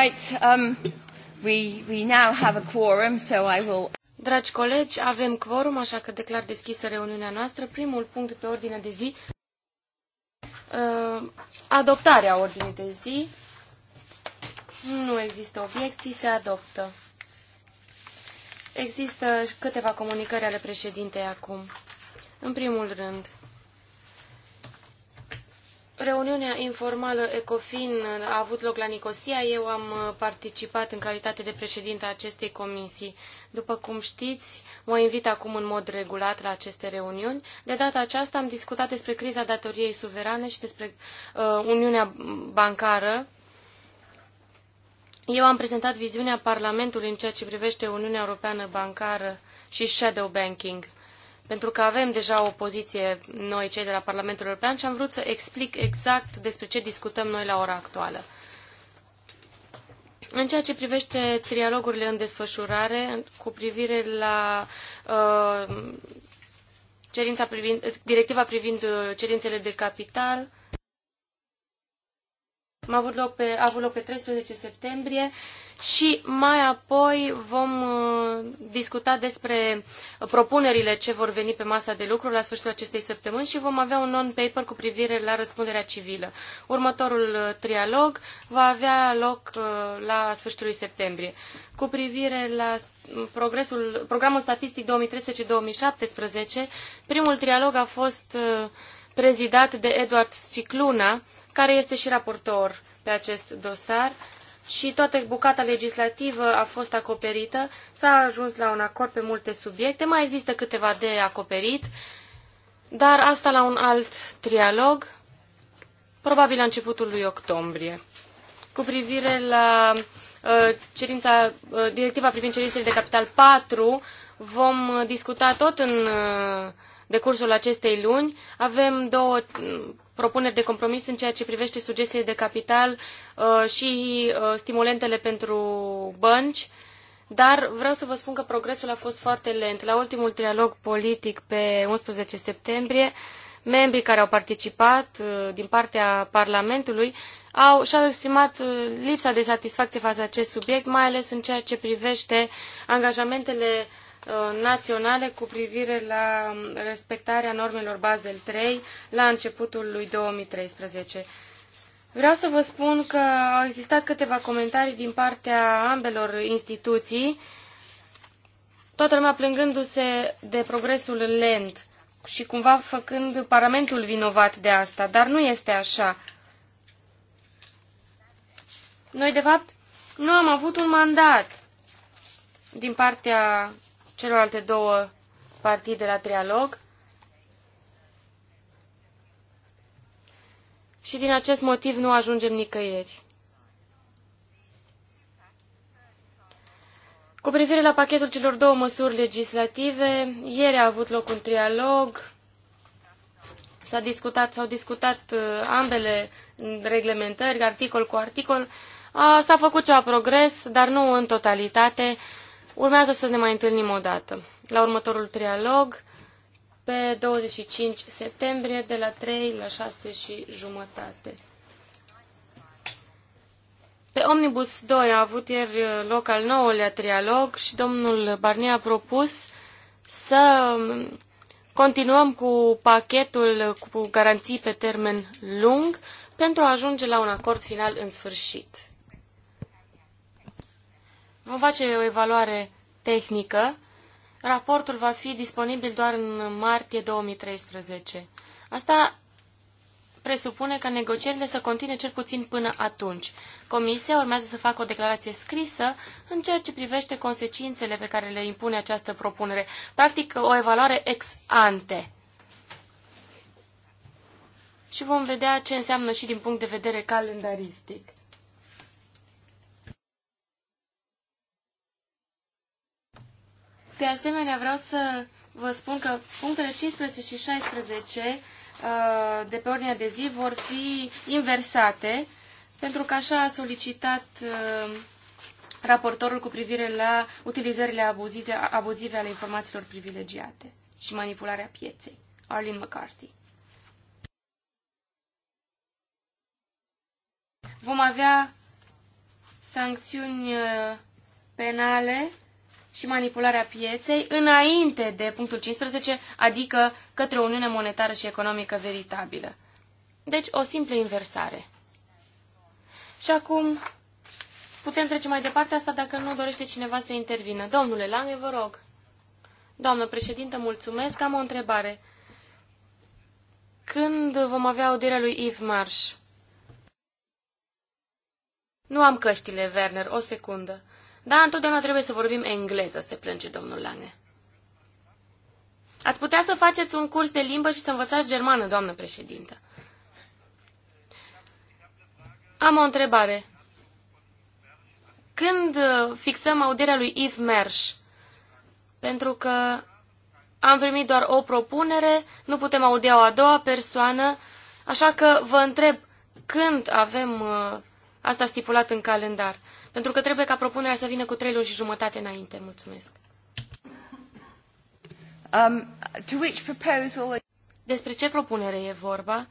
Right, um, we, we now have a quorum, so I will... Dragi colegi, avem quorum, așa că declar deschisă reuniunea noastră. Primul punct pe ordine de zi, uh, adoptarea ordinii de zi. Nu există obiecții, se adoptă. Există câteva comunicări ale președintei acum. În primul rând, Reuniunea informală ECOFIN a avut loc la Nicosia. Eu am participat în calitate de președinte a acestei comisii. După cum știți, mă invit acum în mod regulat la aceste reuniuni. De data aceasta am discutat despre criza datoriei suverane și despre uh, Uniunea Bancară. Eu am prezentat viziunea Parlamentului în ceea ce privește Uniunea Europeană Bancară și Shadow Banking pentru că avem deja o poziție noi, cei de la Parlamentul European, și am vrut să explic exact despre ce discutăm noi la ora actuală. În ceea ce privește trialogurile în desfășurare cu privire la uh, cerința privind, directiva privind uh, cerințele de capital, a avut loc pe, avut loc pe 13 septembrie și mai apoi vom uh, discuta despre propunerile ce vor veni pe masa de lucru la sfârșitul acestei săptămâni și vom avea un non-paper cu privire la răspunderea civilă. Următorul uh, trialog va avea loc uh, la sfârșitul lui septembrie. Cu privire la mm, progresul, programul statistic 2013-2017, primul trialog a fost prezidat de Edward Cicluna, care este și raportor pe acest dosar și toată bucata legislativă a fost acoperită. S-a ajuns la un acord pe multe subiecte. Mai există câteva de acoperit, dar asta la un alt trialog, probabil la începutul lui octombrie. Cu privire la uh, cerința, uh, directiva privind cerințele de capital 4, vom discuta tot în uh, decursul acestei luni. Avem două propuneri de compromis în ceea ce privește sugestiile de capital uh, și uh, stimulentele pentru bănci, dar vreau să vă spun că progresul a fost foarte lent. La ultimul trialog politic pe 11 septembrie, membrii care au participat uh, din partea Parlamentului au, și-au exprimat lipsa de satisfacție față acest subiect, mai ales în ceea ce privește angajamentele Uh, naționale cu privire la respectarea normelor Basel III la începutul lui 2013. Vreau să vă spun că au existat câteva comentarii din partea ambelor instituții, toată lumea plângându-se de progresul lent și cumva făcând Parlamentul vinovat de asta, dar nu este așa. Noi, de fapt, nu am avut un mandat din partea celorlalte două partide la trialog. Și din acest motiv nu ajungem nicăieri. Cu privire la pachetul celor două măsuri legislative, ieri a avut loc un trialog, s-a discutat, s-au discutat uh, ambele reglementări, articol cu articol, s-a făcut ceva progres, dar nu în totalitate. Urmează să ne mai întâlnim o dată, la următorul trialog, pe 25 septembrie, de la 3 la 6 și jumătate. Pe Omnibus 2 a avut ieri loc al nouălea trialog și domnul Barnier a propus să continuăm cu pachetul cu garanții pe termen lung pentru a ajunge la un acord final în sfârșit. Vom face o evaluare tehnică. Raportul va fi disponibil doar în martie 2013. Asta presupune ca negocierile să continue cel puțin până atunci. Comisia urmează să facă o declarație scrisă în ceea ce privește consecințele pe care le impune această propunere. Practic, o evaluare ex ante. Și vom vedea ce înseamnă și din punct de vedere calendaristic. De asemenea, vreau să vă spun că punctele 15 și 16 uh, de pe ordinea de zi vor fi inversate, pentru că așa a solicitat uh, raportorul cu privire la utilizările abuzive, abuzive ale informațiilor privilegiate și manipularea pieței, Arlene McCarthy. Vom avea sancțiuni uh, penale și manipularea pieței înainte de punctul 15, adică către o uniune monetară și economică veritabilă. Deci o simplă inversare. Și acum putem trece mai departe asta dacă nu dorește cineva să intervină. Domnule Lange, vă rog. Doamnă președintă, mulțumesc. Am o întrebare. Când vom avea audierea lui Yves Marsh? Nu am căștile, Werner. O secundă. Da, întotdeauna trebuie să vorbim engleză, se plânge domnul Lange. Ați putea să faceți un curs de limbă și să învățați germană, doamnă președintă. Am o întrebare. Când uh, fixăm auderea lui Yves Mersch? Pentru că am primit doar o propunere, nu putem audia o a doua persoană, așa că vă întreb când avem uh, asta stipulat în calendar. Pentru că trebuie ca propunerea să vină cu trei luni și jumătate înainte. Mulțumesc. Um, to which proposal... Despre ce propunere e vorba?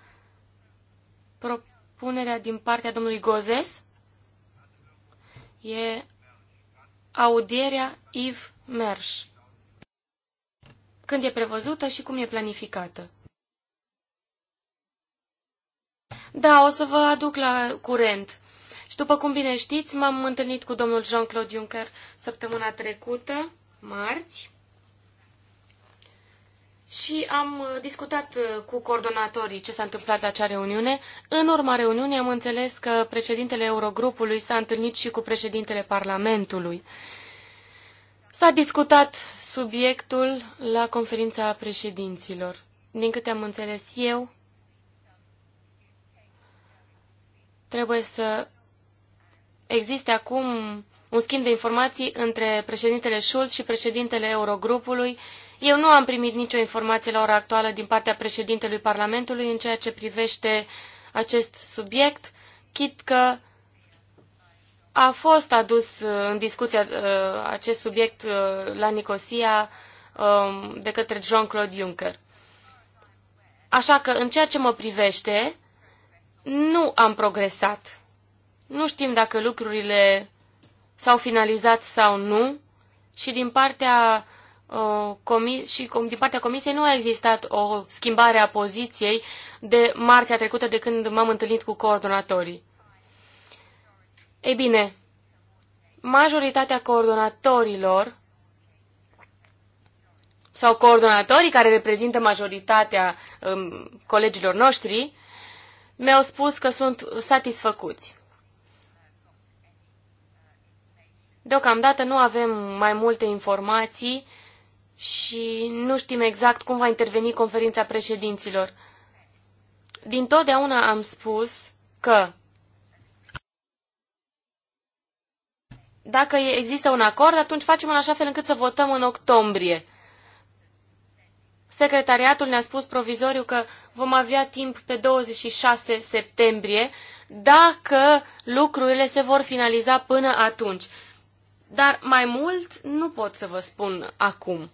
Propunerea din partea domnului Gozes e audierea Yves Mersh. Când e prevăzută și cum e planificată? Da, o să vă aduc la curent. Și după cum bine știți, m-am întâlnit cu domnul Jean-Claude Juncker săptămâna trecută, marți, și am discutat uh, cu coordonatorii ce s-a întâmplat la acea reuniune. În urma reuniunii am înțeles că președintele Eurogrupului s-a întâlnit și cu președintele Parlamentului. S-a discutat subiectul la conferința președinților. Din câte am înțeles eu, trebuie să existe acum un schimb de informații între președintele Schulz și președintele Eurogrupului. Eu nu am primit nicio informație la ora actuală din partea președintelui Parlamentului în ceea ce privește acest subiect, chit că a fost adus uh, în discuția uh, acest subiect uh, la Nicosia um, de către Jean-Claude Juncker. Așa că, în ceea ce mă privește, nu am progresat nu știm dacă lucrurile s-au finalizat sau nu și din partea, uh, comis- și din partea comisiei nu a existat o schimbare a poziției de marțea trecută de când m-am întâlnit cu coordonatorii. Ei bine, majoritatea coordonatorilor sau coordonatorii care reprezintă majoritatea um, colegilor noștri mi-au spus că sunt satisfăcuți. Deocamdată nu avem mai multe informații și nu știm exact cum va interveni conferința președinților. Din totdeauna am spus că dacă există un acord, atunci facem în așa fel încât să votăm în octombrie. Secretariatul ne-a spus provizoriu că vom avea timp pe 26 septembrie dacă lucrurile se vor finaliza până atunci dar mai mult nu pot să vă spun acum.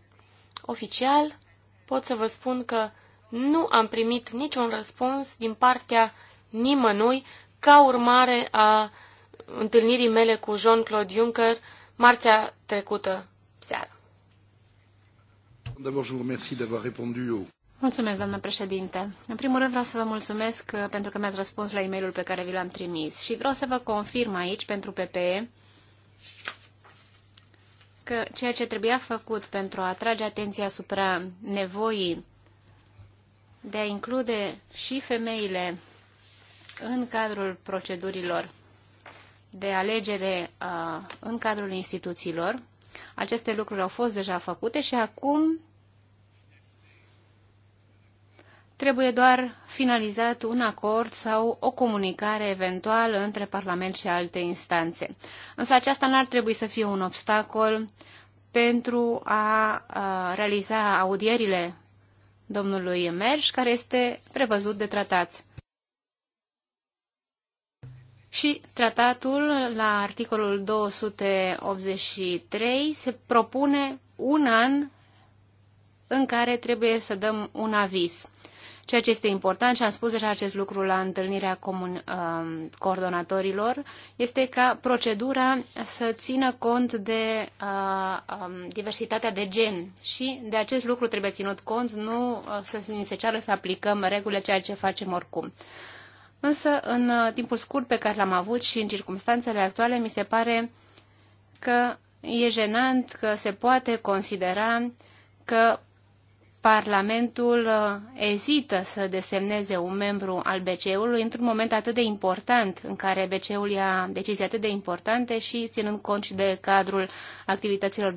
Oficial, pot să vă spun că nu am primit niciun răspuns din partea nimănui ca urmare a întâlnirii mele cu Jean-Claude Juncker marțea trecută seară. Mulțumesc, doamnă președinte. În primul rând vreau să vă mulțumesc uh, pentru că mi-ați răspuns la e-mailul pe care vi l-am trimis și vreau să vă confirm aici pentru PPE că ceea ce trebuia făcut pentru a atrage atenția asupra nevoii de a include și femeile în cadrul procedurilor de alegere uh, în cadrul instituțiilor, aceste lucruri au fost deja făcute și acum Trebuie doar finalizat un acord sau o comunicare eventuală între Parlament și alte instanțe. Însă aceasta n-ar trebui să fie un obstacol pentru a, realiza audierile domnului Merș, care este prevăzut de tratat. Și tratatul, la articolul 283, se propune un an în care trebuie să dăm un aviz ceea ce este important și am spus deja acest lucru la întâlnirea comun, uh, coordonatorilor, este ca procedura să țină cont de uh, um, diversitatea de gen și de acest lucru trebuie ținut cont, nu uh, să ni se ceară să aplicăm regulile ceea ce facem oricum. Însă, în uh, timpul scurt pe care l-am avut și în circunstanțele actuale, mi se pare că e jenant că se poate considera că Parlamentul uh, ezită să desemneze un membru al BCE-ului într-un moment atât de important în care BCE-ul ia decizii atât de importante și ținând cont și de cadrul activităților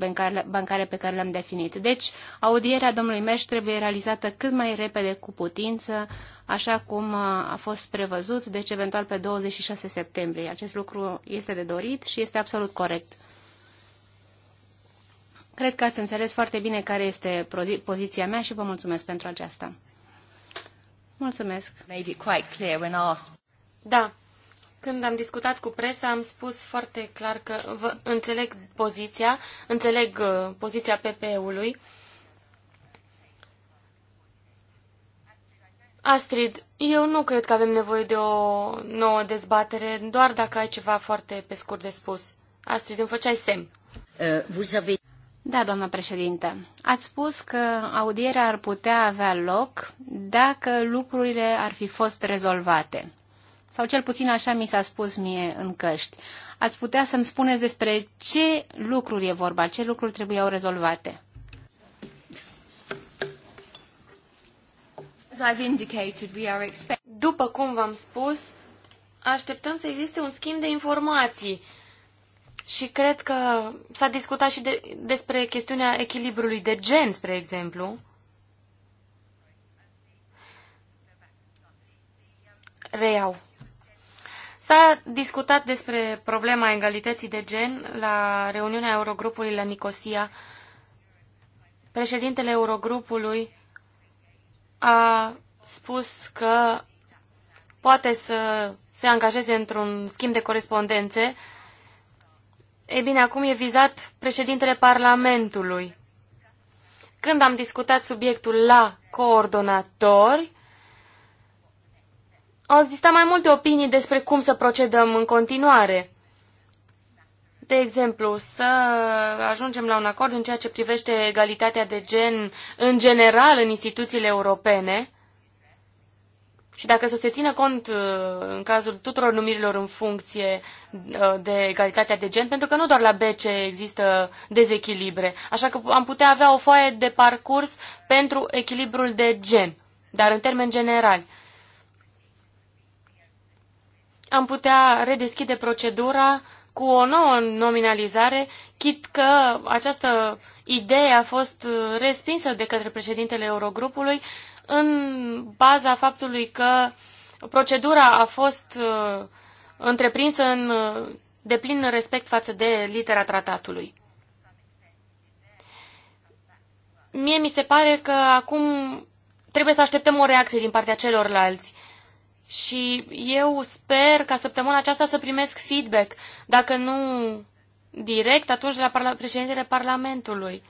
bancare pe care le-am definit. Deci, audierea domnului Meș trebuie realizată cât mai repede cu putință, așa cum uh, a fost prevăzut, deci eventual pe 26 septembrie. Acest lucru este de dorit și este absolut corect. Cred că ați înțeles foarte bine care este poziția mea și vă mulțumesc pentru aceasta. Mulțumesc. Made it quite clear when asked. Da. Când am discutat cu presa, am spus foarte clar că vă înțeleg poziția, înțeleg uh, poziția PP-ului. Astrid, eu nu cred că avem nevoie de o nouă dezbatere, doar dacă ai ceva foarte pe scurt de spus. Astrid, îmi făceai semn. Uh, vous avez... Da, doamnă președinte, ați spus că audierea ar putea avea loc dacă lucrurile ar fi fost rezolvate. Sau cel puțin așa mi s-a spus mie în căști. Ați putea să-mi spuneți despre ce lucruri e vorba, ce lucruri trebuiau rezolvate? După cum v-am spus, așteptăm să existe un schimb de informații și cred că s-a discutat și de, despre chestiunea echilibrului de gen, spre exemplu. Reiau. S-a discutat despre problema egalității de gen la reuniunea Eurogrupului la Nicosia. Președintele Eurogrupului a spus că poate să se angajeze într-un schimb de corespondențe ei bine, acum e vizat președintele Parlamentului. Când am discutat subiectul la coordonatori, au existat mai multe opinii despre cum să procedăm în continuare. De exemplu, să ajungem la un acord în ceea ce privește egalitatea de gen în general în instituțiile europene, și dacă să se țină cont uh, în cazul tuturor numirilor în funcție uh, de egalitatea de gen, pentru că nu doar la BC există dezechilibre, așa că am putea avea o foaie de parcurs pentru echilibrul de gen, dar în termeni generali. Am putea redeschide procedura cu o nouă nominalizare, chit că această idee a fost uh, respinsă de către președintele Eurogrupului, uh, în baza faptului că procedura a fost uh, întreprinsă în uh, deplin respect față de litera tratatului. Mie mi se pare că acum trebuie să așteptăm o reacție din partea celorlalți. Și eu sper ca săptămâna aceasta să primesc feedback, dacă nu direct, atunci de la președintele Parlamentului.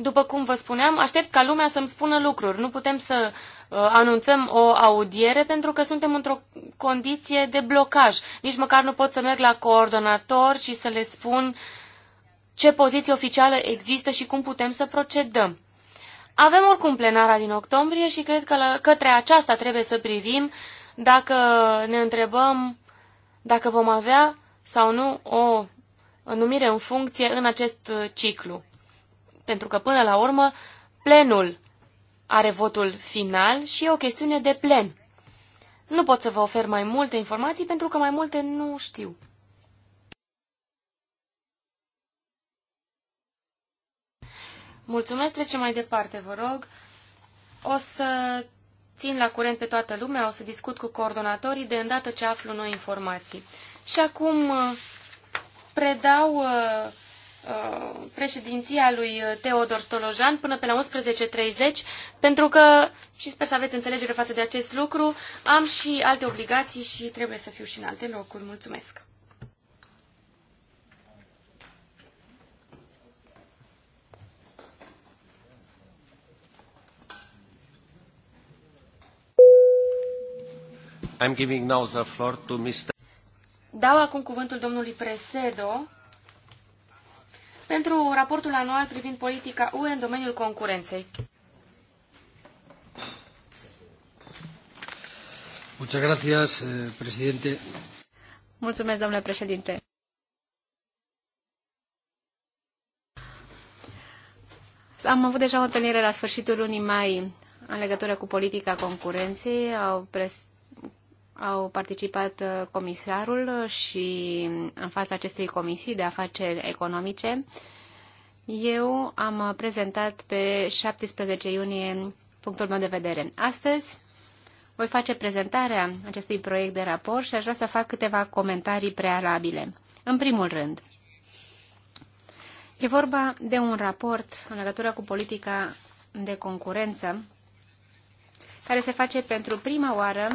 după cum vă spuneam, aștept ca lumea să-mi spună lucruri. Nu putem să uh, anunțăm o audiere pentru că suntem într-o condiție de blocaj. Nici măcar nu pot să merg la coordonator și să le spun ce poziție oficială există și cum putem să procedăm. Avem oricum plenara din octombrie și cred că către aceasta trebuie să privim dacă ne întrebăm dacă vom avea sau nu o numire în funcție în acest uh, ciclu pentru că până la urmă plenul are votul final și e o chestiune de plen. Nu pot să vă ofer mai multe informații pentru că mai multe nu știu. Mulțumesc, trecem mai departe, vă rog. O să țin la curent pe toată lumea, o să discut cu coordonatorii de îndată ce aflu noi informații. Și acum uh, predau uh, Uh, președinția lui uh, Teodor Stolojan până pe la 11.30, pentru că, și sper să aveți înțelegere față de acest lucru, am și alte obligații și trebuie să fiu și în alte locuri. Mulțumesc! I'm giving now the floor to Mr. Dau acum cuvântul domnului Presedo, pentru raportul anual privind politica UE în domeniul concurenței. Muchas gracias, eh, presidente. Mulțumesc, domnule președinte. Am avut deja o întâlnire la sfârșitul lunii mai în legătură cu politica concurenței. Au au participat uh, comisarul și în fața acestei comisii de afaceri economice. Eu am prezentat pe 17 iunie punctul meu de vedere. Astăzi voi face prezentarea acestui proiect de raport și aș vrea să fac câteva comentarii prealabile. În primul rând, e vorba de un raport în legătură cu politica de concurență care se face pentru prima oară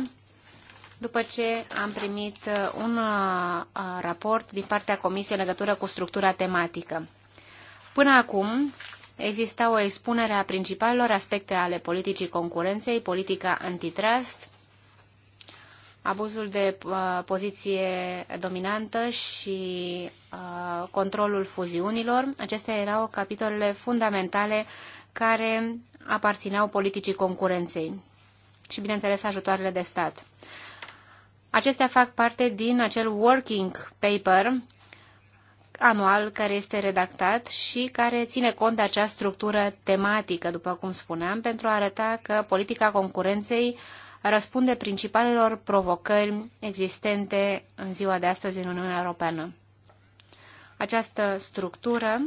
după ce am primit uh, un uh, uh, raport din partea Comisiei în legătură cu structura tematică. Până acum exista o expunere a principalelor aspecte ale politicii concurenței, politica antitrust, abuzul de poziție dominantă și controlul fuziunilor. Acestea erau capitolele fundamentale care aparțineau politicii concurenței și, bineînțeles, ajutoarele de stat. Acestea fac parte din acel working paper anual care este redactat și care ține cont de acea structură tematică, după cum spuneam, pentru a arăta că politica concurenței răspunde principalelor provocări existente în ziua de astăzi în Uniunea Europeană. Această structură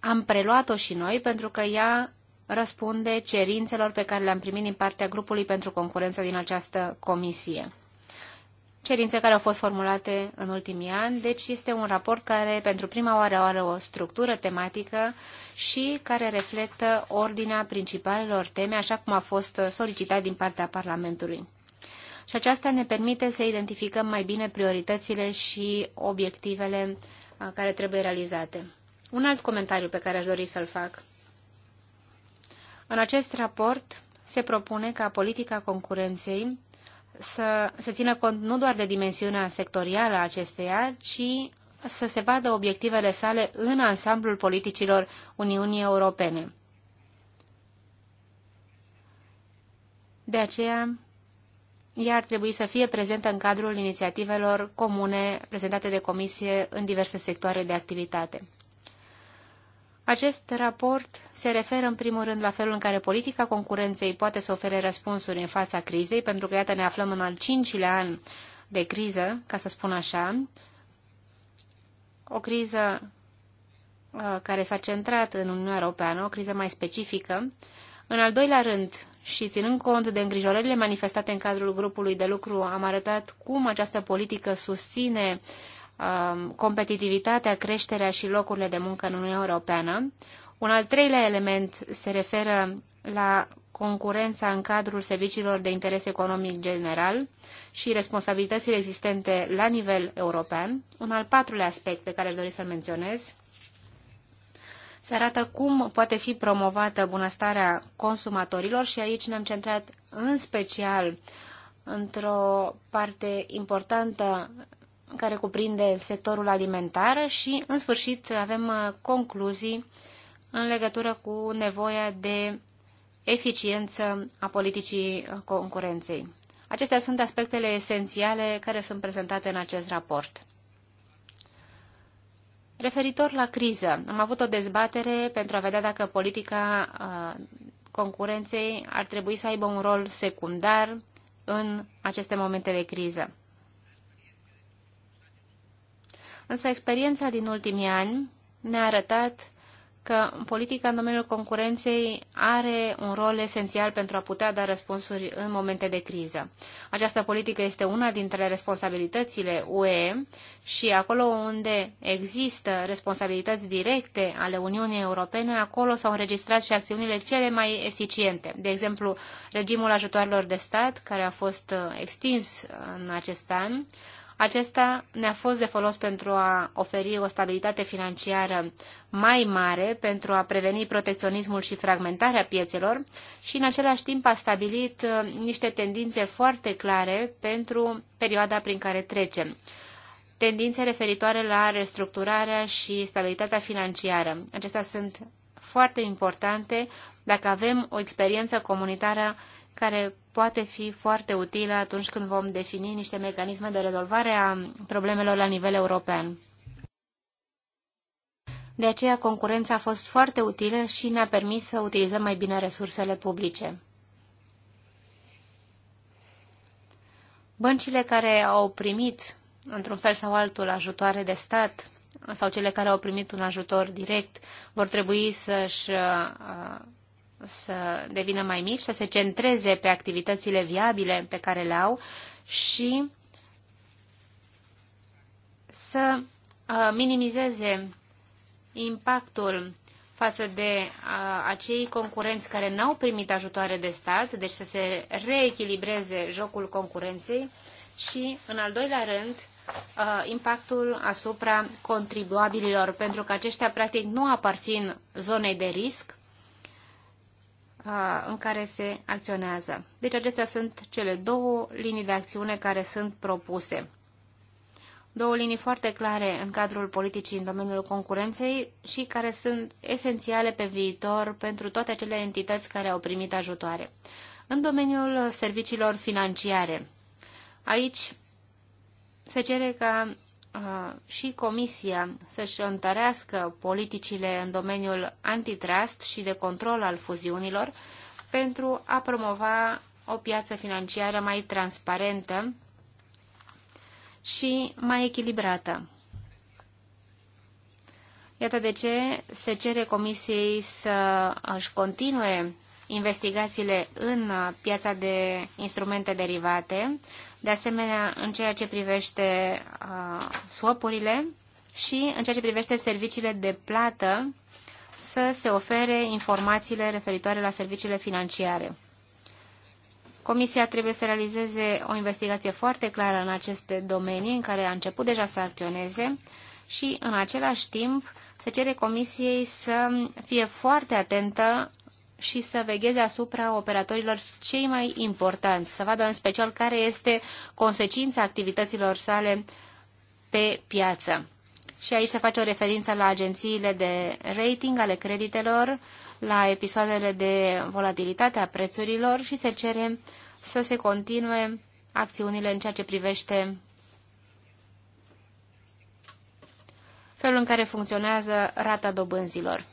am preluat-o și noi pentru că ea răspunde cerințelor pe care le-am primit din partea grupului pentru concurență din această comisie cerințe care au fost formulate în ultimii ani, deci este un raport care pentru prima oară are o structură tematică și care reflectă ordinea principalelor teme, așa cum a fost solicitat din partea Parlamentului. Și aceasta ne permite să identificăm mai bine prioritățile și obiectivele care trebuie realizate. Un alt comentariu pe care aș dori să-l fac. În acest raport se propune ca politica concurenței să se țină cont nu doar de dimensiunea sectorială a acesteia, ci să se vadă obiectivele sale în ansamblul politicilor Uniunii Europene. De aceea, ea ar trebui să fie prezentă în cadrul inițiativelor comune prezentate de comisie în diverse sectoare de activitate. Acest raport se referă în primul rând la felul în care politica concurenței poate să ofere răspunsuri în fața crizei, pentru că iată ne aflăm în al cincilea an de criză, ca să spun așa, o criză uh, care s-a centrat în Uniunea Europeană, o criză mai specifică. În al doilea rând, și ținând cont de îngrijorările manifestate în cadrul grupului de lucru, am arătat cum această politică susține uh, Um, competitivitatea, creșterea și locurile de muncă în Uniunea Europeană. Un al treilea element se referă la concurența în cadrul serviciilor de interes economic general și responsabilitățile existente la nivel european. Un al patrulea aspect pe care aș dori să-l menționez se arată cum poate fi promovată bunăstarea consumatorilor și aici ne-am centrat în special într-o parte importantă care cuprinde sectorul alimentar și, în sfârșit, avem uh, concluzii în legătură cu nevoia de eficiență a politicii uh, concurenței. Acestea sunt aspectele esențiale care sunt prezentate în acest raport. Referitor la criză, am avut o dezbatere pentru a vedea dacă politica uh, concurenței ar trebui să aibă un rol secundar în aceste momente de criză. Însă experiența din ultimii ani ne-a arătat că politica în domeniul concurenței are un rol esențial pentru a putea da răspunsuri în momente de criză. Această politică este una dintre responsabilitățile UE și acolo unde există responsabilități directe ale Uniunii Europene, acolo s-au înregistrat și acțiunile cele mai eficiente. De exemplu, regimul ajutoarelor de stat, care a fost uh, extins uh, în acest an, acesta ne-a fost de folos pentru a oferi o stabilitate financiară mai mare, pentru a preveni protecționismul și fragmentarea piețelor și în același timp a stabilit uh, niște tendințe foarte clare pentru perioada prin care trecem tendințe referitoare la restructurarea și stabilitatea financiară. Acestea sunt foarte importante dacă avem o experiență comunitară care poate fi foarte utilă atunci când vom defini niște mecanisme de rezolvare a problemelor la nivel european. De aceea, concurența a fost foarte utilă și ne-a permis să utilizăm mai bine resursele publice. Băncile care au primit, într-un fel sau altul, ajutoare de stat sau cele care au primit un ajutor direct vor trebui să-și uh, să devină mai mici, să se centreze pe activitățile viabile pe care le au și să uh, minimizeze impactul față de uh, acei concurenți care n-au primit ajutoare de stat, deci să se reechilibreze jocul concurenței și, în al doilea rând, uh, impactul asupra contribuabililor, pentru că aceștia practic nu aparțin zonei de risc în care se acționează. Deci acestea sunt cele două linii de acțiune care sunt propuse. Două linii foarte clare în cadrul politicii în domeniul concurenței și care sunt esențiale pe viitor pentru toate acele entități care au primit ajutoare. În domeniul serviciilor financiare, aici se cere ca și Comisia să-și întărească politicile în domeniul antitrust și de control al fuziunilor pentru a promova o piață financiară mai transparentă și mai echilibrată. Iată de ce se cere Comisiei să își continue investigațiile în piața de instrumente derivate, de asemenea în ceea ce privește uh, swapurile și în ceea ce privește serviciile de plată să se ofere informațiile referitoare la serviciile financiare. Comisia trebuie să realizeze o investigație foarte clară în aceste domenii în care a început deja să acționeze și în același timp se cere Comisiei să fie foarte atentă și să vegheze asupra operatorilor cei mai importanți, să vadă în special care este consecința activităților sale pe piață. Și aici se face o referință la agențiile de rating ale creditelor, la episoadele de volatilitate a prețurilor și se cere să se continue acțiunile în ceea ce privește felul în care funcționează rata dobânzilor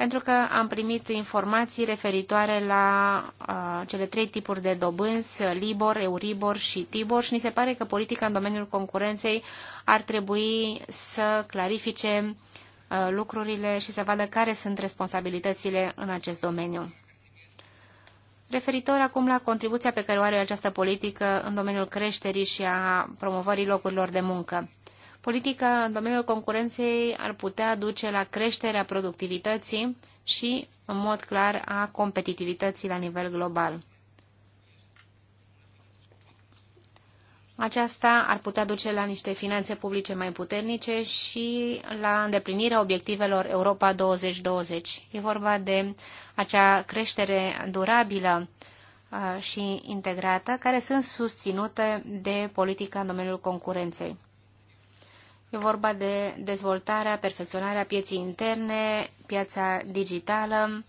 pentru că am primit informații referitoare la uh, cele trei tipuri de dobânzi, Libor, Euribor și Tibor și ni se pare că politica în domeniul concurenței ar trebui să clarifice uh, lucrurile și să vadă care sunt responsabilitățile în acest domeniu. Referitor acum la contribuția pe care o are această politică în domeniul creșterii și a promovării locurilor de muncă. Politica în domeniul concurenței ar putea duce la creșterea productivității și, în mod clar, a competitivității la nivel global. Aceasta ar putea duce la niște finanțe publice mai puternice și la îndeplinirea obiectivelor Europa 2020. E vorba de acea creștere durabilă și integrată, care sunt susținute de politica în domeniul concurenței. E vorba de dezvoltarea, perfecționarea pieții interne, piața digitală,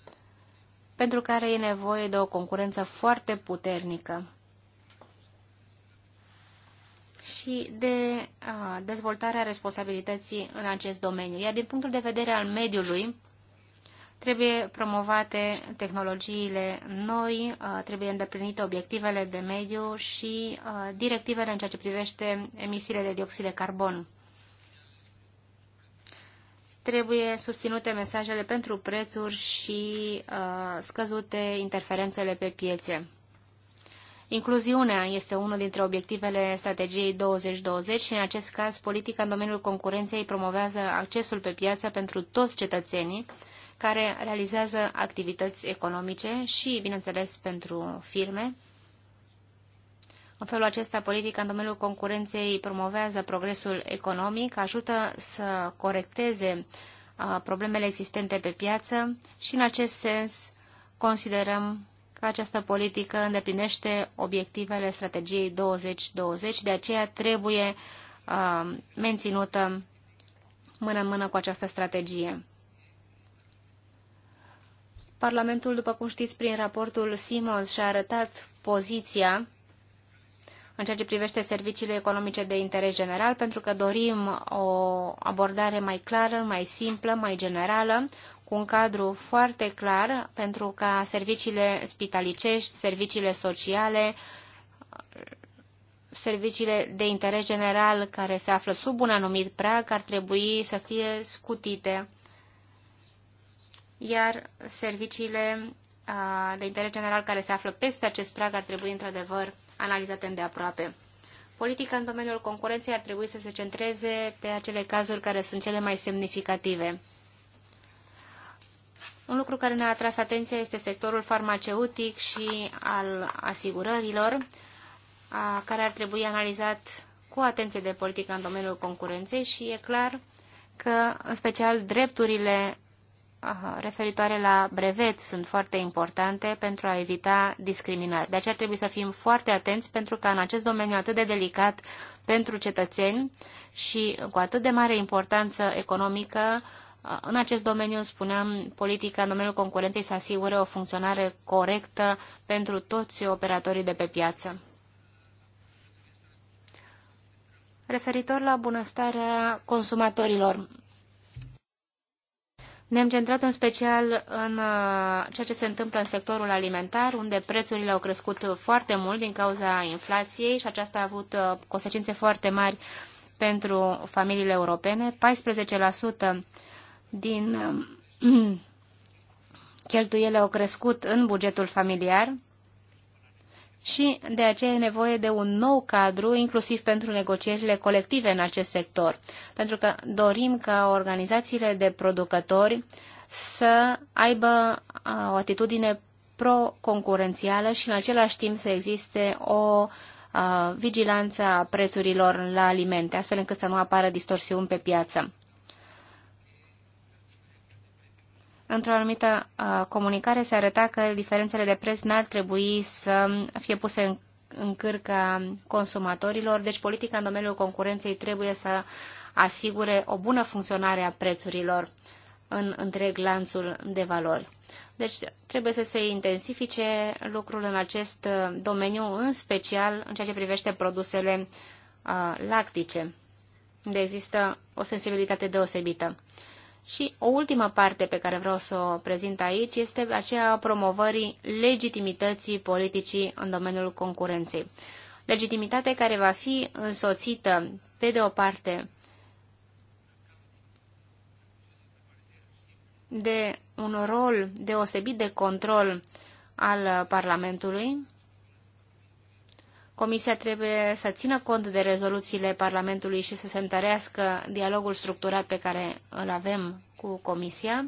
pentru care e nevoie de o concurență foarte puternică și de a, dezvoltarea responsabilității în acest domeniu. Iar din punctul de vedere al mediului, trebuie promovate tehnologiile noi, a, trebuie îndeplinite obiectivele de mediu și a, directivele în ceea ce privește emisiile de dioxid de carbon trebuie susținute mesajele pentru prețuri și uh, scăzute interferențele pe piețe. Incluziunea este unul dintre obiectivele strategiei 2020 și în acest caz politica în domeniul concurenței promovează accesul pe piață pentru toți cetățenii care realizează activități economice și, bineînțeles, pentru firme în felul acesta, politica în domeniul concurenței promovează progresul economic, ajută să corecteze problemele existente pe piață și, în acest sens, considerăm că această politică îndeplinește obiectivele strategiei 2020, de aceea trebuie menținută mână în mână cu această strategie. Parlamentul, după cum știți, prin raportul Simons și-a arătat poziția în ceea ce privește serviciile economice de interes general, pentru că dorim o abordare mai clară, mai simplă, mai generală, cu un cadru foarte clar pentru ca serviciile spitalicești, serviciile sociale, serviciile de interes general care se află sub un anumit prag ar trebui să fie scutite, iar serviciile de interes general care se află peste acest prag ar trebui într-adevăr analizate îndeaproape. Politica în domeniul concurenței ar trebui să se centreze pe acele cazuri care sunt cele mai semnificative. Un lucru care ne-a atras atenția este sectorul farmaceutic și al asigurărilor, care ar trebui analizat cu atenție de politică în domeniul concurenței și e clar că, în special, drepturile referitoare la brevet sunt foarte importante pentru a evita discriminări. De aceea trebuie să fim foarte atenți pentru că în acest domeniu atât de delicat pentru cetățeni și cu atât de mare importanță economică, în acest domeniu, spuneam, politica în domeniul concurenței să asigure o funcționare corectă pentru toți operatorii de pe piață. Referitor la bunăstarea consumatorilor, ne-am centrat în special în uh, ceea ce se întâmplă în sectorul alimentar, unde prețurile au crescut foarte mult din cauza inflației și aceasta a avut uh, consecințe foarte mari pentru familiile europene. 14% din uh, cheltuiele au crescut în bugetul familiar și de aceea e nevoie de un nou cadru, inclusiv pentru negocierile colective în acest sector, pentru că dorim ca organizațiile de producători să aibă o atitudine pro-concurențială și în același timp să existe o vigilanță a prețurilor la alimente, astfel încât să nu apară distorsiuni pe piață. Într-o anumită uh, comunicare se arăta că diferențele de preț n-ar trebui să fie puse în, în cârca consumatorilor, deci politica în domeniul concurenței trebuie să asigure o bună funcționare a prețurilor în întreg lanțul de valori. Deci trebuie să se intensifice lucrul în acest uh, domeniu, în special în ceea ce privește produsele uh, lactice, unde există o sensibilitate deosebită. Și o ultimă parte pe care vreau să o prezint aici este aceea a promovării legitimității politicii în domeniul concurenței. Legitimitate care va fi însoțită, pe de o parte, de un rol deosebit de control al Parlamentului, Comisia trebuie să țină cont de rezoluțiile Parlamentului și să se întărească dialogul structurat pe care îl avem cu Comisia.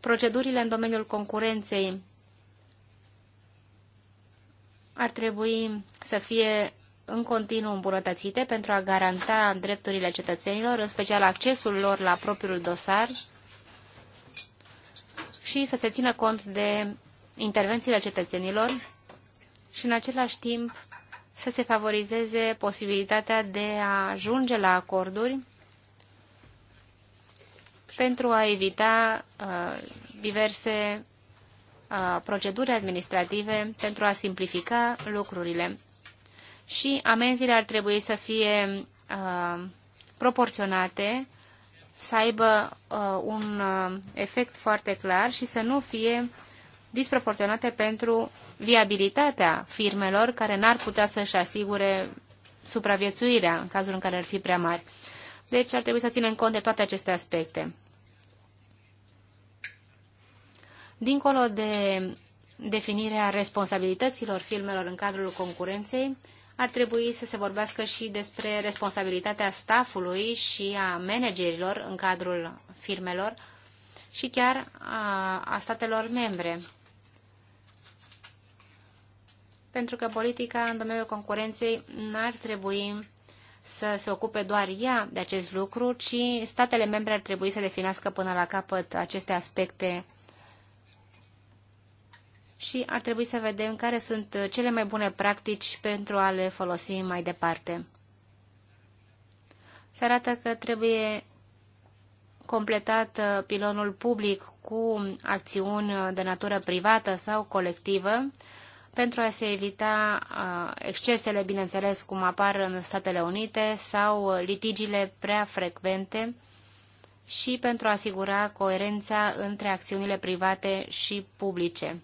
Procedurile în domeniul concurenței ar trebui să fie în continuu îmbunătățite pentru a garanta drepturile cetățenilor, în special accesul lor la propriul dosar și să se țină cont de intervențiile cetățenilor și în același timp să se favorizeze posibilitatea de a ajunge la acorduri pentru a evita uh, diverse uh, proceduri administrative, pentru a simplifica lucrurile. Și amenziile ar trebui să fie uh, proporționate, să aibă uh, un uh, efect foarte clar și să nu fie disproporționate pentru viabilitatea firmelor care n-ar putea să-și asigure supraviețuirea în cazul în care ar fi prea mari. Deci ar trebui să ținem cont de toate aceste aspecte. Dincolo de definirea responsabilităților firmelor în cadrul concurenței, ar trebui să se vorbească și despre responsabilitatea staffului și a managerilor în cadrul firmelor și chiar a, a statelor membre pentru că politica în domeniul concurenței n-ar trebui să se ocupe doar ea de acest lucru, ci statele membre ar trebui să definească până la capăt aceste aspecte și ar trebui să vedem care sunt cele mai bune practici pentru a le folosi mai departe. Se arată că trebuie completat uh, pilonul public cu acțiuni de natură privată sau colectivă, pentru a se evita uh, excesele, bineînțeles, cum apar în Statele Unite sau uh, litigiile prea frecvente și pentru a asigura coerența între acțiunile private și publice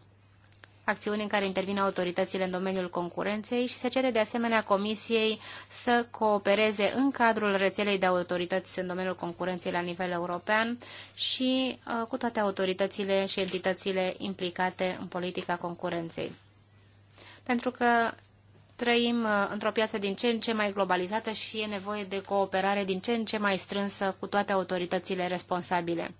acțiuni în care intervin autoritățile în domeniul concurenței și se cere de asemenea Comisiei să coopereze în cadrul rețelei de autorități în domeniul concurenței la nivel european și uh, cu toate autoritățile și entitățile implicate în politica concurenței pentru că trăim uh, într-o piață din ce în ce mai globalizată și e nevoie de cooperare din ce în ce mai strânsă cu toate autoritățile responsabile.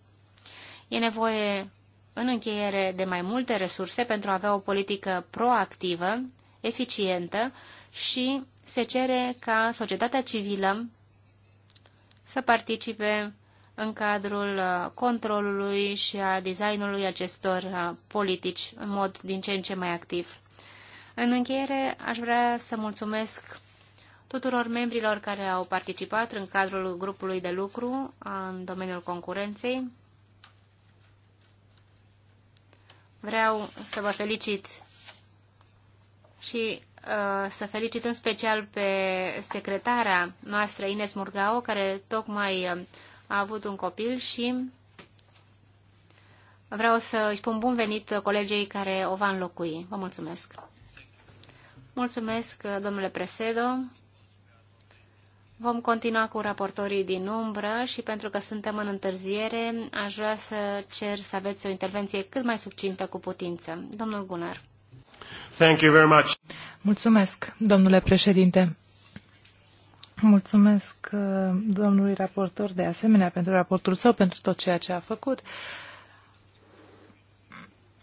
E nevoie, în încheiere, de mai multe resurse pentru a avea o politică proactivă, eficientă și se cere ca societatea civilă să participe în cadrul uh, controlului și a designului acestor uh, politici în mod din ce în ce mai activ. În încheiere, aș vrea să mulțumesc tuturor membrilor care au participat în cadrul grupului de lucru în domeniul concurenței. Vreau să vă felicit și uh, să felicit în special pe secretara noastră, Ines Murgao, care tocmai uh, a avut un copil și vreau să îi spun bun venit colegei care o va înlocui. Vă mulțumesc! Mulțumesc, domnule Presedo. Vom continua cu raportorii din umbră și pentru că suntem în întârziere, aș vrea să cer să aveți o intervenție cât mai succintă cu putință. Domnul Gunnar. Thank you very much. Mulțumesc, domnule președinte. Mulțumesc uh, domnului raportor de asemenea pentru raportul său, pentru tot ceea ce a făcut.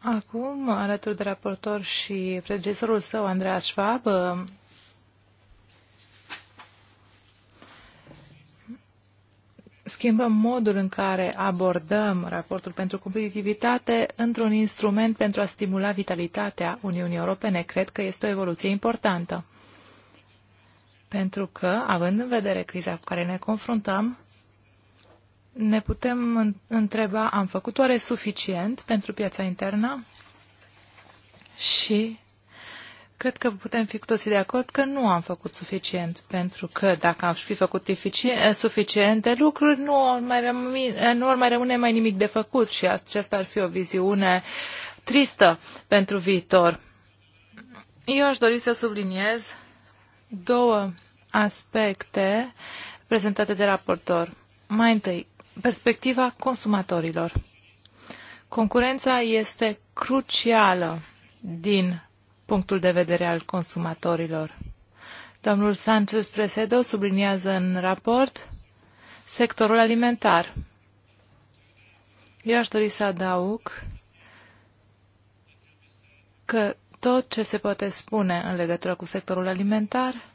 Acum, alături de raportor și predecesorul său, Andreas Schwab, uh, schimbăm modul în care abordăm raportul pentru competitivitate într-un instrument pentru a stimula vitalitatea Uniunii Europene. Cred că este o evoluție importantă. Pentru că, având în vedere criza cu care ne confruntăm, ne putem întreba, am făcut oare suficient pentru piața internă? Și cred că putem fi cu toții de acord că nu am făcut suficient, pentru că dacă am fi făcut eh, suficiente lucruri, nu ar mai rămâne, eh, nu ar mai, rămâne mai nimic de făcut și aceasta ar fi o viziune tristă pentru viitor. Eu aș dori să subliniez două aspecte prezentate de raportor. Mai întâi, perspectiva consumatorilor. Concurența este crucială din punctul de vedere al consumatorilor. Domnul Sanchez Presedo subliniază în raport sectorul alimentar. Eu aș dori să adaug că tot ce se poate spune în legătură cu sectorul alimentar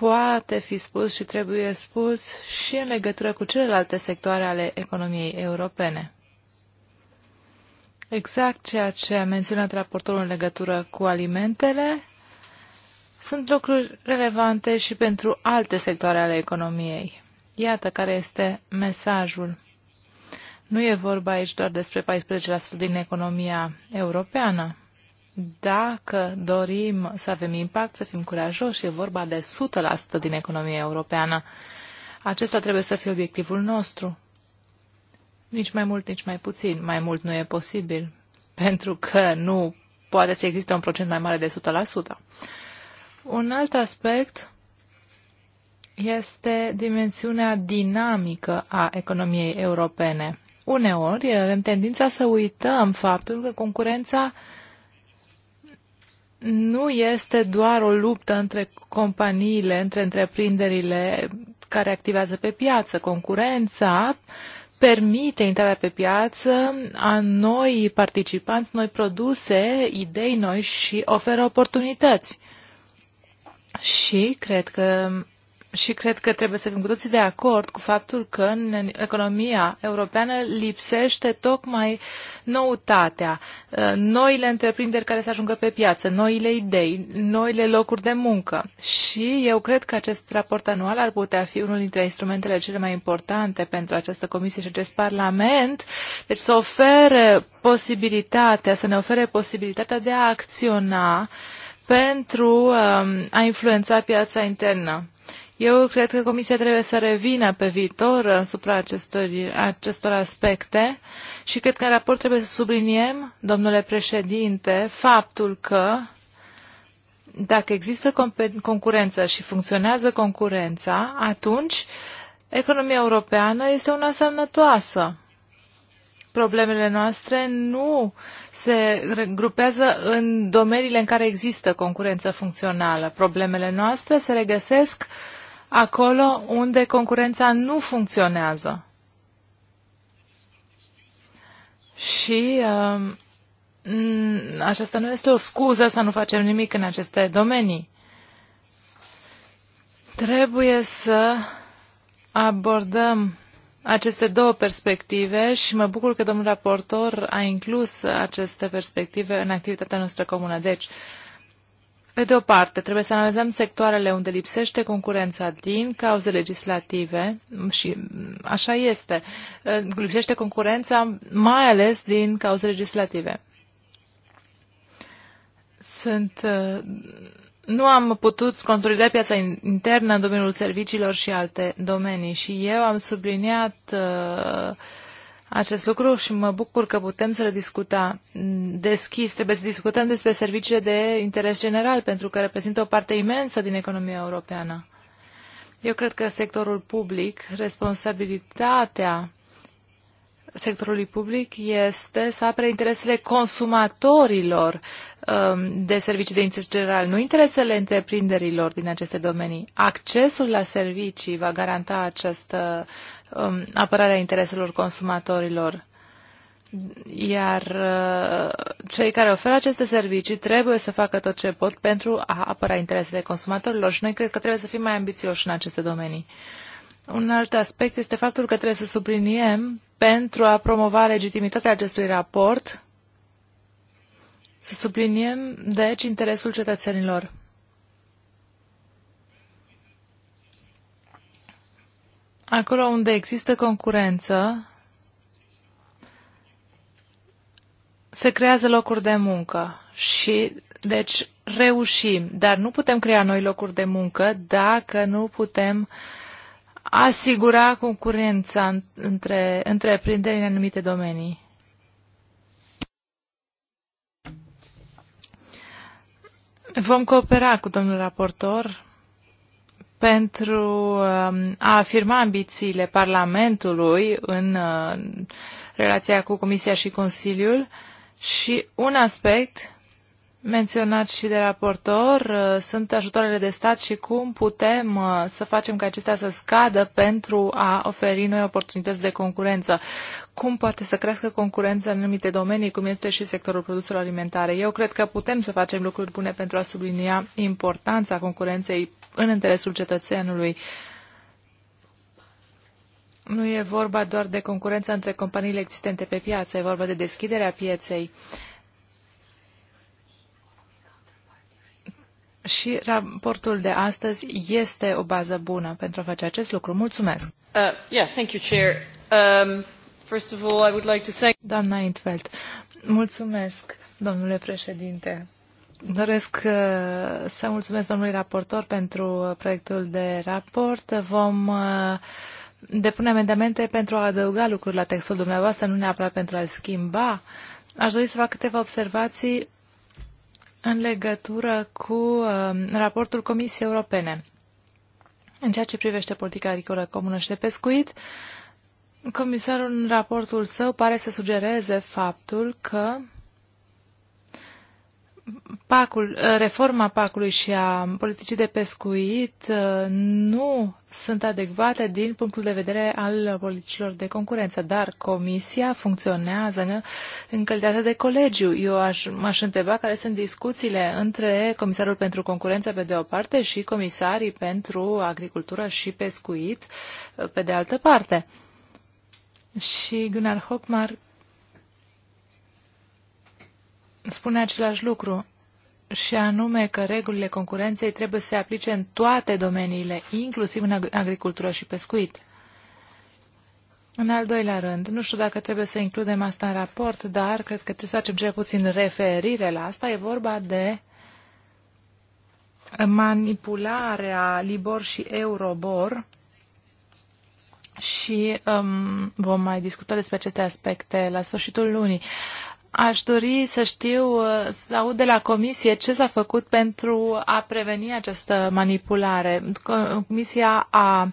poate fi spus și trebuie spus și în legătură cu celelalte sectoare ale economiei europene. Exact ceea ce a menționat raportorul în legătură cu alimentele sunt lucruri relevante și pentru alte sectoare ale economiei. Iată care este mesajul. Nu e vorba aici doar despre 14% din economia europeană dacă dorim să avem impact, să fim curajoși, e vorba de 100% din economia europeană. Acesta trebuie să fie obiectivul nostru. Nici mai mult, nici mai puțin. Mai mult nu e posibil, pentru că nu poate să existe un procent mai mare de 100%. Un alt aspect este dimensiunea dinamică a economiei europene. Uneori avem tendința să uităm faptul că concurența nu este doar o luptă între companiile, între întreprinderile care activează pe piață. Concurența permite intrarea pe piață a noi participanți, noi produse, idei noi și oferă oportunități. Și cred că și cred că trebuie să fim cu toții de acord cu faptul că în economia europeană lipsește tocmai noutatea, uh, noile întreprinderi care să ajungă pe piață, noile idei, noile locuri de muncă. Și eu cred că acest raport anual ar putea fi unul dintre instrumentele cele mai importante pentru această comisie și acest parlament, deci să ofere posibilitatea, să ne ofere posibilitatea de a acționa pentru um, a influența piața internă eu cred că Comisia trebuie să revină pe viitor asupra acestor, acestor aspecte și cred că în raport trebuie să subliniem, domnule președinte, faptul că dacă există concurență și funcționează concurența, atunci economia europeană este una semnătoasă. Problemele noastre nu se grupează în domeniile în care există concurență funcțională. Problemele noastre se regăsesc uh, acolo unde concurența nu funcționează. Și uh, aceasta nu este o scuză să nu facem nimic în aceste domenii. Trebuie să abordăm aceste două perspective și mă bucur că domnul raportor a inclus aceste perspective în activitatea noastră comună. Deci, pe de o parte, trebuie să analizăm sectoarele unde lipsește concurența din cauze legislative și așa este. Lipsește concurența mai ales din cauze legislative. Sunt, nu am putut controla piața internă în domeniul serviciilor și alte domenii și eu am subliniat uh, acest lucru și mă bucur că putem să le discuta deschis. Trebuie să discutăm despre serviciile de interes general, pentru că reprezintă o parte imensă din economia europeană. Eu cred că sectorul public, responsabilitatea sectorului public este să apere interesele consumatorilor um, de servicii de interes general, nu interesele întreprinderilor din aceste domenii. Accesul la servicii va garanta această um, apărare a intereselor consumatorilor. Iar uh, cei care oferă aceste servicii trebuie să facă tot ce pot pentru a apăra interesele consumatorilor și noi cred că trebuie să fim mai ambițioși în aceste domenii. Un alt aspect este faptul că trebuie să subliniem pentru a promova legitimitatea acestui raport, să subliniem, deci, interesul cetățenilor. Acolo unde există concurență, se creează locuri de muncă și, deci, reușim, dar nu putem crea noi locuri de muncă dacă nu putem uh, asigura concurența între întreprinderi în anumite domenii. Vom coopera cu domnul raportor pentru um, a afirma ambițiile Parlamentului în uh, relația cu Comisia și Consiliul și un aspect menționat și de raportor uh, sunt ajutoarele de stat și cum putem uh, să facem ca acestea să scadă pentru a oferi noi oportunități de concurență. Cum poate să crească concurența în anumite domenii, cum este și sectorul produselor alimentare. Eu cred că putem să facem lucruri bune pentru a sublinia importanța concurenței în interesul cetățeanului. Nu e vorba doar de concurența între companiile existente pe piață, e vorba de deschiderea pieței. Uh, și raportul de astăzi este o bază bună pentru a face acest lucru. Mulțumesc! Uh, yeah, thank you, Chair. Um, first of all, I would like to thank... Doamna Intveld, mulțumesc, domnule președinte. Doresc uh, să mulțumesc domnului raportor pentru proiectul de raport. Vom uh, depune amendamente pentru a adăuga lucruri la textul dumneavoastră, nu neapărat pentru a-l schimba. Aș dori să fac câteva observații în legătură cu uh, raportul Comisiei Europene. În ceea ce privește politica agricolă comună și de pescuit, comisarul în raportul său pare să sugereze faptul că pacul, uh, reforma pacului și a politicii de pescuit uh, nu sunt adecvate din punctul de vedere al politicilor de concurență, dar comisia funcționează în, calitate de colegiu. Eu aș, m-aș întreba care sunt discuțiile între comisarul pentru concurență pe de o parte și comisarii pentru agricultură și pescuit uh, pe de altă parte. Și Gunnar Hochmark spune același lucru și anume că regulile concurenței trebuie să se aplice în toate domeniile, inclusiv în agricultură și pescuit. În al doilea rând, nu știu dacă trebuie să includem asta în raport, dar cred că trebuie să facem cel puțin referire la asta. E vorba de manipularea Libor și Eurobor și um, vom mai discuta despre aceste aspecte la sfârșitul lunii. Aș dori să știu, uh, să aud de la comisie ce s-a făcut pentru a preveni această manipulare. Comisia a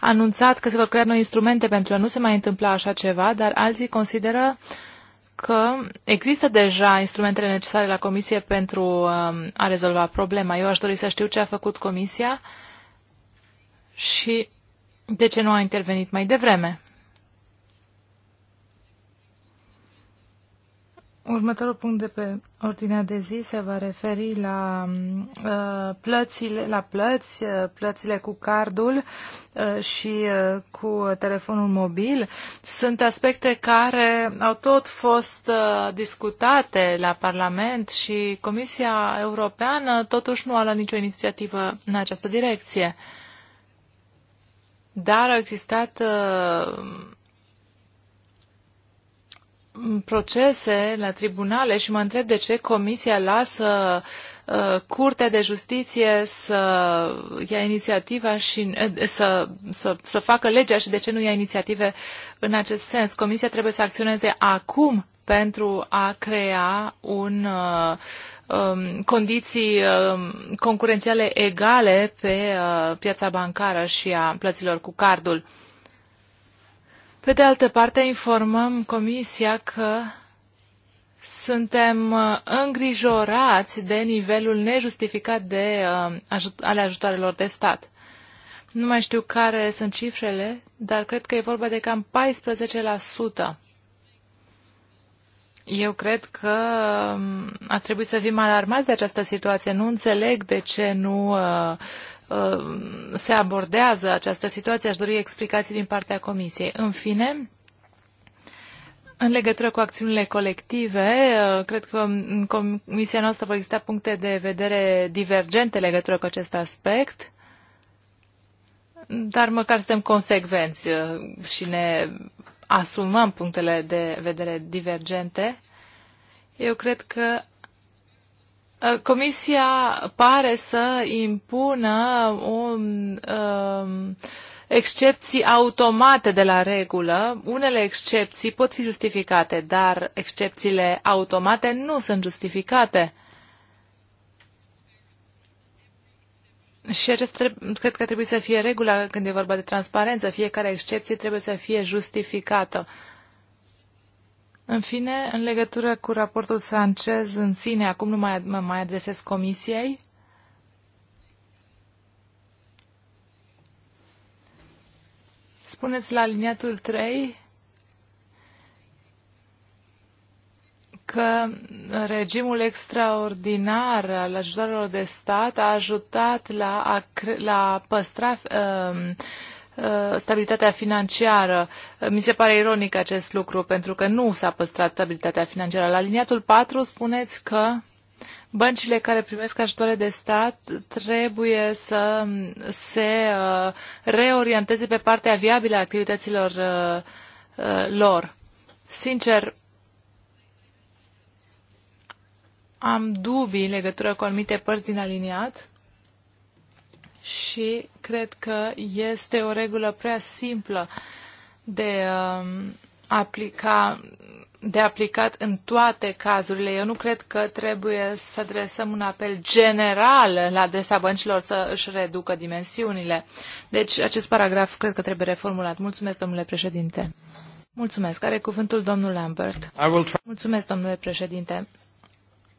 anunțat că se vor crea noi instrumente pentru a nu se mai întâmpla așa ceva, dar alții consideră că există deja instrumentele necesare la comisie pentru uh, a rezolva problema. Eu aș dori să știu ce a făcut comisia și de ce nu a intervenit mai devreme. Următorul punct de pe ordinea de zi se va referi la mm, uh, plățile, la plăți, uh, plățile cu cardul uh, și uh, cu telefonul mobil. Sunt aspecte care au tot fost uh, discutate la Parlament și Comisia Europeană totuși nu a luat nicio inițiativă în această direcție. Dar au existat uh, procese la tribunale și mă întreb de ce Comisia lasă uh, Curtea de Justiție să ia inițiativa și uh, să, să, să facă legea și de ce nu ia inițiative în acest sens. Comisia trebuie să acționeze acum pentru a crea un uh, um, condiții um, concurențiale egale pe piața bancară și a plăților cu cardul. Pe de altă parte, informăm Comisia că suntem uh, îngrijorați de nivelul nejustificat de, uh, ale ajutoarelor de stat. Nu mai știu care sunt cifrele, dar cred că e vorba de cam 14%. Eu cred că um, ar trebui să fim alarmați de această situație. Nu înțeleg de ce nu uh, Uh, se abordează această situație. Aș dori explicații din partea Comisiei. În fine, în legătură cu acțiunile colective, uh, cred că în comisia noastră vor exista puncte de vedere divergente legătură cu acest aspect, dar măcar suntem consecvenți uh, și ne asumăm punctele de vedere divergente. Eu cred că Uh, comisia pare să impună un, um, excepții automate de la regulă. Unele excepții pot fi justificate, dar excepțiile automate nu sunt justificate. Și acest cred că trebuie să fie regula când e vorba de transparență. Fiecare excepție trebuie să fie justificată. În fine, în legătură cu raportul Sanchez în sine, acum nu mai, mă mai adresez comisiei. Spuneți la aliniatul 3 că regimul extraordinar al ajutorilor de stat a ajutat la a, la a păstra uh, Uh, stabilitatea financiară. Uh, mi se pare ironic acest lucru, pentru că nu s-a păstrat stabilitatea financiară. La liniatul 4 spuneți că băncile care primesc ajutoare de stat trebuie să se uh, reorienteze pe partea viabilă a activităților lor. Sincer, am dubii în legătură cu anumite părți din aliniat și cred că este o regulă prea simplă de um, aplica de aplicat în toate cazurile. Eu nu cred că trebuie să adresăm un apel general la adresa băncilor să își reducă dimensiunile. Deci acest paragraf cred că trebuie reformulat. Mulțumesc, domnule președinte. Mulțumesc. Are cuvântul domnul Lambert. Mulțumesc, domnule președinte.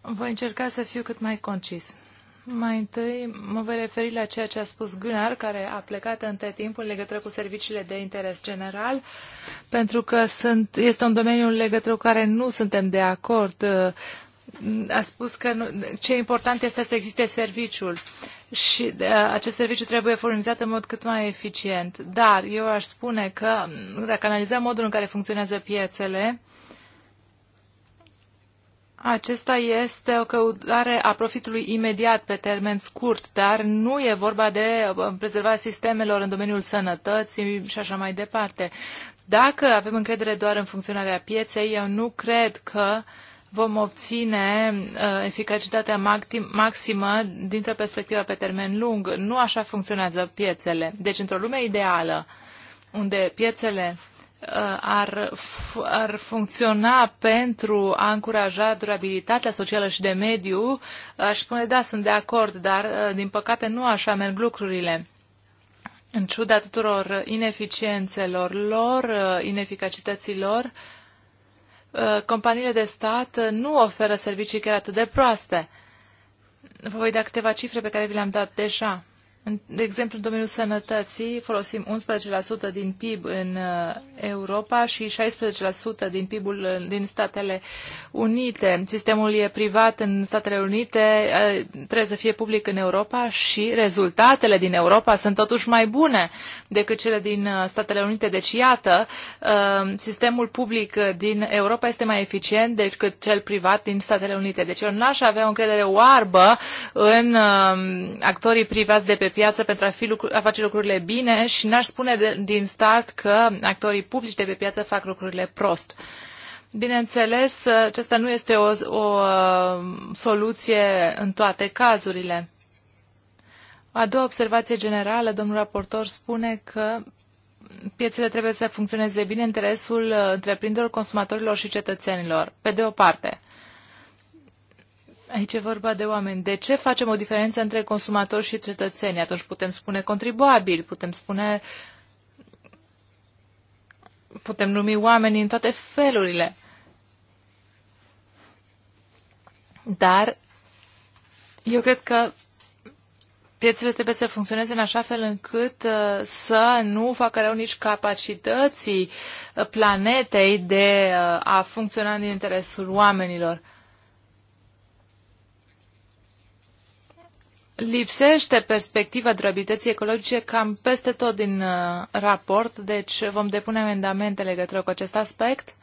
Voi încerca să fiu cât mai concis. Mai întâi mă voi referi la ceea ce a spus Gunnar, care a plecat între timp în legătură cu serviciile de interes general, pentru că sunt, este un domeniu în legătură cu care nu suntem de acord. Uh, a spus că nu, ce important este să existe serviciul și uh, acest serviciu trebuie furnizat în mod cât mai eficient. Dar eu aș spune că dacă analizăm modul în care funcționează piețele, acesta este o căutare a profitului imediat pe termen scurt, dar nu e vorba de uh, prezervarea sistemelor în domeniul sănătății și așa mai departe. Dacă avem încredere doar în funcționarea pieței, eu nu cred că vom obține uh, eficacitatea maximă dintr-o perspectivă pe termen lung. Nu așa funcționează piețele. Deci, într-o lume ideală, unde piețele Uh, ar, ar funcționa pentru a încuraja durabilitatea socială și de mediu, aș spune da, sunt de acord, dar uh, din păcate nu așa merg lucrurile. În ciuda tuturor ineficiențelor lor, uh, ineficacităților, companiile de stat nu oferă servicii chiar atât de proaste. Vă voi da câteva cifre pe care vi le-am dat deja. De exemplu, în domeniul sănătății folosim 11% din PIB în uh, Europa și 16% din PIB-ul uh, din Statele Unite. Sistemul e privat în Statele Unite, trebuie să fie public în Europa și rezultatele din Europa sunt totuși mai bune decât cele din uh, Statele Unite. Deci, iată, uh, sistemul public din Europa este mai eficient decât cel privat din Statele Unite. Deci eu n-aș avea o încredere oarbă în uh, actorii privați de pe piață pentru a, fi lucru- a face lucrurile bine și n-aș spune de, din start că actorii publici de pe piață fac lucrurile prost. Bineînțeles, aceasta nu este o, o uh, soluție în toate cazurile. A doua observație generală, domnul raportor spune că piețele trebuie să funcționeze bine în interesul uh, întreprinderilor, consumatorilor și cetățenilor. Pe de o parte, aici e vorba de oameni. De ce facem o diferență între consumatori și cetățeni? Atunci putem spune contribuabili, putem spune uh, putem numi oamenii în toate felurile. Dar eu cred că piețele trebuie să funcționeze în așa fel încât uh, să nu facă rău nici capacității uh, planetei de uh, a funcționa în interesul oamenilor. lipsește perspectiva durabilității ecologice cam peste tot din uh, raport, deci vom depune amendamente legătură cu acest aspect.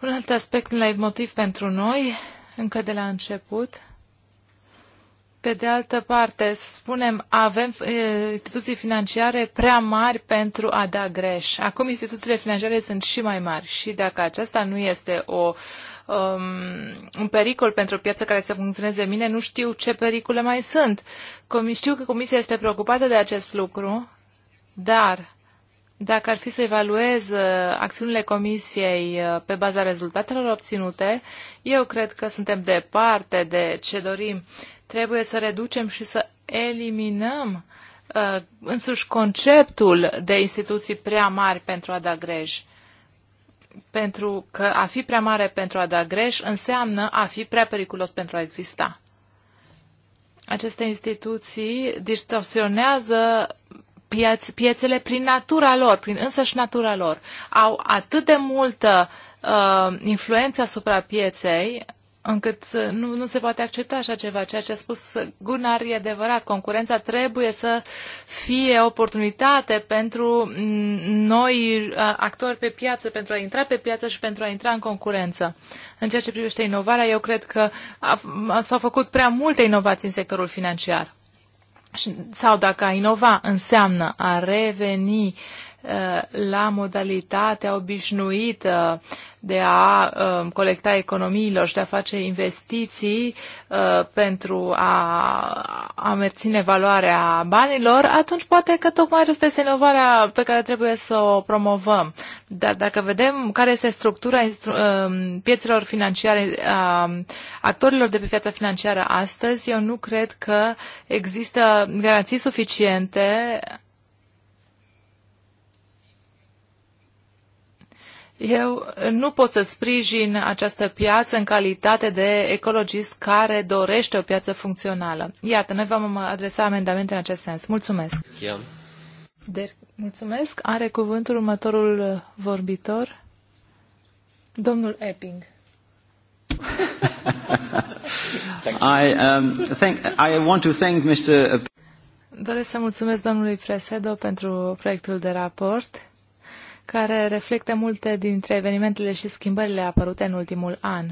Un alt aspect, un motiv pentru noi, încă de la început, pe de altă parte, spunem, avem uh, instituții financiare prea mari pentru a da greș. Acum instituțiile financiare sunt și mai mari și dacă aceasta nu este o um, un pericol pentru o piață care să funcționeze bine, nu știu ce pericole mai sunt. Com- știu că Comisia este preocupată de acest lucru, dar dacă ar fi să evaluez uh, acțiunile Comisiei uh, pe baza rezultatelor obținute, eu cred că suntem departe de ce dorim. Trebuie să reducem și să eliminăm uh, însuși conceptul de instituții prea mari pentru a da greș. Pentru că a fi prea mare pentru a da greș înseamnă a fi prea periculos pentru a exista. Aceste instituții distorsionează piaț piețele prin natura lor, prin însăși natura lor. Au atât de multă uh, influență asupra pieței încât nu, nu se poate accepta așa ceva. Ceea ce a spus Gunnar e adevărat. Concurența trebuie să fie oportunitate pentru mm, noi actori pe piață, pentru a intra pe piață și pentru a intra în concurență. În ceea ce privește inovarea, eu cred că s-au făcut prea multe inovații în sectorul financiar. Sau dacă a inova înseamnă a reveni uh, la modalitatea obișnuită, uh, de a uh, colecta economiilor și de a face investiții uh, pentru a, a merține valoarea banilor, atunci poate că tocmai aceasta este inovarea pe care trebuie să o promovăm. Dar dacă vedem care este structura uh, piețelor financiare, uh, actorilor de pe piața financiară astăzi, eu nu cred că există garanții suficiente Eu nu pot să sprijin această piață în calitate de ecologist care dorește o piață funcțională. Iată, noi vom adresa amendamente în acest sens. Mulțumesc. Yeah. De- deci, mulțumesc. Are cuvântul următorul vorbitor, domnul Epping. I, um, thank, I want to thank Mr. Doresc să mulțumesc domnului Fresedo pentru proiectul de raport care reflectă multe dintre evenimentele și schimbările apărute în ultimul an.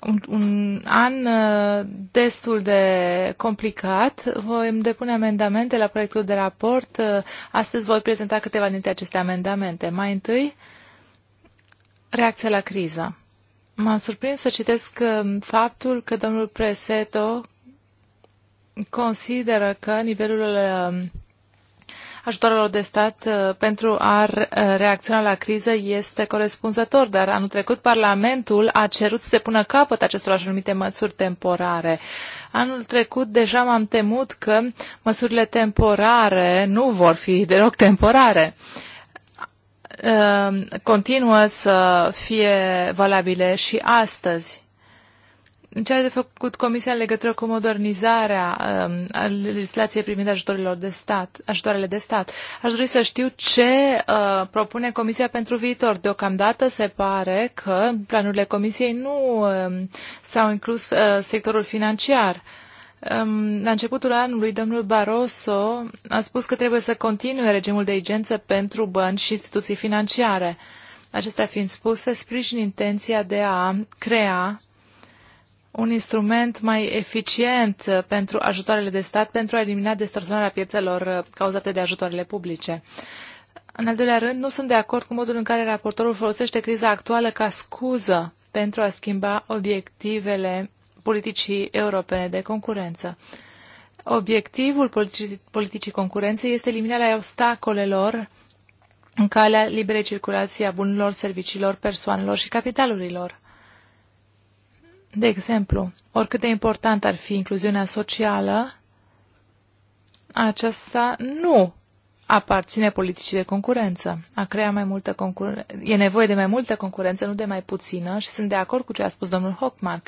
Un, un an uh, destul de complicat. Voi depune amendamente la proiectul de raport. Uh, astăzi voi prezenta câteva dintre aceste amendamente. Mai întâi, reacția la criză. M-am surprins să citesc uh, faptul că domnul Preseto consideră că nivelul ajutoarelor de stat uh, pentru a uh, reacționa la criză este corespunzător, dar anul trecut Parlamentul a cerut să se pună capăt acestor așa numite măsuri temporare. Anul trecut deja m-am temut că măsurile temporare nu vor fi deloc temporare uh, continuă să fie valabile și astăzi ce a de făcut Comisia în legătură cu modernizarea um, legislației privind ajutorilor de stat, ajutoarele de stat? Aș dori să știu ce uh, propune Comisia pentru viitor. Deocamdată se pare că planurile Comisiei nu um, s-au inclus uh, sectorul financiar. Um, la începutul anului, domnul Barroso a spus că trebuie să continue regimul de urgență pentru bănci și instituții financiare. Acestea fiind spuse, sprijin intenția de a crea un instrument mai eficient uh, pentru ajutoarele de stat pentru a elimina distorsionarea piețelor uh, cauzate de ajutoarele publice. În al doilea rând, nu sunt de acord cu modul în care raportorul folosește criza actuală ca scuză pentru a schimba obiectivele politicii europene de concurență. Obiectivul politicii, politicii concurenței este eliminarea obstacolelor în calea liberei circulației a bunurilor, serviciilor, persoanelor și capitalurilor. De exemplu, oricât de important ar fi incluziunea socială, aceasta nu aparține politicii de concurență. A crea mai multă concurență. E nevoie de mai multă concurență, nu de mai puțină și sunt de acord cu ce a spus domnul Hockmark.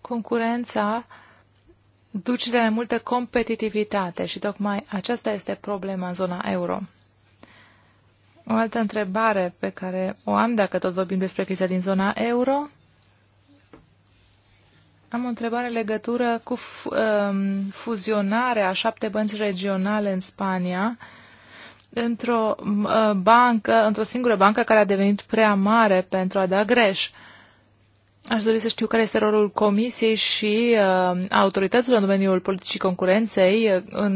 Concurența duce de mai multă competitivitate și tocmai aceasta este problema în zona euro. O altă întrebare pe care o am, dacă tot vorbim despre criza din zona euro, am o întrebare legătură cu um, fuzionarea a șapte bănci regionale în Spania într-o uh, bancă, într-o singură bancă care a devenit prea mare pentru a da greș. Aș dori să știu care este rolul Comisiei și uh, autorităților în domeniul politicii concurenței uh, în,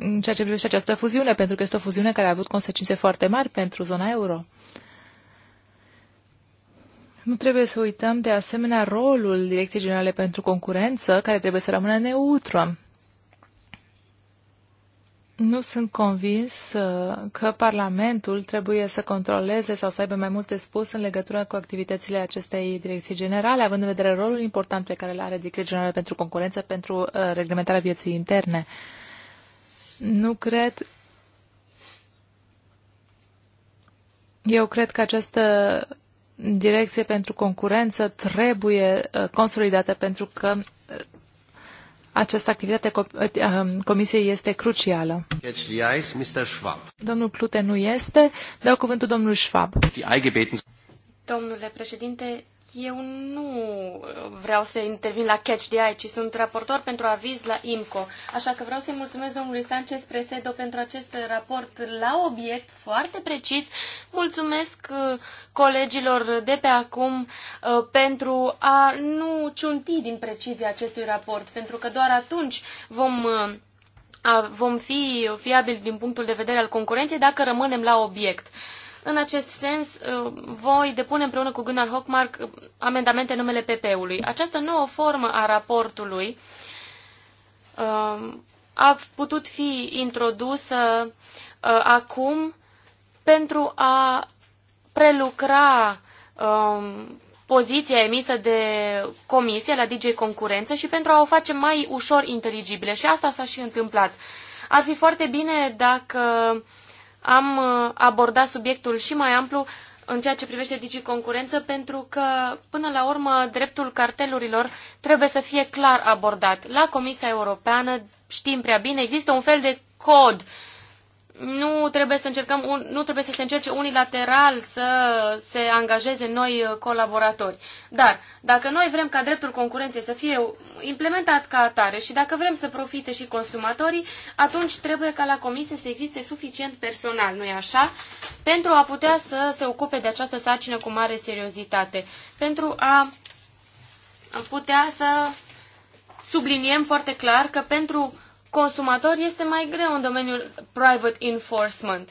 în ceea ce privește această fuziune, pentru că este o fuziune care a avut consecințe foarte mari pentru zona euro. Nu trebuie să uităm de asemenea rolul Direcției Generale pentru Concurență, care trebuie să rămână neutru. Nu sunt convins uh, că Parlamentul trebuie să controleze sau să aibă mai multe spus în legătură cu activitățile acestei direcții generale, având în vedere rolul important pe care îl are Direcția Generală pentru Concurență pentru uh, reglementarea vieții interne. Nu cred eu cred că această direcție pentru concurență trebuie uh, consolidată pentru că uh, această activitate uh, comisiei este crucială. Domnul Clute nu este. Dau cuvântul domnului Schwab. Domnule președinte, eu nu vreau să intervin la Catch the Eye, ci sunt raportor pentru aviz la IMCO. Așa că vreau să-i mulțumesc domnului Sanchez Presedo pentru acest raport la obiect, foarte precis. Mulțumesc uh, colegilor de pe acum uh, pentru a nu ciunti din precizia acestui raport, pentru că doar atunci vom uh, vom fi fiabili din punctul de vedere al concurenței dacă rămânem la obiect. În acest sens, uh, voi depune împreună cu Gunnar Hockmark uh, amendamente numele PP-ului. Această nouă formă a raportului uh, a putut fi introdusă acum pentru a prelucra um, poziția emisă de comisie la DJ Concurență și pentru a o face mai ușor inteligibile. Și asta s-a și întâmplat. Ar fi foarte bine dacă am uh, abordat subiectul și mai amplu în ceea ce privește digiconcurență, pentru că, până la urmă, dreptul cartelurilor trebuie să fie clar abordat. La Comisia Europeană, știm prea bine, există un fel de cod uh, nu trebuie să încercăm, nu trebuie să se încerce unilateral să se angajeze noi uh, colaboratori. Dar dacă noi vrem ca dreptul concurenței să fie implementat ca atare și dacă vrem să profite și consumatorii, atunci trebuie ca la comisie să existe suficient personal, nu-i așa? Pentru a putea să se ocupe de această sarcină cu mare seriozitate, pentru a putea să subliniem foarte clar că pentru consumator este mai greu în domeniul private enforcement.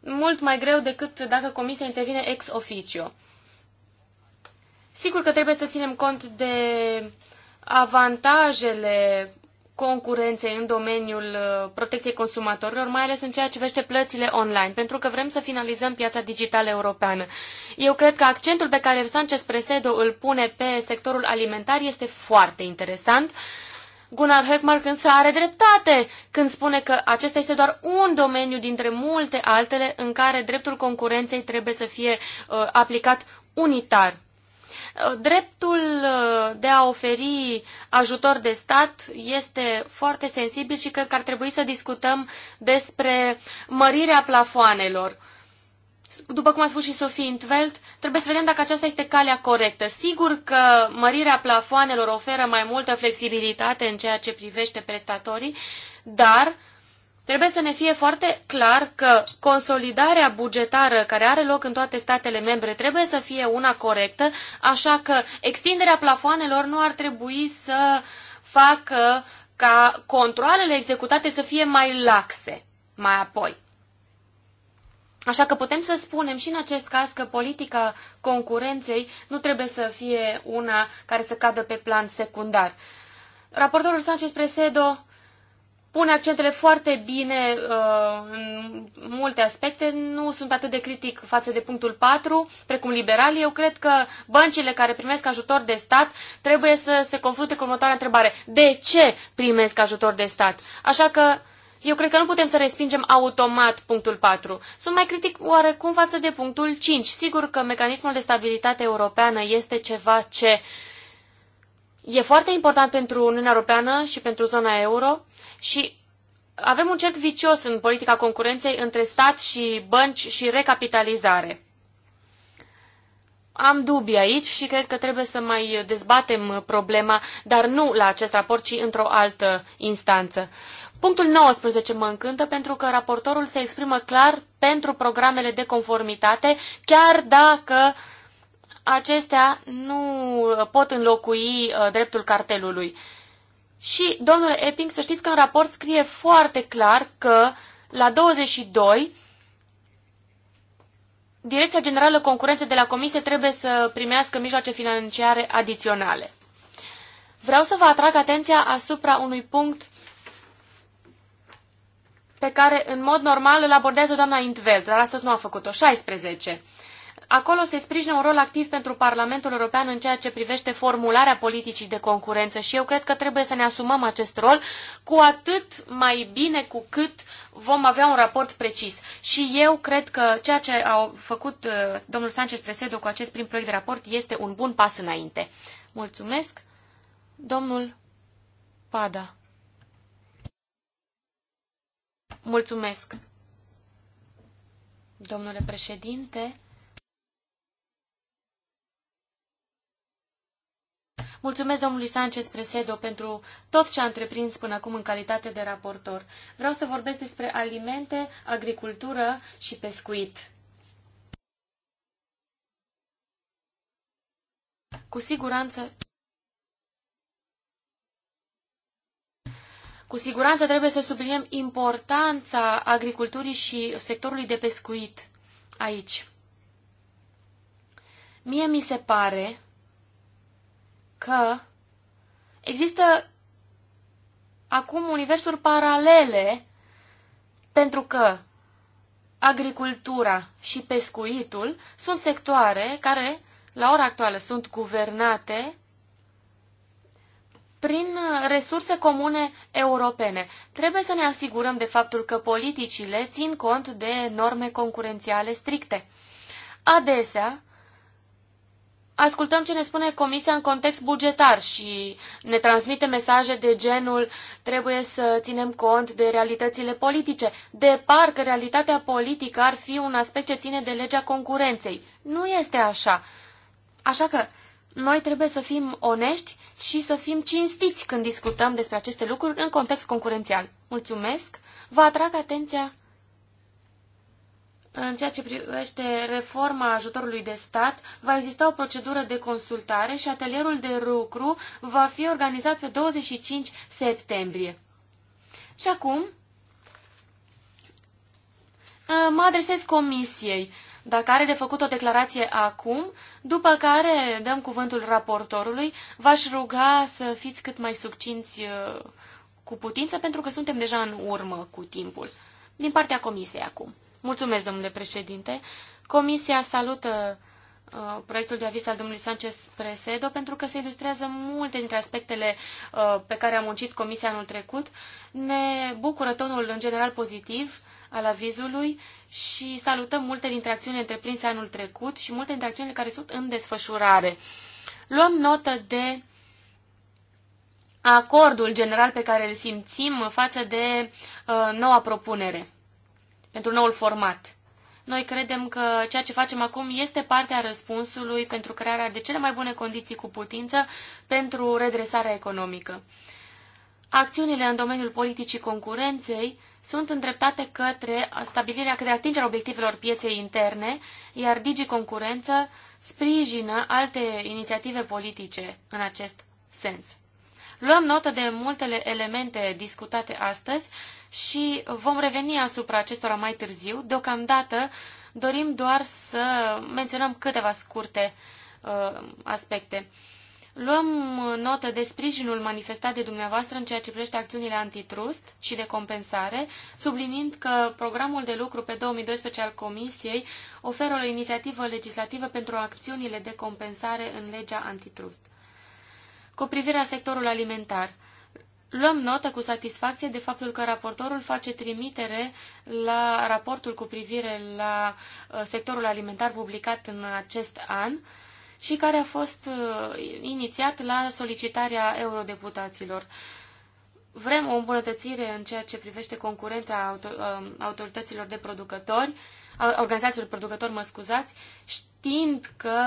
Mult mai greu decât dacă comisia intervine ex officio. Sigur că trebuie să ținem cont de avantajele concurenței în domeniul uh, protecției consumatorilor, mai ales în ceea ce vește plățile online, pentru că vrem să finalizăm piața digitală europeană. Eu cred că accentul pe care Sanchez Presedo îl pune pe sectorul alimentar este foarte interesant Gunnar Höckmark însă are dreptate când spune că acesta este doar un domeniu dintre multe altele în care dreptul concurenței trebuie să fie uh, aplicat unitar. Uh, dreptul uh, de a oferi ajutor de stat este foarte sensibil și cred că ar trebui să discutăm despre mărirea plafoanelor după cum a spus și Sofie Intveld, trebuie să vedem dacă aceasta este calea corectă. Sigur că mărirea plafoanelor oferă mai multă flexibilitate în ceea ce privește prestatorii, dar trebuie să ne fie foarte clar că consolidarea bugetară care are loc în toate statele membre trebuie să fie una corectă, așa că extinderea plafoanelor nu ar trebui să facă ca controlele executate să fie mai laxe mai apoi. Așa că putem să spunem și în acest caz că politica concurenței nu trebuie să fie una care să cadă pe plan secundar. Raportorul Sanchez Presedo pune accentele foarte bine uh, în multe aspecte. Nu sunt atât de critic față de punctul 4, precum liberalii. Eu cred că băncile care primesc ajutor de stat trebuie să se confrunte cu următoarea întrebare. De ce primesc ajutor de stat? Așa că eu cred că nu putem să respingem automat punctul 4. Sunt mai critic oarecum față de punctul 5. Sigur că mecanismul de stabilitate europeană este ceva ce e foarte important pentru Uniunea Europeană și pentru zona euro și avem un cerc vicios în politica concurenței între stat și bănci și recapitalizare. Am dubii aici și cred că trebuie să mai dezbatem problema, dar nu la acest raport, ci într-o altă instanță. Punctul 19 mă încântă pentru că raportorul se exprimă clar pentru programele de conformitate, chiar dacă acestea nu pot înlocui uh, dreptul cartelului. Și, domnule Epping, să știți că în raport scrie foarte clar că la 22 Direcția Generală Concurență de la Comisie trebuie să primească mijloace financiare adiționale. Vreau să vă atrag atenția asupra unui punct pe care în mod normal îl abordează doamna Intveld, dar astăzi nu a făcut-o, 16. Acolo se sprijină un rol activ pentru Parlamentul European în ceea ce privește formularea politicii de concurență și eu cred că trebuie să ne asumăm acest rol cu atât mai bine cu cât vom avea un raport precis. Și eu cred că ceea ce a făcut uh, domnul Sanchez Presedo cu acest prim proiect de raport este un bun pas înainte. Mulțumesc, domnul Pada. Mulțumesc, domnule președinte. Mulțumesc domnului Sanchez Presedo pentru tot ce a întreprins până acum în calitate de raportor. Vreau să vorbesc despre alimente, agricultură și pescuit. Cu siguranță Cu siguranță trebuie să subliniem importanța agriculturii și sectorului de pescuit aici. Mie mi se pare că există acum universuri paralele pentru că agricultura și pescuitul sunt sectoare care, la ora actuală, sunt guvernate prin uh, resurse comune europene. Trebuie să ne asigurăm de faptul că politicile țin cont de norme concurențiale stricte. Adesea, ascultăm ce ne spune Comisia în context bugetar și ne transmite mesaje de genul trebuie să ținem cont de realitățile politice, de parcă realitatea politică ar fi un aspect ce ține de legea concurenței. Nu este așa. Așa că noi trebuie să fim onești și să fim cinstiți când discutăm despre aceste lucruri în context concurențial. Mulțumesc! Vă atrag atenția în ceea ce privește reforma ajutorului de stat, va exista o procedură de consultare și atelierul de lucru va fi organizat pe 25 septembrie. Și acum mă adresez comisiei dacă are de făcut o declarație acum, după care dăm cuvântul raportorului, v-aș ruga să fiți cât mai succinți uh, cu putință, pentru că suntem deja în urmă cu timpul. Din partea comisiei acum. Mulțumesc, domnule președinte. Comisia salută uh, proiectul de aviz al domnului Sanchez Presedo pentru că se ilustrează multe dintre aspectele uh, pe care a muncit comisia anul trecut. Ne bucură tonul în general pozitiv al avizului și salutăm multe dintre acțiunile întreprinse anul trecut și multe dintre acțiunile care sunt în desfășurare. Luăm notă de acordul general pe care îl simțim față de uh, noua propunere pentru noul format. Noi credem că ceea ce facem acum este partea răspunsului pentru crearea de cele mai bune condiții cu putință pentru redresarea economică acțiunile în domeniul politicii concurenței sunt îndreptate către stabilirea, către atingerea obiectivelor pieței interne, iar Digi Concurență sprijină alte inițiative politice în acest sens. Luăm notă de multele elemente discutate astăzi și vom reveni asupra acestora mai târziu. Deocamdată dorim doar să menționăm câteva scurte uh, aspecte. Uh, Luăm notă de sprijinul manifestat de dumneavoastră în ceea ce privește acțiunile antitrust și de compensare, sublinind că programul de lucru pe 2012 al Comisiei oferă o inițiativă legislativă pentru acțiunile de compensare în legea antitrust. Cu privire la sectorul alimentar, luăm notă cu satisfacție de faptul că raportorul face trimitere la raportul cu privire la uh, sectorul alimentar publicat în acest an, și care a fost uh, inițiat la solicitarea eurodeputaților. Vrem o îmbunătățire în ceea ce privește concurența um, autorităților de producători, organizațiilor producători, mă scuzați, știind că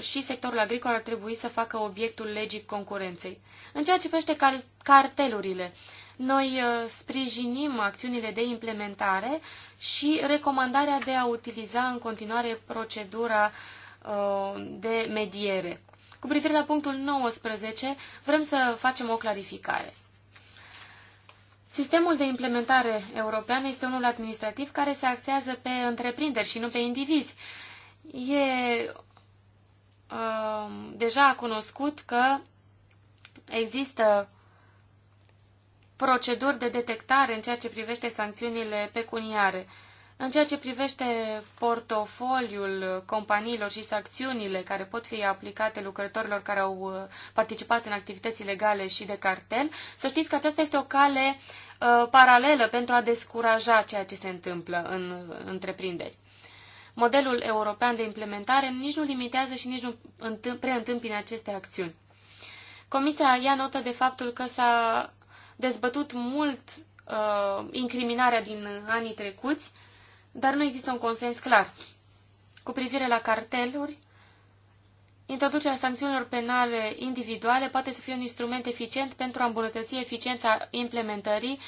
și sectorul agricol ar trebui să facă obiectul legii concurenței. În ceea ce privește car cartelurile, noi uh, sprijinim acțiunile de implementare și recomandarea de a utiliza în continuare procedura uh, Uh, de mediere. Cu privire la punctul 19, vrem să facem o clarificare. Sistemul de implementare european este unul administrativ care se axează pe întreprinderi și nu pe indivizi. E uh, deja cunoscut că există proceduri de detectare în ceea ce privește sancțiunile pecuniare. Uh, în ceea ce privește portofoliul companiilor și sancțiunile care pot fi aplicate lucrătorilor care au uh, participat în activități ilegale și de cartel, să știți că aceasta este o cale uh, paralelă pentru a descuraja ceea ce se întâmplă în uh, întreprinderi. Modelul european de implementare nici nu limitează și nici nu preîntâmpine aceste acțiuni. Comisia ia notă de faptul că s-a dezbătut mult uh, incriminarea din anii trecuți dar nu există un consens clar. Cu privire la carteluri, introducerea sancțiunilor penale individuale poate să fie un instrument eficient pentru a îmbunătăți eficiența implementării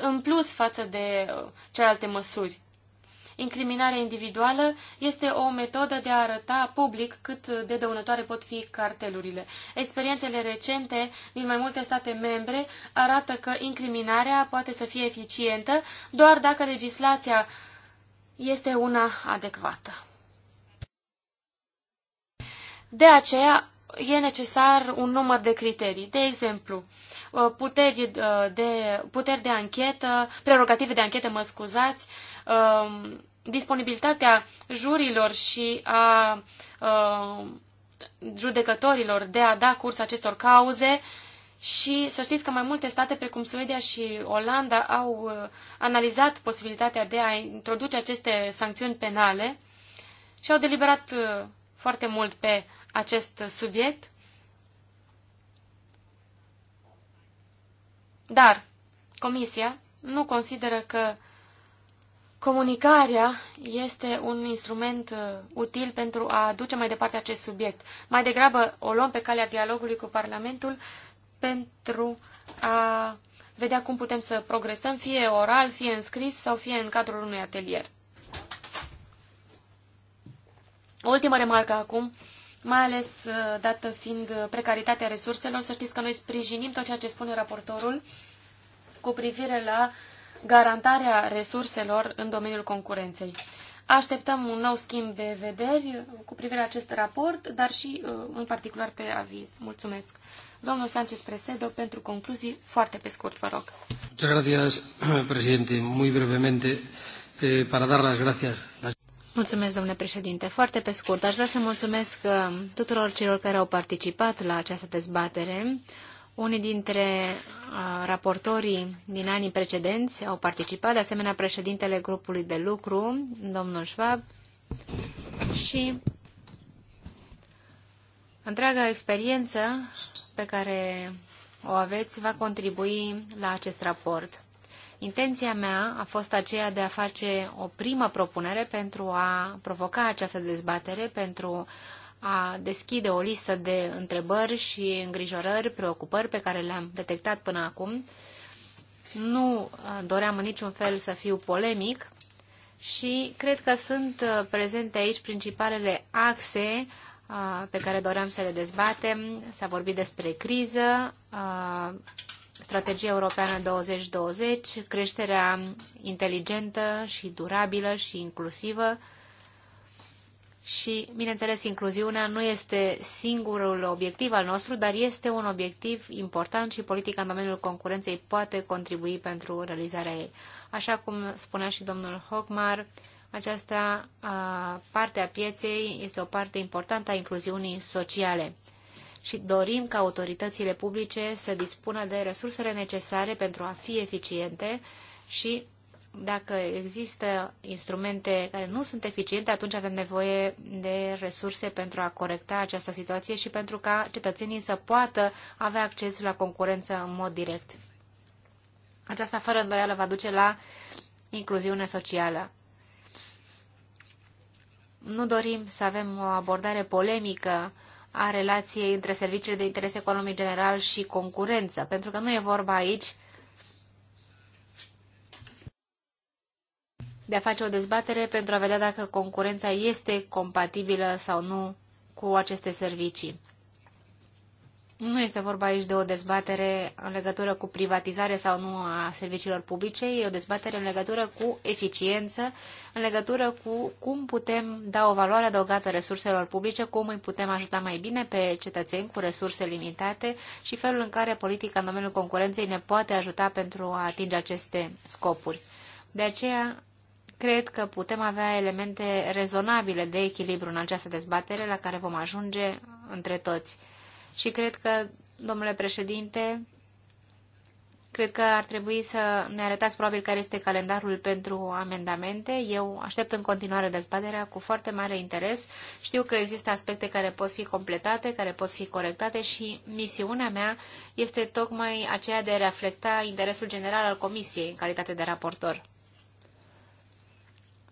în plus față de uh, celelalte măsuri. Incriminarea individuală este o metodă de a arăta public cât de dăunătoare pot fi cartelurile. Experiențele recente din mai multe state membre arată că incriminarea poate să fie eficientă doar dacă legislația este una adecvată. De aceea e necesar un număr de criterii. De exemplu, uh, puteri uh, de, puteri de anchetă, prerogative de anchetă, mă scuzați, um, disponibilitatea jurilor și a uh, judecătorilor de a da curs acestor cauze, și să știți că mai multe state, precum Suedia și Olanda, au uh, analizat posibilitatea de a introduce aceste sancțiuni penale și au deliberat uh, foarte mult pe acest subiect. Dar Comisia nu consideră că comunicarea este un instrument uh, util pentru a duce mai departe acest subiect. Mai degrabă o luăm pe calea dialogului cu Parlamentul, pentru a vedea cum putem să progresăm, fie oral, fie în scris sau fie în cadrul unui atelier. O ultimă remarcă acum, mai ales uh, dată fiind uh, precaritatea resurselor, să știți că noi sprijinim tot ceea ce spune raportorul cu privire la garantarea resurselor în domeniul concurenței. Așteptăm un nou schimb de vederi cu privire la acest raport, dar și uh, în particular pe aviz. Mulțumesc! Domnul Sanchez Presedo, pentru concluzii, foarte pe scurt, vă rog. Muchas gracias, presidente. Muy brevemente, eh, para dar las gracias. Mulțumesc, domnule președinte. Foarte pe scurt, aș vrea să mulțumesc eh, tuturor celor care au participat la această dezbatere. Unii dintre eh, raportorii din anii precedenți au participat, de asemenea președintele grupului de lucru, domnul Schwab, și Întreaga experiență pe care o aveți va contribui la acest raport. Intenția mea a fost aceea de a face o primă propunere pentru a provoca această dezbatere, pentru a deschide o listă de întrebări și îngrijorări, preocupări pe care le-am detectat până acum. Nu uh, doream în niciun fel să fiu polemic și cred că sunt uh, prezente aici principalele axe pe care doream să le dezbatem. S-a vorbit despre criză, strategia europeană 2020, creșterea inteligentă și durabilă și inclusivă. Și, bineînțeles, incluziunea nu este singurul obiectiv al nostru, dar este un obiectiv important și politica în domeniul concurenței poate contribui pentru realizarea ei. Așa cum spunea și domnul Hogmar, uh, această parte a pieței este o parte importantă a incluziunii sociale și dorim ca autoritățile publice să dispună de resursele necesare pentru a fi eficiente și dacă există instrumente care nu sunt eficiente, atunci avem nevoie de resurse pentru a corecta această situație și pentru ca cetățenii să poată avea acces la concurență în mod direct. Aceasta, fără îndoială, va duce la incluziune socială. Nu dorim să avem o abordare polemică a relației între serviciile de interes economic general și concurență, pentru că nu e vorba aici de a face o dezbatere pentru a vedea dacă concurența este compatibilă sau nu cu aceste servicii. Nu este vorba aici de o dezbatere în legătură cu privatizare sau nu a serviciilor publice, e o dezbatere în legătură cu eficiență, în legătură cu cum putem da o valoare adăugată resurselor publice, cum îi putem ajuta mai bine pe cetățeni cu resurse limitate și felul în care politica în domeniul concurenței ne poate ajuta pentru a atinge aceste scopuri. De aceea, cred că putem avea elemente rezonabile de echilibru în această dezbatere la care vom ajunge între toți. Și cred că, domnule președinte, cred că ar trebui să ne arătați probabil care este calendarul pentru amendamente. Eu aștept în continuare dezbaterea cu foarte mare interes. Știu că există aspecte care pot fi completate, care pot fi corectate și misiunea mea este tocmai aceea de a reflecta interesul general al Comisiei în calitate de raportor.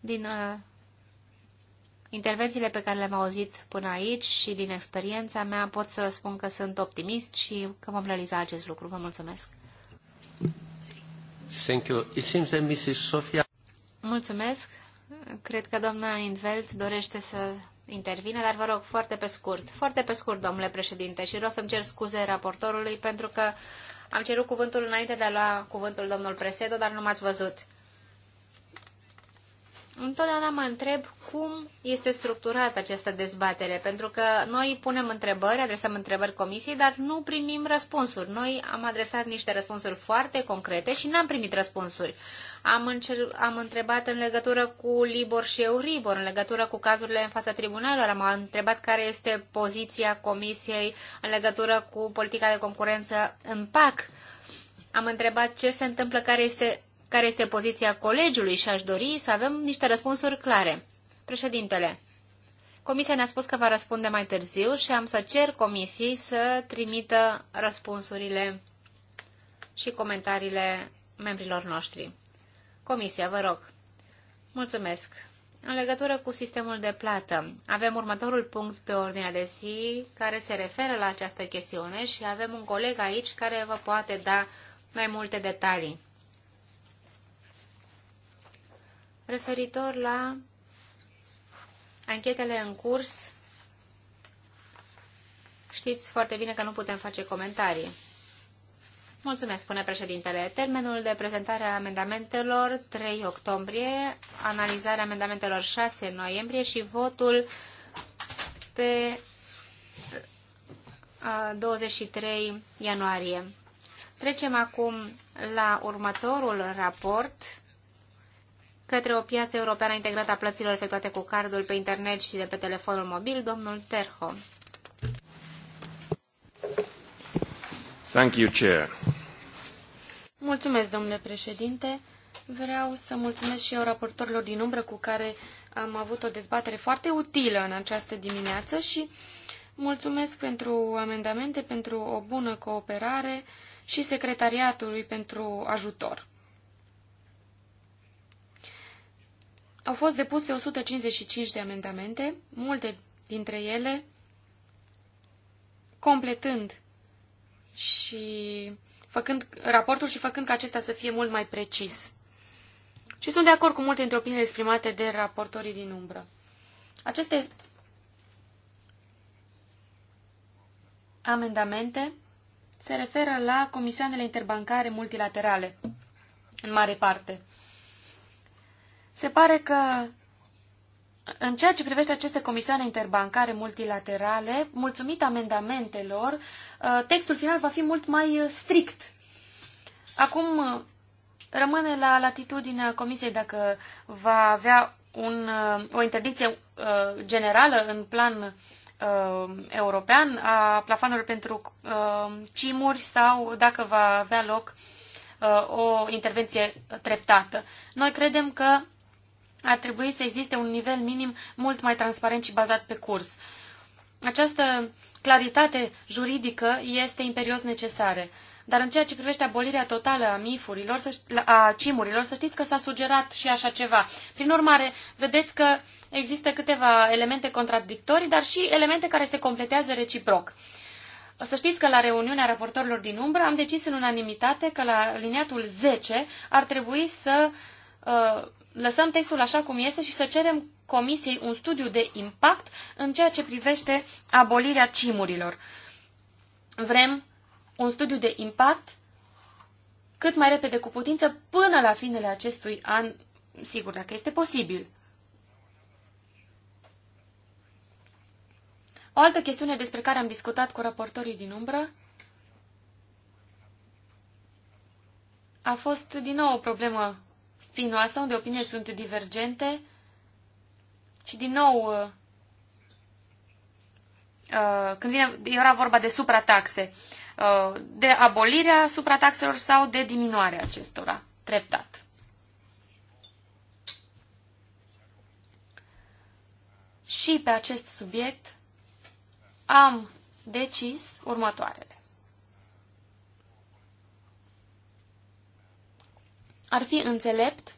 Din uh, Intervențiile pe care le-am auzit până aici și din experiența mea pot să spun că sunt optimist și că vom realiza acest lucru. Vă mulțumesc! Thank you. It seems that Mrs. Sofia... Mulțumesc! Cred că doamna Invelt dorește să intervine, dar vă rog foarte pe scurt. Foarte pe scurt, domnule președinte, și vreau să-mi cer scuze raportorului pentru că am cerut cuvântul înainte de a lua cuvântul domnul Presedo, dar nu m-ați văzut întotdeauna mă întreb cum este structurată această dezbatere, pentru că noi punem întrebări, adresăm întrebări comisiei, dar nu primim răspunsuri. Noi am adresat niște răspunsuri foarte concrete și n-am primit răspunsuri. Am, încer- am întrebat în legătură cu Libor și Euribor, în legătură cu cazurile în fața tribunalelor, am întrebat care este poziția comisiei în legătură cu politica de concurență în PAC. Am întrebat ce se întâmplă, care este care este poziția colegiului și aș dori să avem niște răspunsuri clare. Președintele, Comisia ne-a spus că va răspunde mai târziu și am să cer comisiei să trimită răspunsurile și comentariile membrilor noștri. Comisia, vă rog. Mulțumesc. În legătură cu sistemul de plată, avem următorul punct pe ordinea de zi care se referă la această chestiune și avem un coleg aici care vă poate da mai multe detalii. referitor la anchetele în curs. Știți foarte bine că nu putem face comentarii. Mulțumesc, spune președintele. Termenul de prezentare a amendamentelor 3 octombrie, analizarea amendamentelor 6 noiembrie și votul pe 23 ianuarie. Trecem acum la următorul raport către o piață europeană integrată a plăților efectuate cu cardul pe internet și de pe telefonul mobil, domnul Terho. Thank you, Chair. Mulțumesc, domnule președinte. Vreau să mulțumesc și eu raportorilor din umbră cu care am avut o dezbatere foarte utilă în această dimineață și mulțumesc pentru amendamente, pentru o bună cooperare și secretariatului pentru ajutor. Au fost depuse 155 de amendamente, multe dintre ele completând și făcând raportul și făcând ca acesta să fie mult mai precis. Și sunt de acord cu multe dintre opiniile exprimate de raportorii din umbră. Aceste amendamente se referă la comisioanele interbancare multilaterale, în mare parte. Se pare că în ceea ce privește aceste comisioane interbancare multilaterale, mulțumit amendamentelor, uh, textul final va fi mult mai uh, strict. Acum uh, rămâne la latitudinea comisiei dacă va avea un, o interdicție generală în plan european a plafanului pentru cimuri sau dacă va avea loc o intervenție treptată. Noi credem că ar trebui să existe un nivel minim mult mai transparent și bazat pe curs. Această claritate juridică este imperios necesară. Dar în ceea ce privește abolirea totală a mifurilor, a cimurilor, să știți că s-a sugerat și așa ceva. Prin urmare, vedeți că există câteva elemente contradictorii, dar și elemente care se completează reciproc. Să știți că la reuniunea raportorilor din umbră am decis în unanimitate că la liniatul 10 ar trebui să uh, lăsăm textul așa cum este și să cerem Comisiei un studiu de impact în ceea ce privește abolirea cimurilor. Vrem un studiu de impact cât mai repede cu putință până la finele acestui an, sigur, dacă este posibil. O altă chestiune despre care am discutat cu raportorii din umbră a fost din nou o problemă spinoasă, unde opinie sunt divergente și din nou uh, uh, când vine, era vorba de suprataxe, uh, de abolirea suprataxelor sau de diminuarea acestora, treptat. Și pe acest subiect am decis următoarele. ar fi înțelept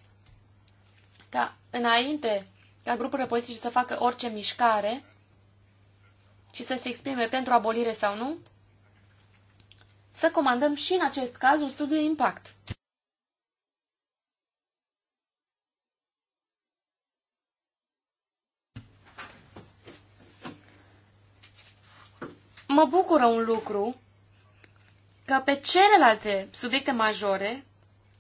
ca înainte ca grupurile politice să facă orice mișcare și să se exprime pentru abolire sau nu, să comandăm și în acest caz un studiu de impact. Mă bucură un lucru că pe celelalte subiecte majore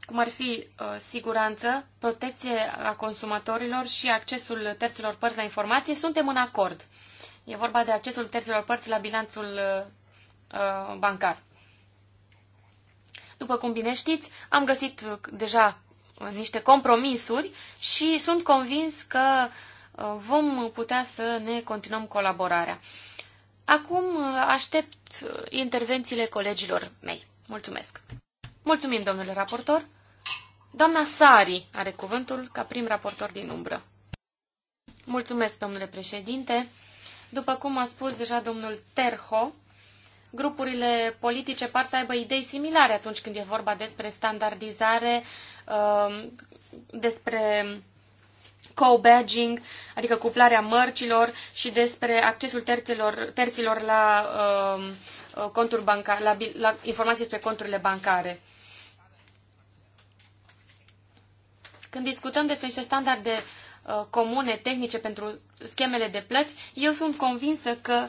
cum ar fi uh, siguranță, protecție a consumatorilor și accesul terților părți la informații, suntem în acord. E vorba de accesul terților părți la bilanțul uh, uh, bancar. După cum bine știți, am găsit deja niște compromisuri și sunt convins că vom putea să ne continuăm colaborarea. Acum aștept intervențiile colegilor mei. Mulțumesc! Mulțumim, domnule raportor! Doamna Sari are cuvântul ca prim raportor din umbră. Mulțumesc, domnule președinte. După cum a spus deja domnul Terho, grupurile politice par să aibă idei similare atunci când e vorba despre standardizare, um, despre co-badging, adică cuplarea mărcilor și despre accesul terților, terților la, um, conturi bancare, la, la informații despre conturile bancare. Când discutăm despre niște standarde uh, comune, tehnice pentru schemele de plăți, eu sunt convinsă că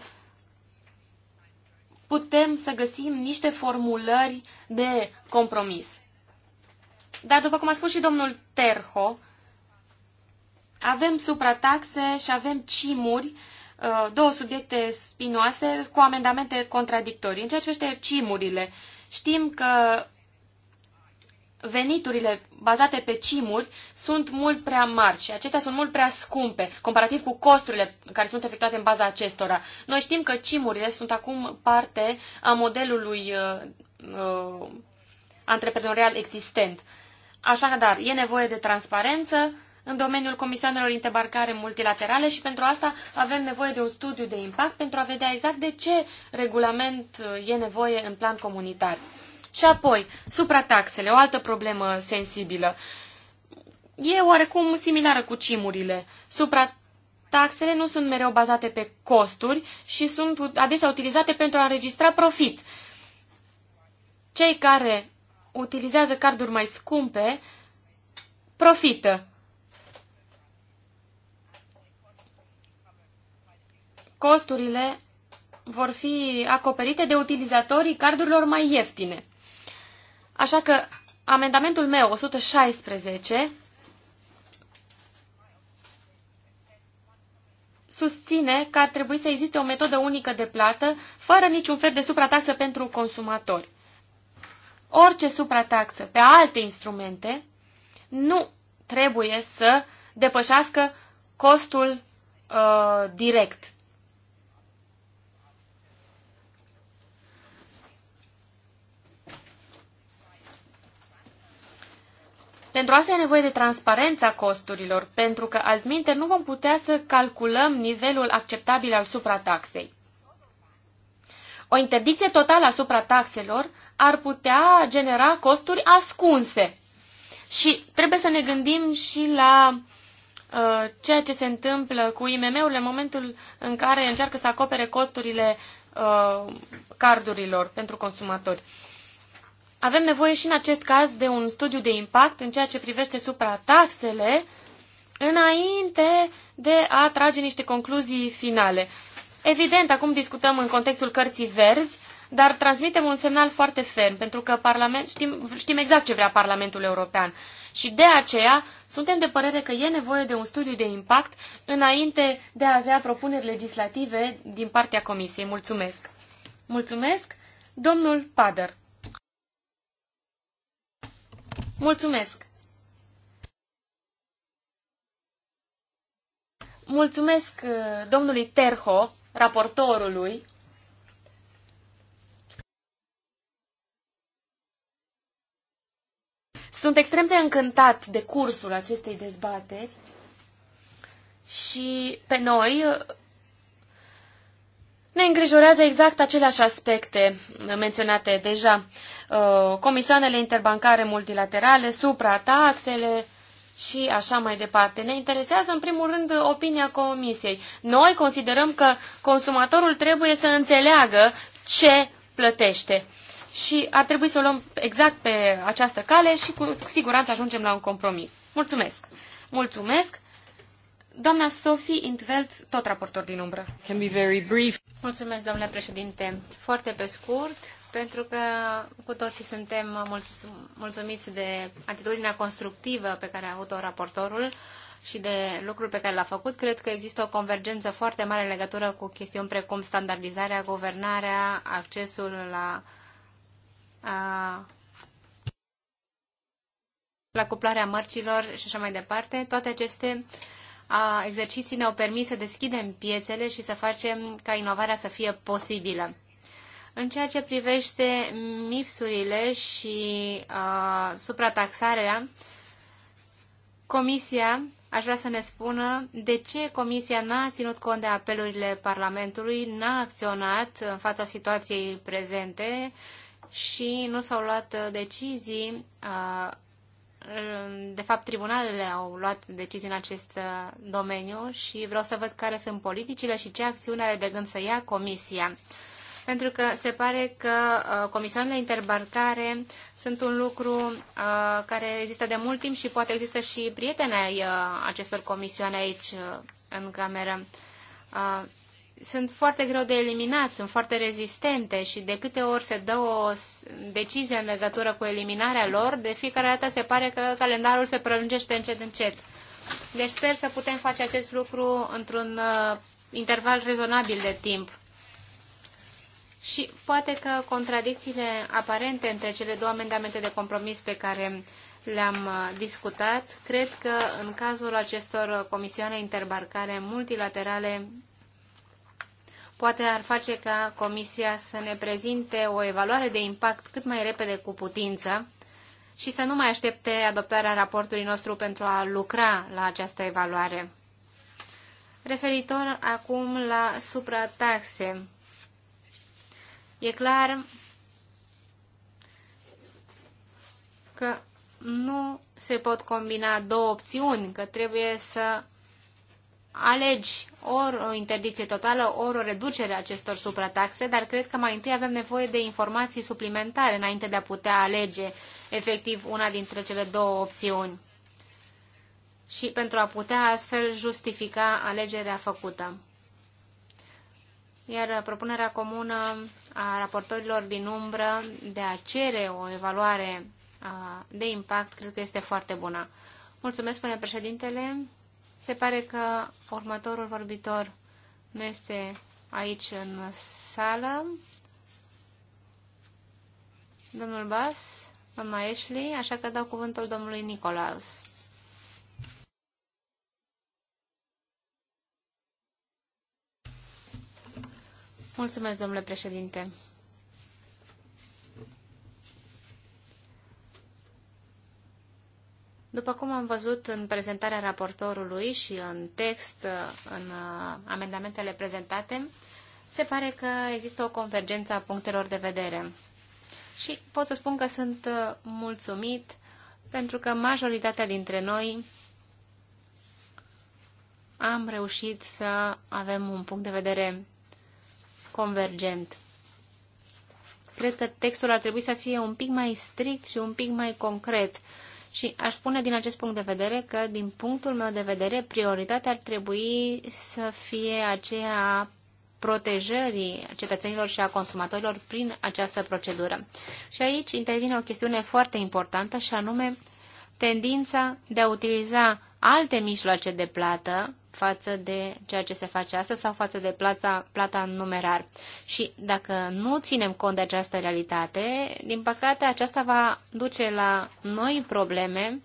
putem să găsim niște formulări de compromis. Dar, după cum a spus și domnul Terho, avem suprataxe și avem cimuri, uh, două subiecte spinoase cu amendamente contradictorii. În ceea ce privește cimurile, știm că veniturile bazate pe cimuri sunt mult prea mari și acestea sunt mult prea scumpe, comparativ cu costurile care sunt efectuate în baza acestora. Noi știm că cimurile sunt acum parte a modelului uh, uh, antreprenorial existent. Așadar, e nevoie de transparență în domeniul comisioanelor interbarcare multilaterale și pentru asta avem nevoie de un studiu de impact pentru a vedea exact de ce regulament uh, e nevoie în plan comunitar. Și apoi, suprataxele, o altă problemă sensibilă. E oarecum similară cu cimurile. Suprataxele nu sunt mereu bazate pe costuri și sunt adesea utilizate pentru a înregistra profit. Cei care utilizează carduri mai scumpe profită. Costurile vor fi acoperite de utilizatorii cardurilor mai ieftine. Așa că amendamentul meu, 116, susține că ar trebui să existe o metodă unică de plată, fără niciun fel de suprataxă pentru consumatori. Orice suprataxă pe alte instrumente nu trebuie să depășească costul uh, direct Pentru asta e nevoie de transparența costurilor, pentru că altminte nu vom putea să calculăm nivelul acceptabil al suprataxei. O interdicție totală asupra taxelor ar putea genera costuri ascunse. Și trebuie să ne gândim și la uh, ceea ce se întâmplă cu IMM-urile în momentul în care încearcă să acopere costurile uh, cardurilor pentru consumatori. Avem nevoie și în acest caz de un studiu de impact în ceea ce privește suprataxele înainte de a trage niște concluzii finale. Evident, acum discutăm în contextul cărții verzi, dar transmitem un semnal foarte ferm, pentru că parlament, știm, știm exact ce vrea Parlamentul European. Și de aceea suntem de părere că e nevoie de un studiu de impact înainte de a avea propuneri legislative din partea Comisiei. Mulțumesc! Mulțumesc, domnul Pader! Mulțumesc! Mulțumesc uh, domnului Terho, raportorului, Sunt extrem de încântat de cursul acestei dezbateri și pe noi ne îngrijorează exact aceleași aspecte menționate deja. Uh, comisioanele interbancare multilaterale, suprataxele și așa mai departe. Ne interesează în primul rând opinia comisiei. Noi considerăm că consumatorul trebuie să înțeleagă ce plătește. Și ar trebui să o luăm exact pe această cale și cu, cu siguranță ajungem la un compromis. Mulțumesc! Mulțumesc! Doamna Sophie Intveld, tot raportor din umbră. Can be very brief. Mulțumesc, domnule președinte. Foarte pe scurt, pentru că cu toții suntem mulțumiți de atitudinea constructivă pe care a avut-o raportorul și de lucrul pe care l-a făcut. Cred că există o convergență foarte mare în legătură cu chestiuni precum standardizarea, guvernarea, accesul la, a, la cuplarea mărcilor și așa mai departe. Toate aceste uh, a exerciții ne-au permis să deschidem piețele și să facem ca inovarea să fie posibilă. În ceea ce privește mifs și uh, suprataxarea, Comisia aș vrea să ne spună de ce Comisia n-a ținut cont de apelurile Parlamentului, n-a acționat în fața situației prezente și nu s-au luat decizii uh, de fapt, tribunalele au luat decizii în acest uh, domeniu și vreau să văd care sunt politicile și ce acțiune are de gând să ia Comisia. Pentru că se pare că uh, comisioanele interbarcare sunt un lucru uh, care există de mult timp și poate există și prietenei acestor comisioane aici în cameră sunt foarte greu de eliminat, sunt foarte rezistente și de câte ori se dă o decizie în legătură cu eliminarea lor, de fiecare dată se pare că calendarul se prelungește încet încet. Deci sper să putem face acest lucru într-un uh, interval rezonabil de timp. Și poate că contradicțiile aparente între cele două amendamente de compromis pe care le-am uh, discutat, cred că în cazul acestor comisioane interbarcare multilaterale poate ar face ca Comisia să ne prezinte o evaluare de impact cât mai repede cu putință și să nu mai aștepte adoptarea raportului nostru pentru a lucra la această evaluare. Referitor acum la suprataxe. E clar că nu se pot combina două opțiuni, că trebuie să alegi ori o interdicție totală, ori o reducere a acestor suprataxe, dar cred că mai întâi avem nevoie de informații suplimentare înainte de a putea alege efectiv una dintre cele două opțiuni și pentru a putea astfel justifica alegerea făcută. Iar propunerea comună a raportorilor din umbră de a cere o evaluare de impact cred că este foarte bună. Mulțumesc, spune președintele. Se pare că următorul vorbitor nu este aici în sală. Domnul Bas, doamna Ashley, așa că dau cuvântul domnului Nicolaus. Mulțumesc, domnule președinte. După cum am văzut în prezentarea raportorului și în text, în uh, amendamentele prezentate, se pare că există o convergență a punctelor de vedere. Și pot să spun că sunt uh, mulțumit pentru că majoritatea dintre noi am reușit să avem un punct de vedere convergent. Cred că textul ar trebui să fie un pic mai strict și un pic mai concret și aș spune din acest punct de vedere că, din punctul meu de vedere, prioritatea ar trebui să fie aceea protejării cetățenilor și a consumatorilor prin această procedură. Și aici intervine o chestiune foarte importantă și anume tendința de a utiliza alte mijloace de plată față de ceea ce se face astăzi sau față de plata, plata în numerar. Și dacă nu ținem cont de această realitate, din păcate aceasta va duce la noi probleme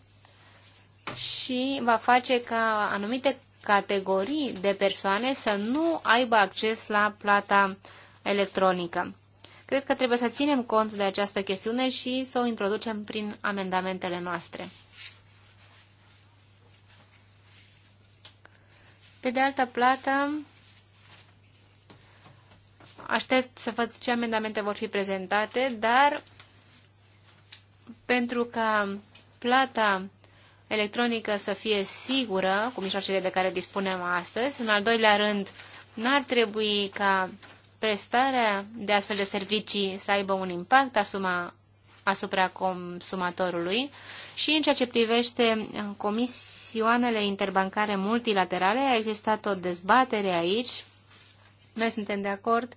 și va face ca anumite categorii de persoane să nu aibă acces la plata electronică. Cred că trebuie să ținem cont de această chestiune și să o introducem prin amendamentele noastre. Pe de altă plată, aștept să văd ce amendamente vor fi prezentate, dar pentru ca plata electronică să fie sigură cu mijloacele de care dispunem astăzi, în al doilea rând, nu ar trebui ca prestarea de astfel de servicii să aibă un impact asupra asupra consumatorului și în ceea ce privește comisioanele interbancare multilaterale, a existat o dezbatere aici. Noi suntem de acord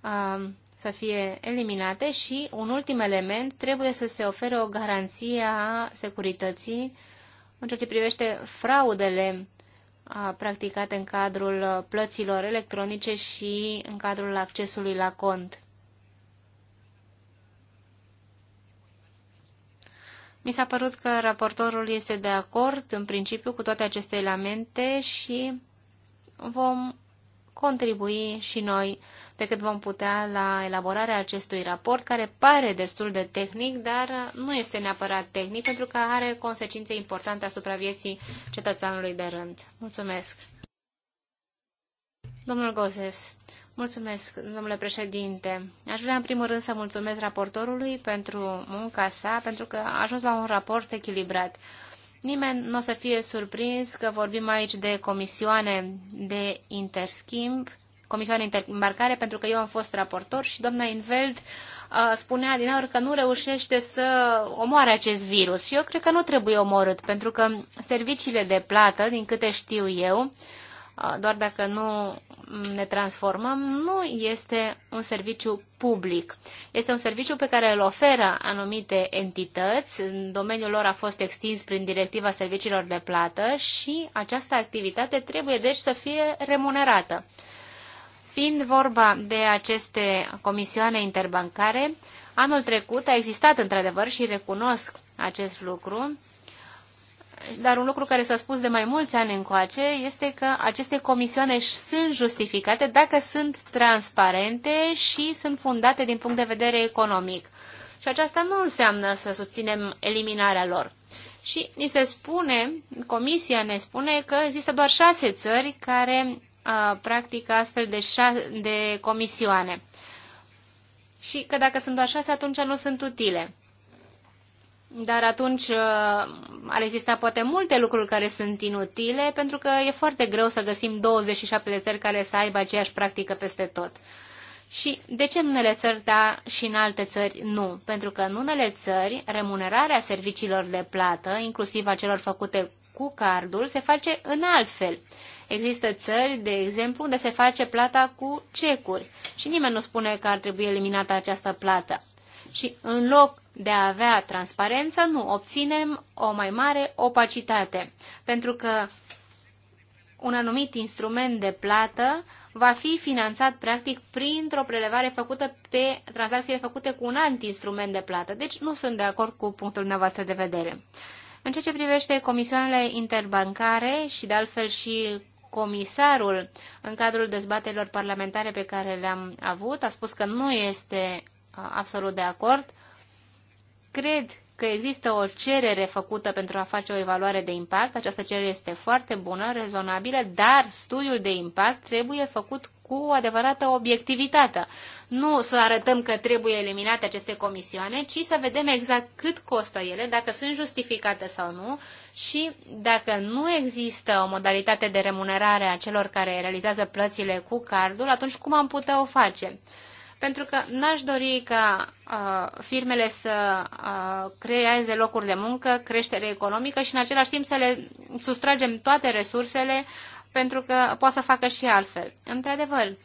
um, să fie eliminate și un ultim element trebuie să se ofere o garanție a securității în ceea ce privește fraudele uh, practicate în cadrul plăților electronice și în cadrul accesului la cont. Mi s-a părut că raportorul este de acord în principiu cu toate aceste elemente și vom contribui și noi pe cât vom putea la elaborarea acestui raport, care pare destul de tehnic, dar nu este neapărat tehnic, pentru că are consecințe importante asupra vieții cetățeanului de rând. Mulțumesc! Domnul Gozes, Mulțumesc, domnule președinte. Aș vrea, în primul rând, să mulțumesc raportorului pentru munca sa, pentru că a ajuns la un raport echilibrat. Nimeni nu o să fie surprins că vorbim aici de comisioane de interschimb, comisioane intermarcare, pentru că eu am fost raportor și doamna Inveld uh, spunea din aur că nu reușește să omoare acest virus. Eu cred că nu trebuie omorât, pentru că serviciile de plată, din câte știu eu, doar dacă nu ne transformăm, nu este un serviciu public. Este un serviciu pe care îl oferă anumite entități, domeniul lor a fost extins prin directiva serviciilor de plată și această activitate trebuie deci să fie remunerată. Fiind vorba de aceste comisioane interbancare, anul trecut a existat într-adevăr și recunosc acest lucru, dar un lucru care s-a spus de mai mulți ani încoace este că aceste comisioane sunt justificate dacă sunt transparente și sunt fundate din punct de vedere economic. Și aceasta nu înseamnă să susținem eliminarea lor. Și ni se spune, comisia ne spune că există doar șase țări care a, practică astfel de, șa- de comisioane. Și că dacă sunt doar șase, atunci nu sunt utile dar atunci uh, ar exista poate multe lucruri care sunt inutile, pentru că e foarte greu să găsim 27 de țări care să aibă aceeași practică peste tot. Și de ce în unele țări da și în alte țări nu? Pentru că în unele țări remunerarea serviciilor de plată, inclusiv a celor făcute cu cardul, se face în alt fel. Există țări, de exemplu, unde se face plata cu cecuri și nimeni nu spune că ar trebui eliminată această plată. Și în loc de a avea transparență, nu, obținem o mai mare opacitate, pentru că un anumit instrument de plată va fi finanțat practic printr-o prelevare făcută pe tranzacțiile făcute cu un alt instrument de plată. Deci nu sunt de acord cu punctul dumneavoastră de vedere. În ceea ce privește comisioanele interbancare și de altfel și comisarul în cadrul dezbaterilor parlamentare pe care le-am avut a spus că nu este absolut de acord Cred că există o cerere făcută pentru a face o evaluare de impact. Această cerere este foarte bună, rezonabilă, dar studiul de impact trebuie făcut cu o adevărată obiectivitate. Nu să arătăm că trebuie eliminate aceste comisioane, ci să vedem exact cât costă ele, dacă sunt justificate sau nu și dacă nu există o modalitate de remunerare a celor care realizează plățile cu cardul, atunci cum am putea o face? pentru că n-aș dori ca uh, firmele să uh, creeze locuri de muncă, creștere economică și în același timp să le sustragem toate resursele pentru că poate să facă și altfel. Într-adevăr, uh,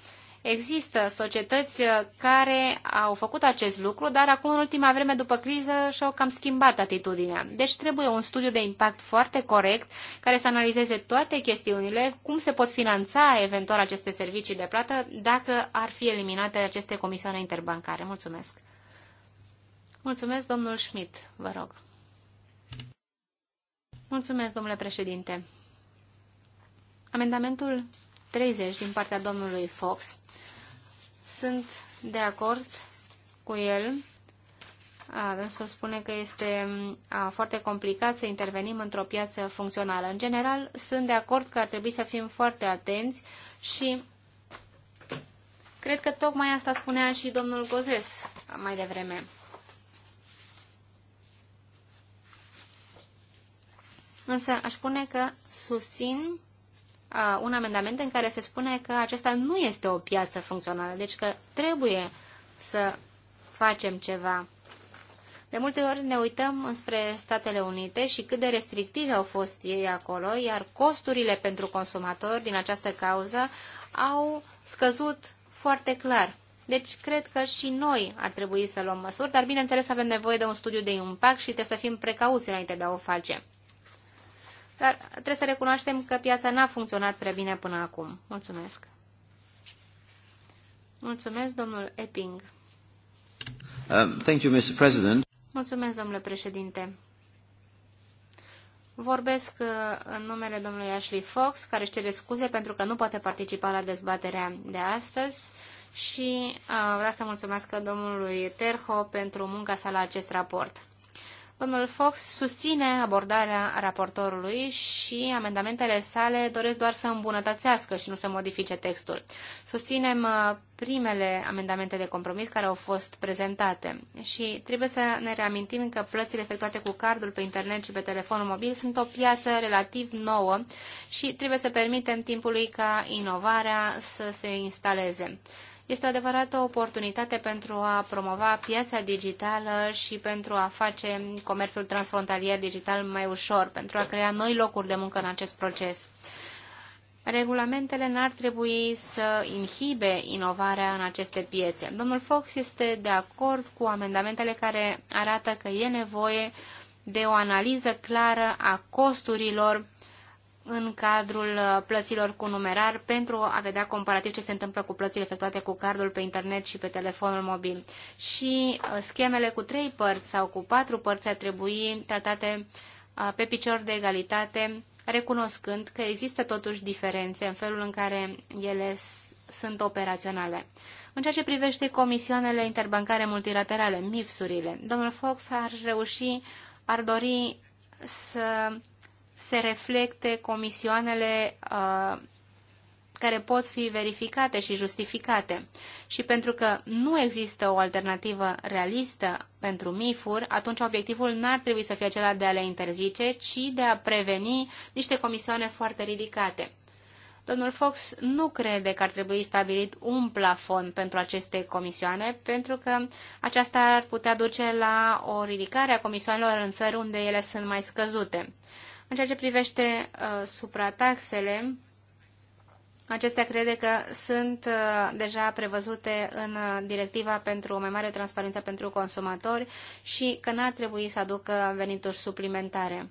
Există societăți uh, care au făcut acest lucru, dar acum, în ultima vreme, după criză, și-au cam schimbat atitudinea. Deci trebuie un studiu de impact foarte corect, care să analizeze toate chestiunile, cum se pot finanța eventual aceste servicii de plată, dacă ar fi eliminate aceste comisioane interbancare. Mulțumesc! Mulțumesc, domnul Schmidt, vă rog. Mulțumesc, domnule președinte. Amendamentul 30 din partea domnului Fox. Sunt de acord cu el. Dânsul spune că este a, foarte complicat să intervenim într-o piață funcțională. În general, sunt de acord că ar trebui să fim foarte atenți și cred că tocmai asta spunea și domnul Gozes mai devreme. Însă aș spune că susțin un amendament în care se spune că acesta nu este o piață funcțională, deci că trebuie să facem ceva. De multe ori ne uităm înspre Statele Unite și cât de restrictive au fost ei acolo, iar costurile pentru consumatori din această cauză au scăzut foarte clar. Deci cred că și noi ar trebui să luăm măsuri, dar bineînțeles avem nevoie de un studiu de impact și trebuie să fim precauți înainte de a o face. Dar trebuie să recunoaștem că piața n-a funcționat prea bine până acum. Mulțumesc. Mulțumesc, domnul Epping. Uh, thank you, Mr. President. Mulțumesc, domnule președinte. Vorbesc uh, în numele domnului Ashley Fox, care își cere scuze pentru că nu poate participa la dezbaterea de astăzi și uh, vreau să mulțumesc domnului Terho pentru munca sa la acest raport. Domnul Fox susține abordarea raportorului și amendamentele sale doresc doar să îmbunătățească și nu să modifice textul. Susținem uh, primele amendamente de compromis care au fost prezentate și trebuie să ne reamintim că plățile efectuate cu cardul pe internet și pe telefonul mobil sunt o piață relativ nouă și trebuie să permitem timpului ca inovarea să se instaleze. Este o adevărată oportunitate pentru a promova piața digitală și pentru a face comerțul transfrontalier digital mai ușor, pentru a crea noi locuri de muncă în acest proces. Regulamentele n-ar trebui să inhibe inovarea în aceste piețe. Domnul Fox este de acord cu amendamentele care arată că e nevoie de o analiză clară a costurilor în cadrul uh, plăților cu numerar pentru a vedea comparativ ce se întâmplă cu plățile efectuate cu cardul pe internet și pe telefonul mobil. Și uh, schemele cu trei părți sau cu patru părți ar trebui tratate uh, pe picior de egalitate, recunoscând că există totuși diferențe în felul în care ele sunt operaționale. În ceea ce privește comisioanele interbancare multilaterale, MIFS-urile, domnul Fox ar reuși, ar dori să se reflecte comisioanele uh, care pot fi verificate și justificate. Și pentru că nu există o alternativă realistă pentru MIFUR, atunci obiectivul n-ar trebui să fie acela de a le interzice, ci de a preveni niște comisioane foarte ridicate. Domnul Fox nu crede că ar trebui stabilit un plafon pentru aceste comisioane, pentru că aceasta ar putea duce la o ridicare a comisioanelor în țări unde ele sunt mai scăzute. În ceea ce privește uh, suprataxele, acestea crede că sunt uh, deja prevăzute în uh, directiva pentru o mai mare transparență pentru consumatori și că n-ar trebui să aducă venituri suplimentare.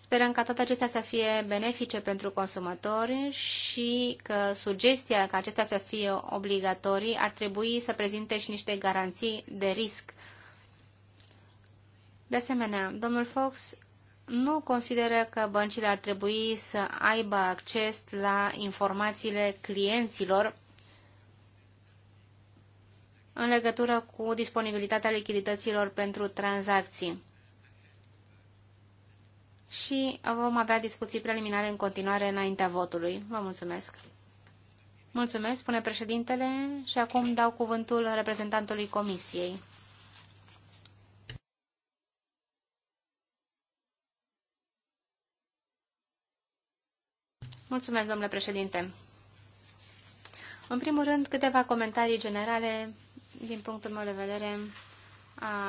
Sperăm ca toate acestea să fie benefice pentru consumatori și că sugestia ca acestea să fie obligatorii ar trebui să prezinte și niște garanții de risc. De asemenea, domnul Fox nu consideră că băncile ar trebui să aibă acces la informațiile clienților în legătură cu disponibilitatea lichidităților pentru tranzacții. Și vom avea discuții preliminare în continuare înaintea votului. Vă mulțumesc! Mulțumesc, spune președintele, și acum dau cuvântul reprezentantului Comisiei. Mulțumesc, domnule președinte. În primul rând, câteva comentarii generale din punctul meu de vedere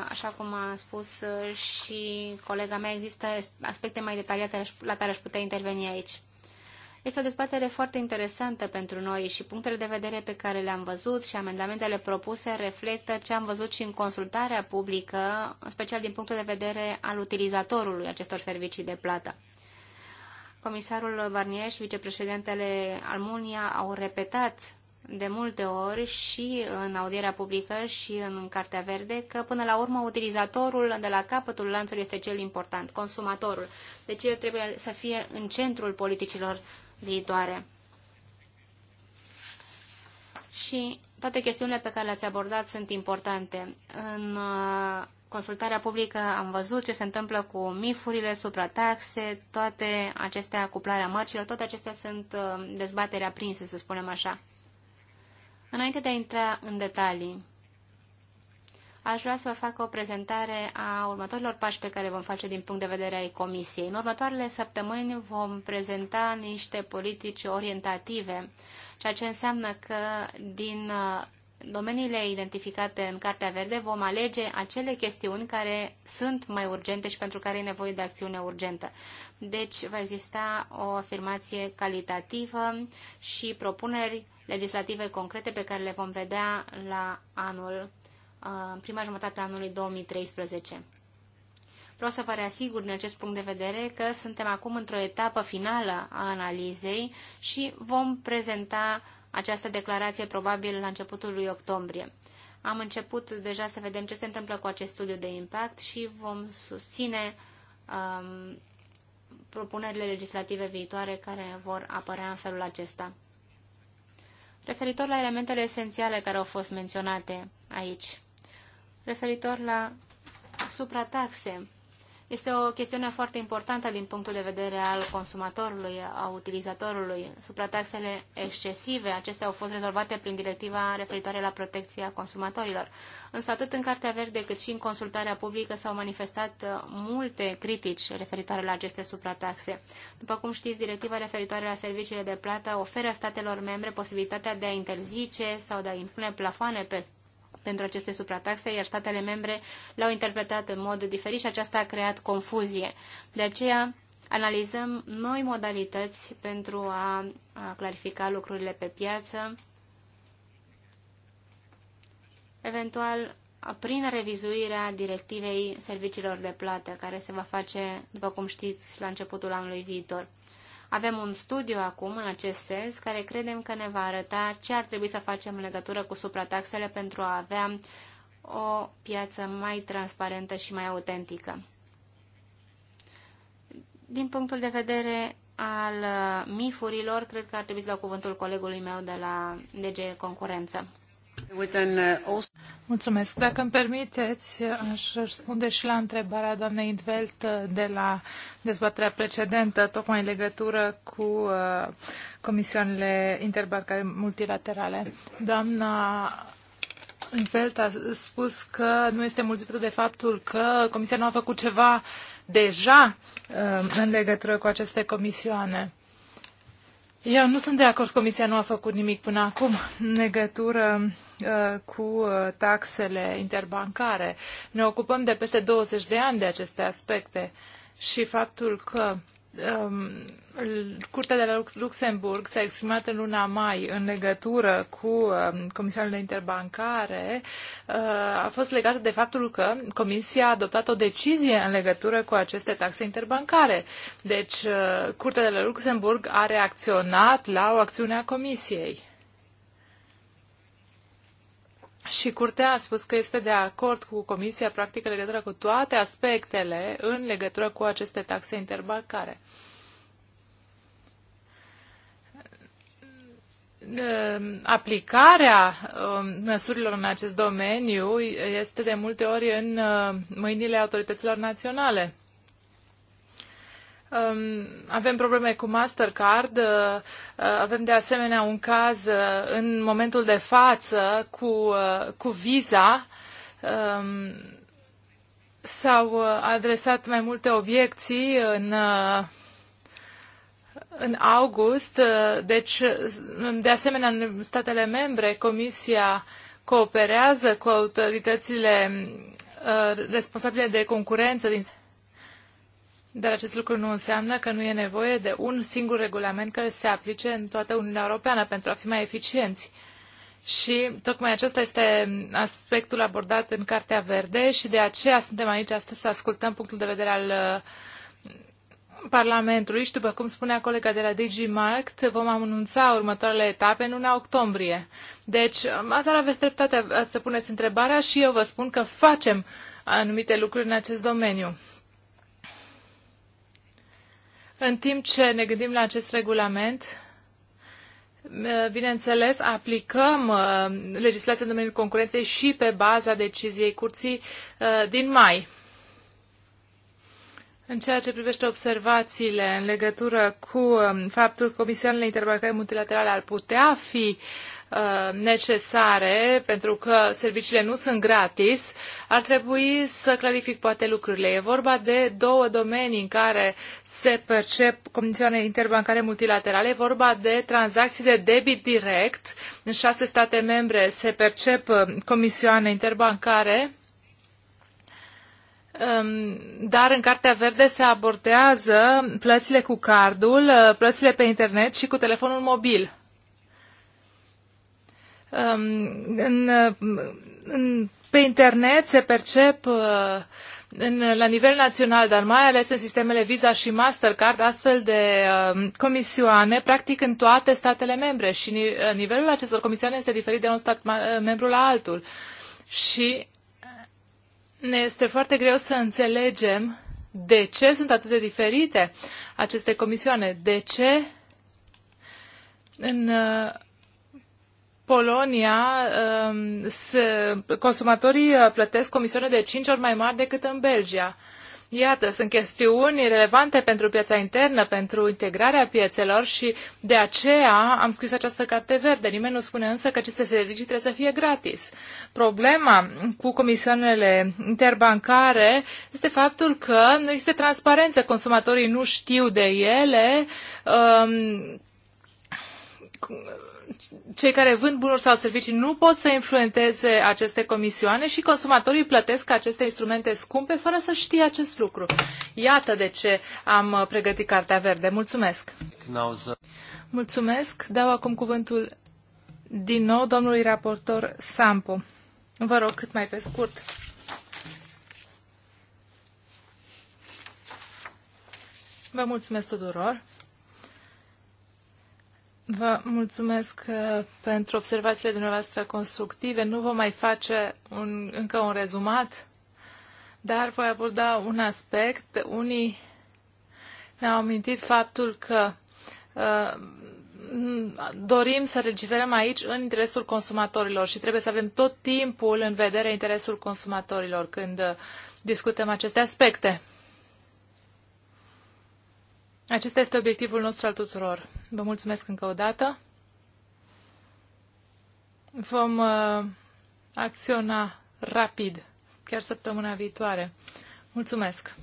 așa cum a spus uh, și colega mea, există aspecte mai detaliate la care aș putea interveni aici. Este o dezbatere foarte interesantă pentru noi și punctele de vedere pe care le-am văzut și amendamentele propuse reflectă ce am văzut și în consultarea publică, în special din punctul de vedere al utilizatorului acestor servicii de plată. Comisarul Barnier și vicepreședintele Almunia au repetat de multe ori și în audierea publică și în Cartea Verde că până la urmă utilizatorul de la capătul lanțului este cel important, consumatorul. Deci el trebuie să fie în centrul politicilor viitoare. Și toate chestiunile pe care le-ați abordat sunt importante. În consultarea publică am văzut ce se întâmplă cu mifurile, suprataxe, toate acestea, cuplarea mărcilor, toate acestea sunt uh, dezbatere aprinse, să spunem așa. Înainte de a intra în detalii, aș vrea să vă fac o prezentare a următorilor pași pe care vom face din punct de vedere ai Comisiei. În următoarele săptămâni vom prezenta niște politici orientative, ceea ce înseamnă că din uh, domeniile identificate în Cartea Verde vom alege acele chestiuni care sunt mai urgente și pentru care e nevoie de acțiune urgentă. Deci va exista o afirmație calitativă și propuneri legislative concrete pe care le vom vedea la anul, în prima jumătate a anului 2013. Vreau să vă reasigur din acest punct de vedere că suntem acum într-o etapă finală a analizei și vom prezenta această declarație probabil la începutul lui octombrie. Am început deja să vedem ce se întâmplă cu acest studiu de impact și vom susține um, propunerile legislative viitoare care vor apărea în felul acesta. Referitor la elementele esențiale care au fost menționate aici, referitor la suprataxe, este o chestiune foarte importantă din punctul de vedere al consumatorului, a utilizatorului. Suprataxele excesive, acestea au fost rezolvate prin directiva referitoare la protecția consumatorilor. Însă atât în Cartea Verde cât și în consultarea publică s-au manifestat uh, multe critici referitoare la aceste suprataxe. După cum știți, directiva referitoare la serviciile de plată oferă statelor membre posibilitatea de a interzice sau de a impune plafoane pe pentru aceste suprataxe, iar statele membre l-au interpretat în mod diferit și aceasta a creat confuzie. De aceea analizăm noi modalități pentru a, clarifica lucrurile pe piață, eventual prin revizuirea directivei serviciilor de plată, care se va face, după cum știți, la începutul anului viitor. Avem un studiu acum în acest sens care credem că ne va arăta ce ar trebui să facem în legătură cu suprataxele pentru a avea o piață mai transparentă și mai autentică. Din punctul de vedere al mifurilor, cred că ar trebui să dau cuvântul colegului meu de la DG Concurență. Uh, Mulțumesc. Dacă îmi permiteți, aș răspunde și la întrebarea doamnei Intvelt uh, de la dezbaterea precedentă, tocmai în legătură cu uh, comisioanele interbancare multilaterale. Doamna Intvelt a spus că nu este mulțumită de faptul că Comisia nu a făcut ceva deja în legătură cu aceste comisioane. Eu nu sunt de acord. Comisia nu a făcut nimic până acum în legătură uh, cu uh, taxele interbancare. Ne ocupăm de peste 20 de ani de aceste aspecte și faptul că uh, Um, Curtea de la Luxemburg s-a exprimat în luna mai în legătură cu um, comisioanele interbancare uh, a fost legată de faptul că Comisia a adoptat o decizie în legătură cu aceste taxe interbancare. Deci, uh, Curtea de la Luxemburg a reacționat la o acțiune a Comisiei. Și curtea a spus că este de acord cu Comisia, practică în legătură cu toate aspectele în legătură cu aceste taxe interbancare. Aplicarea um, măsurilor în acest domeniu este de multe ori în uh, mâinile autorităților naționale. Um, avem probleme cu Mastercard, uh, uh, avem de asemenea un caz uh, în momentul de față cu, cu Visa. Um, s-au adresat mai multe obiecții în în august, deci de asemenea în statele membre Comisia cooperează cu autoritățile responsabile de concurență din dar acest lucru nu înseamnă că nu e nevoie de un singur regulament care se aplice în toată Uniunea Europeană pentru a fi mai eficienți. Și tocmai acesta este aspectul abordat în Cartea Verde și de aceea suntem aici astăzi să ascultăm punctul de vedere al uh, Parlamentului și, după cum spunea colega de la DG Markt, vom anunța următoarele etape în luna octombrie. Deci, um, asta aveți dreptate să puneți întrebarea și eu vă spun că facem anumite lucruri în acest domeniu. În timp ce ne gândim la acest regulament, bineînțeles, aplicăm uh, legislația în domeniul concurenței și pe baza deciziei curții uh, din mai. În ceea ce privește observațiile în legătură cu um, faptul că comisioanele interbancare multilaterale ar putea fi uh, Uh, necesare, pentru că serviciile nu sunt gratis, ar trebui să clarific poate lucrurile. E vorba de două domenii în care se percep comisioane interbancare multilaterale. E vorba de tranzacții de debit direct. În șase state membre se percep uh, comisioane interbancare um, dar în Cartea Verde se abordează plățile cu cardul, uh, plățile pe internet și cu telefonul mobil. Um, în, uh, în, pe internet se percep uh, în, la nivel național, dar mai ales în sistemele Visa și Mastercard, astfel de uh, comisioane, practic în toate statele membre și ni, uh, nivelul acestor comisioane este diferit de un stat membru la altul. Și ne este foarte greu să înțelegem de ce sunt atât de diferite aceste comisioane, de ce în uh, Polonia, um, consumatorii uh, plătesc comisiune de 5 ori mai mari decât în Belgia. Iată, sunt chestiuni relevante pentru piața internă, pentru integrarea piețelor și de aceea am scris această carte verde. Nimeni nu spune însă că aceste servicii trebuie să fie gratis. Problema cu comisioanele interbancare este faptul că nu există transparență, consumatorii nu știu de ele. Um, cei care vând bunuri sau servicii nu pot să influenteze aceste comisioane și consumatorii plătesc aceste instrumente scumpe fără să știe acest lucru. Iată de ce am pregătit Cartea Verde. Mulțumesc! Mulțumesc! Dau acum cuvântul din nou domnului raportor Sampo. Vă rog, cât mai pe scurt. Vă mulțumesc tuturor! Vă mulțumesc uh, pentru observațiile dumneavoastră constructive. Nu vă mai face un, încă un rezumat, dar voi aborda un aspect. Unii ne-au amintit faptul că uh, dorim să regiferăm aici în interesul consumatorilor și trebuie să avem tot timpul în vedere interesul consumatorilor când discutăm aceste aspecte. Acesta este obiectivul nostru al tuturor. Vă mulțumesc încă o dată. Vom uh, acționa rapid, chiar săptămâna viitoare. Mulțumesc!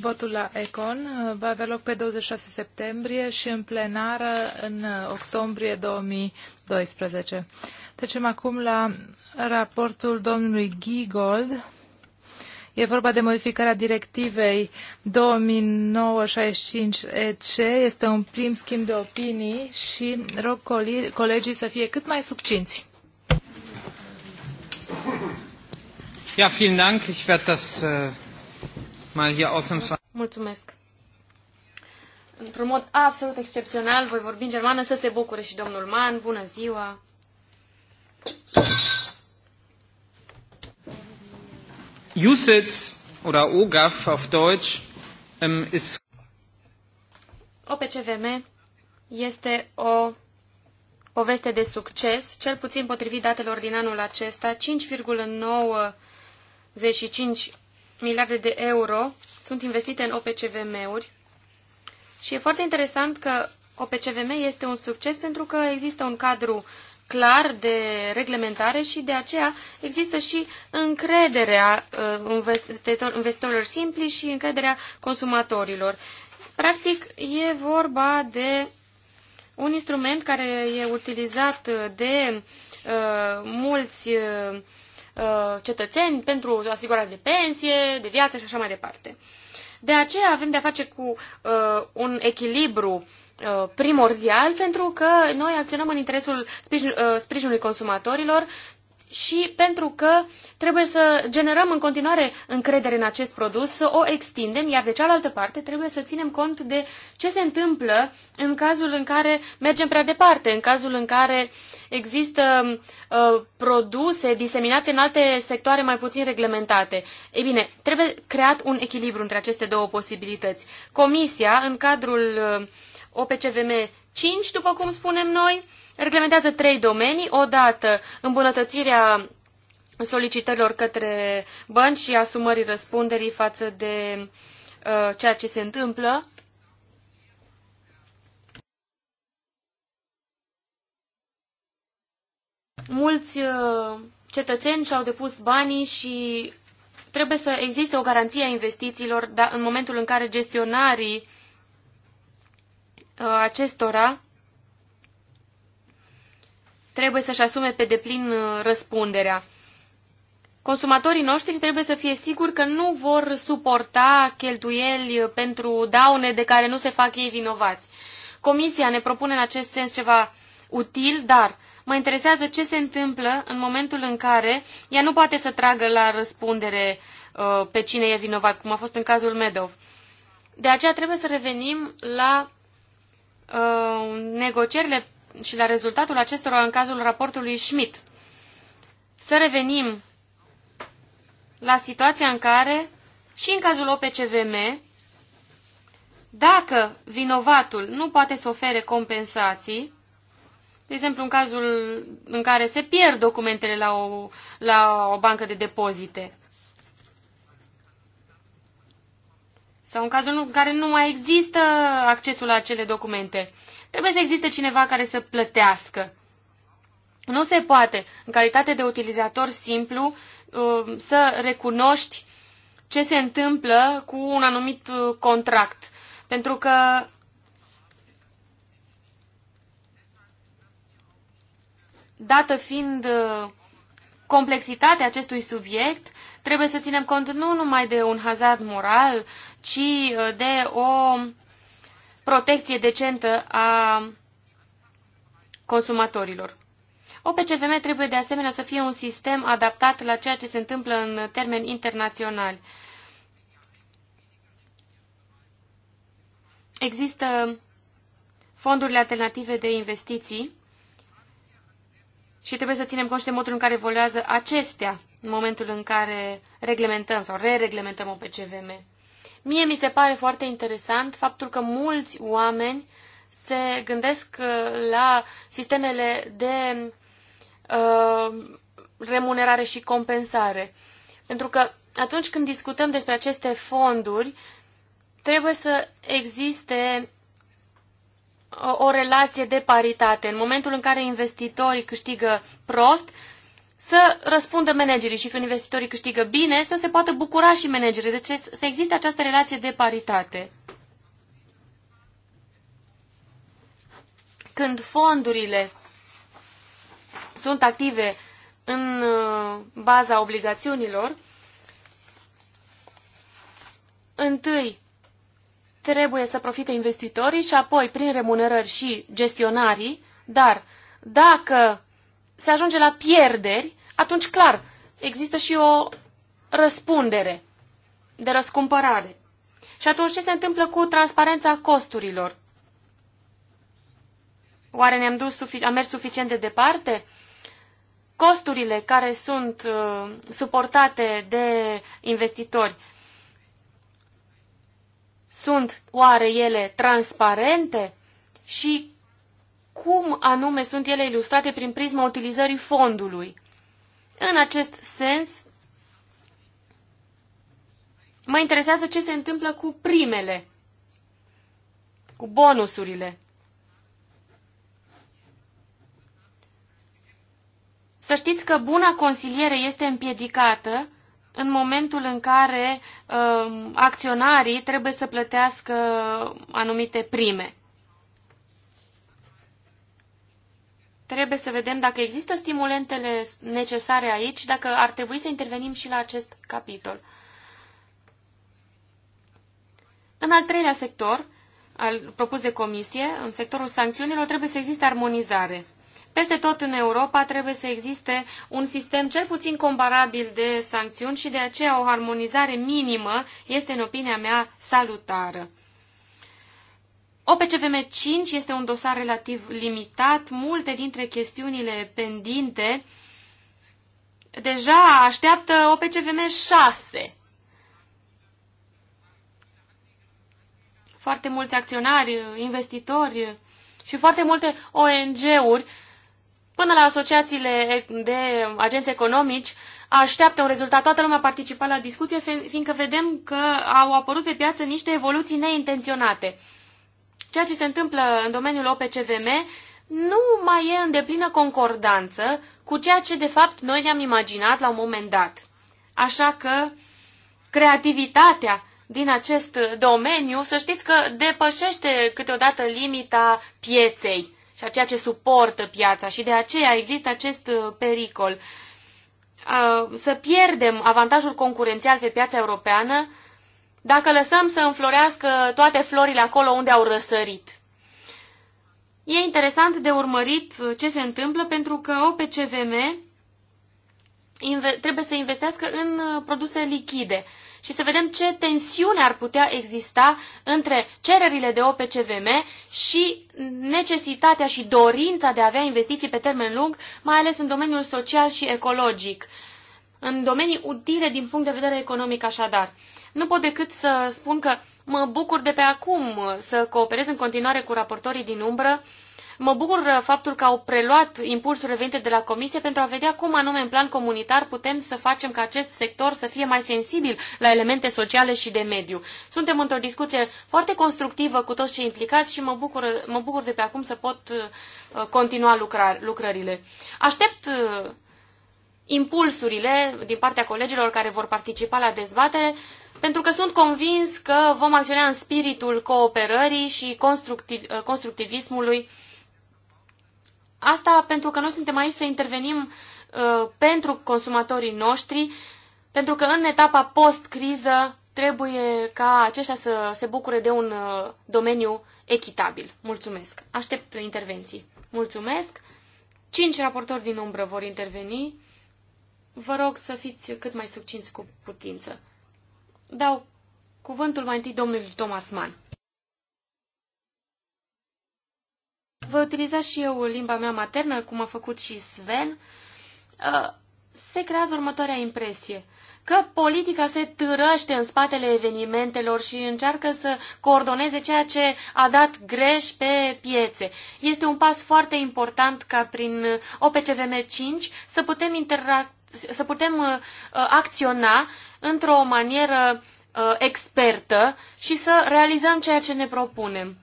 Votul la Econ uh, va avea loc pe 26 septembrie și în plenară în uh, octombrie 2012. Trecem acum la raportul domnului Giegold. E vorba de modificarea directivei 2009-65-EC. Este un prim schimb de opinii și rog colegii să fie cât mai succinți. Ja, vielen Dank. Ich werde das uh, mal hier ausnahmsweise. Mulțumesc. Într-un mod absolut excepțional, voi vorbi în germană, să se bucure și domnul Mann. Bună ziua! USITS oder OGAF auf Deutsch ähm, ist. OPCVM este o poveste de succes, cel puțin potrivit datelor din anul acesta, 5,95 miliarde de euro sunt investite în OPCVM-uri și e foarte interesant că OPCVM este un succes pentru că există un cadru clar de reglementare și de aceea există și încrederea uh, investitorilor simpli și încrederea consumatorilor. Practic, e vorba de un instrument care e utilizat de uh, mulți uh, uh, cetățeni pentru asigurare de pensie, de viață și așa mai departe. De aceea avem de-a face cu uh, un echilibru Uh, primordial pentru că noi acționăm în interesul uh, sprijinului consumatorilor și pentru că trebuie să generăm în continuare încredere în acest produs, să o extindem, iar de cealaltă parte trebuie să ținem cont de ce se întâmplă în cazul în care mergem prea departe, în cazul în care există uh, produse diseminate în alte sectoare mai puțin reglementate. Ei bine, trebuie creat un echilibru între aceste două posibilități. Comisia, în cadrul uh, OPCVM 5, după cum spunem noi, reglementează trei domenii. Odată, îmbunătățirea solicitărilor către bănci și asumării răspunderii față de uh, ceea ce se întâmplă. Mulți uh, cetățeni și-au depus banii și trebuie să existe o garanție a investițiilor da, în momentul în care gestionarii Uh, acestora trebuie să-și asume pe deplin uh, răspunderea. Consumatorii noștri trebuie să fie siguri că nu vor suporta cheltuieli pentru daune de care nu se fac ei vinovați. Comisia ne propune în acest sens ceva util, dar mă interesează ce se întâmplă în momentul în care ea nu poate să tragă la răspundere uh, pe cine e vinovat, cum a fost în cazul Medov. De aceea trebuie să revenim la Uh, negocierile și la rezultatul acestora în cazul raportului Schmidt. Să revenim la situația în care, și în cazul OPCVM, dacă vinovatul nu poate să ofere compensații, de exemplu în cazul în care se pierd documentele la o, la o bancă de depozite, sau în cazul în care nu mai există accesul la acele documente. Trebuie să existe cineva care să plătească. Nu se poate, în calitate de utilizator simplu, uh, să recunoști ce se întâmplă cu un anumit uh, contract. Pentru că dată fiind uh, complexitatea acestui subiect, trebuie să ținem cont nu numai de un hazard moral, ci uh, de o protecție decentă a consumatorilor. OPCVM trebuie de asemenea să fie un sistem adaptat la ceea ce se întâmplă în termeni internaționali. Există fondurile alternative de investiții și trebuie să ținem conștient modul în care evoluează acestea în momentul în care reglementăm sau re-reglementăm OPCVM. Mie mi se pare foarte interesant faptul că mulți oameni se gândesc uh, la sistemele de uh, remunerare și compensare. Pentru că atunci când discutăm despre aceste fonduri, trebuie să existe o, uh, o relație de paritate. În momentul în care investitorii câștigă prost, să răspundă managerii și când investitorii câștigă bine, să se poată bucura și managerii. Deci să existe această relație de paritate. Când fondurile sunt active în uh, baza obligațiunilor, întâi trebuie să profite investitorii și apoi prin remunerări și gestionarii, dar dacă se ajunge la pierderi, atunci clar, există și o răspundere de răscumpărare. Și atunci ce se întâmplă cu transparența costurilor? Oare ne-am dus sufi- am mers suficient de departe? Costurile care sunt uh, suportate de investitori sunt oare ele transparente? Și cum anume sunt ele ilustrate prin prisma utilizării fondului. În acest sens, mă interesează ce se întâmplă cu primele, cu bonusurile. Să știți că buna consiliere este împiedicată în momentul în care uh, acționarii trebuie să plătească anumite prime. Trebuie să vedem dacă există stimulentele necesare aici, dacă ar trebui să intervenim și la acest capitol. În al treilea sector, al, propus de comisie, în sectorul sancțiunilor, trebuie să existe armonizare. Peste tot în Europa trebuie să existe un sistem cel puțin comparabil de sancțiuni și de aceea o armonizare minimă este, în opinia mea, salutară. OPCVM 5 este un dosar relativ limitat. Multe dintre chestiunile pendinte deja așteaptă OPCVM 6. Foarte mulți acționari, investitori și foarte multe ONG-uri, până la asociațiile de agenți economici, așteaptă un rezultat. Toată lumea participa la discuție, fiindcă vedem că au apărut pe piață niște evoluții neintenționate ceea ce se întâmplă în domeniul OPCVM nu mai e în deplină concordanță cu ceea ce de fapt noi ne-am imaginat la un moment dat. Așa că creativitatea din acest domeniu, să știți că depășește câteodată limita pieței și a ceea ce suportă piața și de aceea există acest uh, pericol. Uh, să pierdem avantajul concurențial pe piața europeană dacă lăsăm să înflorească toate florile acolo unde au răsărit. E interesant de urmărit uh, ce se întâmplă pentru că OPCVM trebuie să investească în uh, produse lichide și să vedem ce tensiune ar putea exista între cererile de OPCVM și necesitatea și dorința de a avea investiții pe termen lung, mai ales în domeniul social și ecologic, în domenii utile din punct de vedere economic așadar. Nu pot decât să spun că mă bucur de pe acum să cooperez în continuare cu raportorii din umbră. Mă bucur uh, faptul că au preluat impulsurile venite de la Comisie pentru a vedea cum anume în plan comunitar putem să facem ca acest sector să fie mai sensibil la elemente sociale și de mediu. Suntem într-o discuție foarte constructivă cu toți cei implicați și mă bucur, uh, mă bucur de pe acum să pot uh, continua lucrar, lucrările. Aștept impulsurile din partea colegilor care vor participa la dezbatere pentru că sunt convins că vom acționa în spiritul cooperării și constructiv, ă, constructivismului. Asta pentru că noi suntem aici să intervenim uh, pentru consumatorii noștri, pentru că în etapa post-criză trebuie ca aceștia să se bucure de un uh, domeniu echitabil. Mulțumesc. Aștept intervenții. Mulțumesc. Cinci raportori din umbră vor interveni. Vă rog să fiți cât mai succinți cu putință. Dau cuvântul mai întâi domnului Thomas Mann. Voi utiliza și eu limba mea maternă, cum a făcut și Sven. Uh, se creează următoarea impresie că politica se târăște în spatele evenimentelor și încearcă să coordoneze ceea ce a dat greș pe piețe. Este un pas foarte important ca prin OPCVM 5 să putem interac să putem uh, uh, acționa într-o manieră uh, expertă și să realizăm ceea ce ne propunem.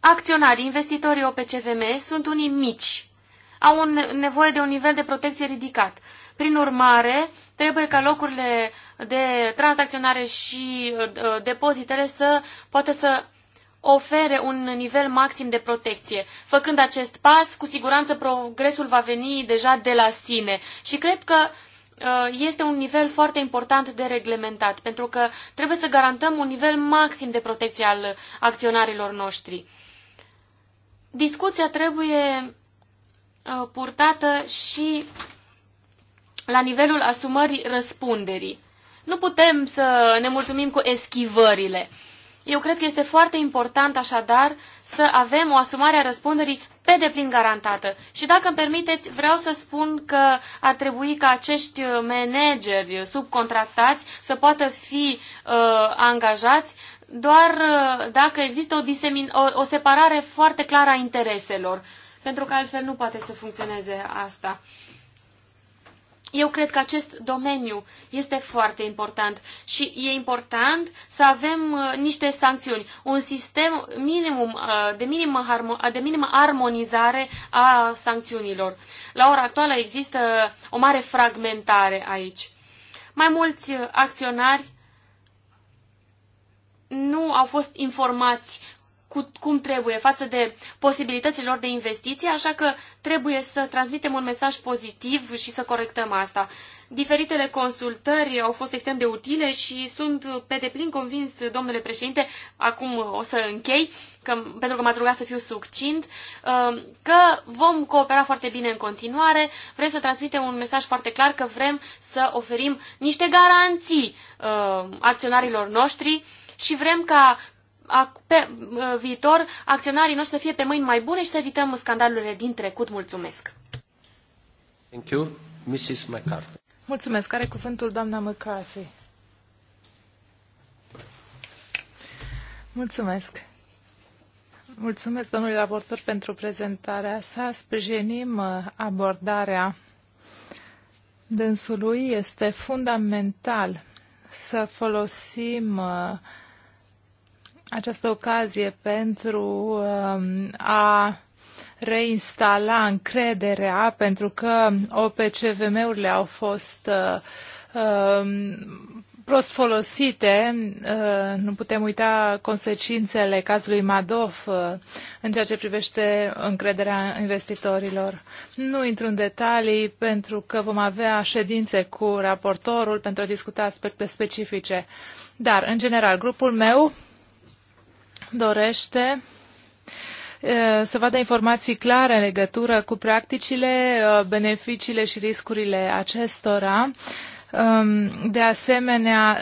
Acționarii, investitorii OPCVM sunt unii mici, au un, nevoie de un nivel de protecție ridicat. Prin urmare, trebuie ca locurile de tranzacționare și uh, depozitele să poată să ofere un nivel maxim de protecție. Făcând acest pas, cu siguranță progresul va veni deja de la sine și cred că uh, este un nivel foarte important de reglementat, pentru că trebuie să garantăm un nivel maxim de protecție al acționarilor noștri. Discuția trebuie uh, purtată și la nivelul asumării răspunderii. Nu putem să ne mulțumim cu eschivările. Eu cred că este foarte important așadar să avem o asumare a răspunderii pe deplin garantată. Și dacă îmi permiteți, vreau să spun că ar trebui ca acești uh, manageri subcontractați să poată fi uh, angajați doar uh, dacă există o, disemin- o, o separare foarte clară a intereselor, pentru că altfel nu poate să funcționeze asta. Uh, eu cred că acest domeniu este foarte important și e important să avem uh, niște sancțiuni, un sistem minimum, uh, de, minimă, uh, de minimă armonizare a sancțiunilor. La ora actuală există o mare fragmentare aici. Mai mulți acționari nu au fost informați cu, cum trebuie față de posibilitățile lor de investiție, așa că trebuie să transmitem un mesaj pozitiv și să corectăm asta. Diferitele consultări au fost extrem de utile și sunt pe deplin convins, domnule președinte, acum o să închei, că, pentru că m-ați rugat să fiu succint, uh, că vom coopera foarte bine în continuare, vrem să transmitem un mesaj foarte clar că vrem să oferim niște garanții uh, acționarilor noștri și vrem ca pe uh, viitor acționarii noștri să fie pe mâini mai bune și să evităm scandalurile din trecut. Mulțumesc! Thank you, Mrs. McCarthy. Mulțumesc. Are cuvântul doamna McCarthy. Mulțumesc. Mulțumesc, domnule raportor, pentru prezentarea sa. Sprijinim uh, abordarea dânsului. Este fundamental să folosim uh, această ocazie pentru um, a reinstala încrederea, pentru că OPCVM-urile au fost uh, um, prost folosite. Uh, nu putem uita consecințele cazului Madoff uh, în ceea ce privește încrederea investitorilor. Nu intru în detalii pentru că vom avea ședințe cu raportorul pentru a discuta aspecte specifice. Dar, în general, grupul meu dorește să vadă informații clare în legătură cu practicile, beneficiile și riscurile acestora. De asemenea,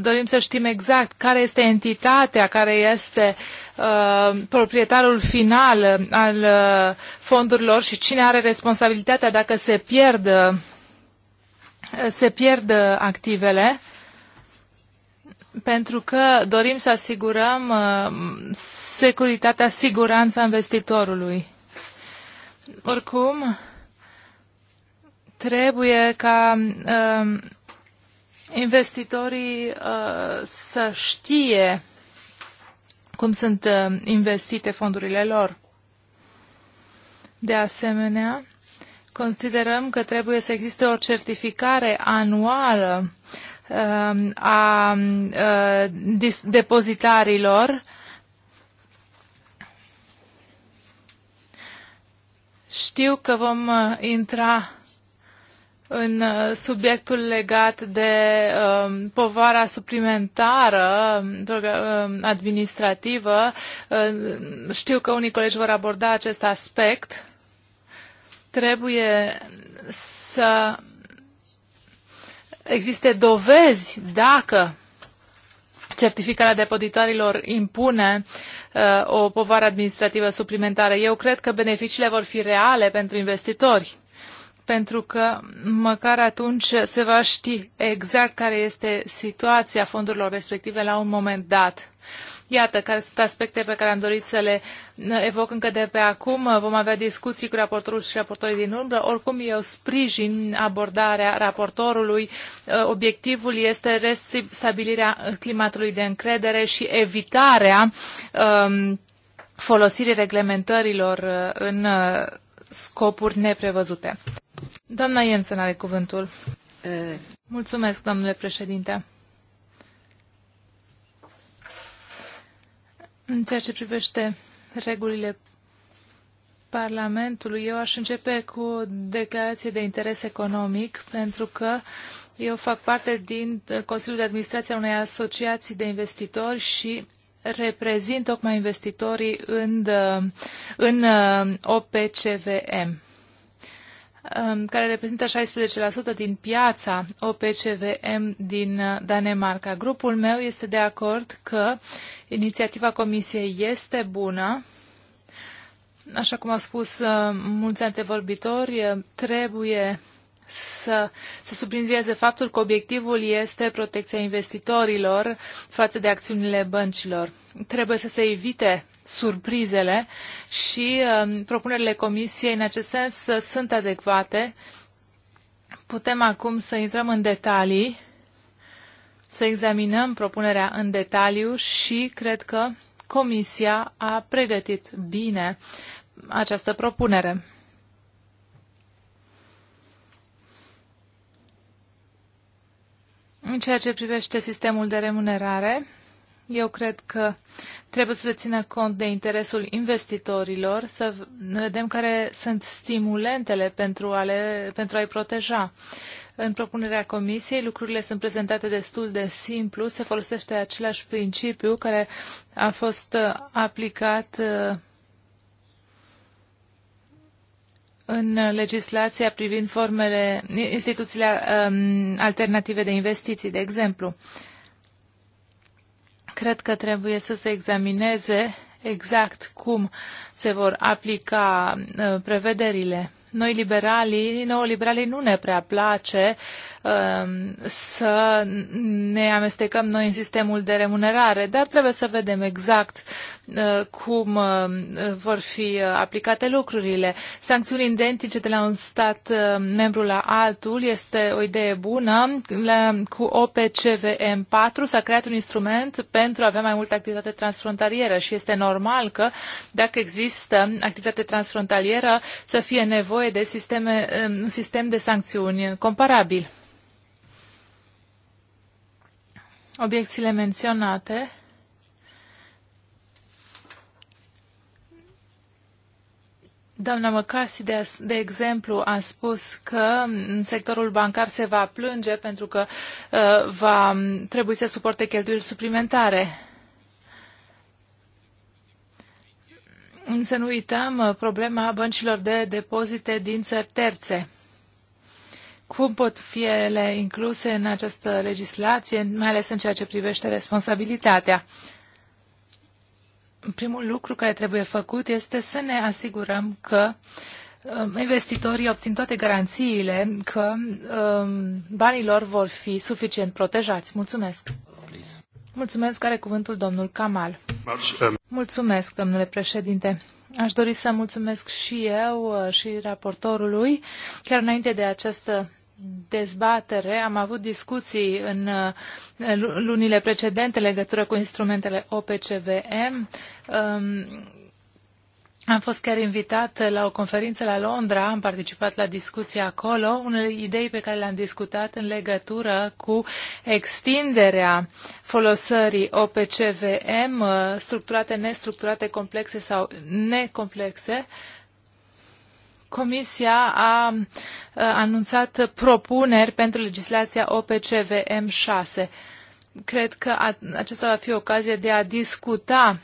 dorim să știm exact care este entitatea, care este proprietarul final al fondurilor și cine are responsabilitatea dacă se pierd, se pierd activele pentru că dorim să asigurăm uh, securitatea, siguranța investitorului. Oricum, trebuie ca uh, investitorii uh, să știe cum sunt investite fondurile lor. De asemenea, considerăm că trebuie să existe o certificare anuală uh, Um, a uh, depozitarilor. Știu că vom uh, intra în uh, subiectul legat de um, povara suplimentară um, administrativă. știu că unii colegi vor aborda acest aspect. Trebuie să existe dovezi dacă certificarea depozitarilor impune uh, o povară administrativă suplimentară. Eu cred că beneficiile vor fi reale pentru investitori, pentru că măcar atunci se va ști exact care este situația fondurilor respective la un moment dat. Iată care sunt aspecte pe care am dorit să le evoc încă de pe acum. Vom avea discuții cu raportorul și raportorii din umbră. Oricum, eu sprijin abordarea raportorului. Uh, obiectivul este restabilirea climatului de încredere și evitarea um, folosirii reglementărilor uh, în uh, scopuri neprevăzute. Doamna Jensen are cuvântul. Eh. Mulțumesc, domnule președinte. În ceea ce privește regulile Parlamentului, eu aș începe cu o declarație de interes economic, pentru că eu fac parte din Consiliul de Administrație a unei asociații de investitori și reprezint tocmai investitorii în, în uh, OPCVM. Um, care reprezintă 16% din piața OPCVM din uh, Danemarca. Grupul meu este de acord că inițiativa Comisiei este bună. Așa cum au spus uh, mulți antevorbitori, uh, trebuie să se sublinieze faptul că obiectivul este protecția investitorilor față de acțiunile băncilor. Trebuie să se evite surprizele și um, propunerile comisiei în acest sens uh, sunt adecvate. Putem acum să intrăm în detalii, să examinăm propunerea în detaliu și cred că comisia a pregătit bine această propunere. În ceea ce privește sistemul de remunerare, eu cred că trebuie să se țină cont de interesul investitorilor, să vedem care sunt stimulentele pentru a, le, pentru a-i proteja. În propunerea comisiei, lucrurile sunt prezentate destul de simplu, se folosește același principiu care a fost uh, aplicat uh, în legislația privind formele, instituțiile um, alternative de investiții, de exemplu. Cred că trebuie să se examineze exact cum se vor aplica uh, prevederile noi liberalii, neoliberalii nu ne prea place um, să ne amestecăm noi în sistemul de remunerare, dar trebuie să vedem exact uh, cum uh, vor fi uh, aplicate lucrurile. Sancțiuni identice de la un stat uh, membru la altul este o idee bună. La, cu OPCVM 4 s-a creat un instrument pentru a avea mai multă activitate transfrontalieră și este normal că dacă există activitate transfrontalieră să fie nevoie nevoie de sisteme, um, un sistem de sancțiuni comparabil. Obiecțiile menționate Doamna McCarthy, de, de exemplu, a spus că sectorul bancar se va plânge pentru că uh, va trebui să suporte cheltuieli suplimentare. Însă nu uităm uh, problema băncilor de depozite din țări terțe. Cum pot fi ele incluse în această legislație, mai ales în ceea ce privește responsabilitatea? Primul lucru care trebuie făcut este să ne asigurăm că um, investitorii obțin toate garanțiile că um, banii lor vor fi suficient protejați. Mulțumesc! Mulțumesc, care cuvântul domnul Kamal. Um, mulțumesc, domnule președinte. Aș dori să mulțumesc și eu uh, și raportorului. Chiar înainte de această dezbatere, am avut discuții în uh, lunile precedente legătură cu instrumentele OPCVM. Um, am fost chiar invitat la o conferință la Londra, am participat la discuții acolo, unele idei pe care le-am discutat în legătură cu extinderea folosării OPCVM, uh, structurate, nestructurate, complexe sau necomplexe. Comisia a uh, anunțat propuneri pentru legislația OPCVM 6. Cred că aceasta va fi ocazia de a discuta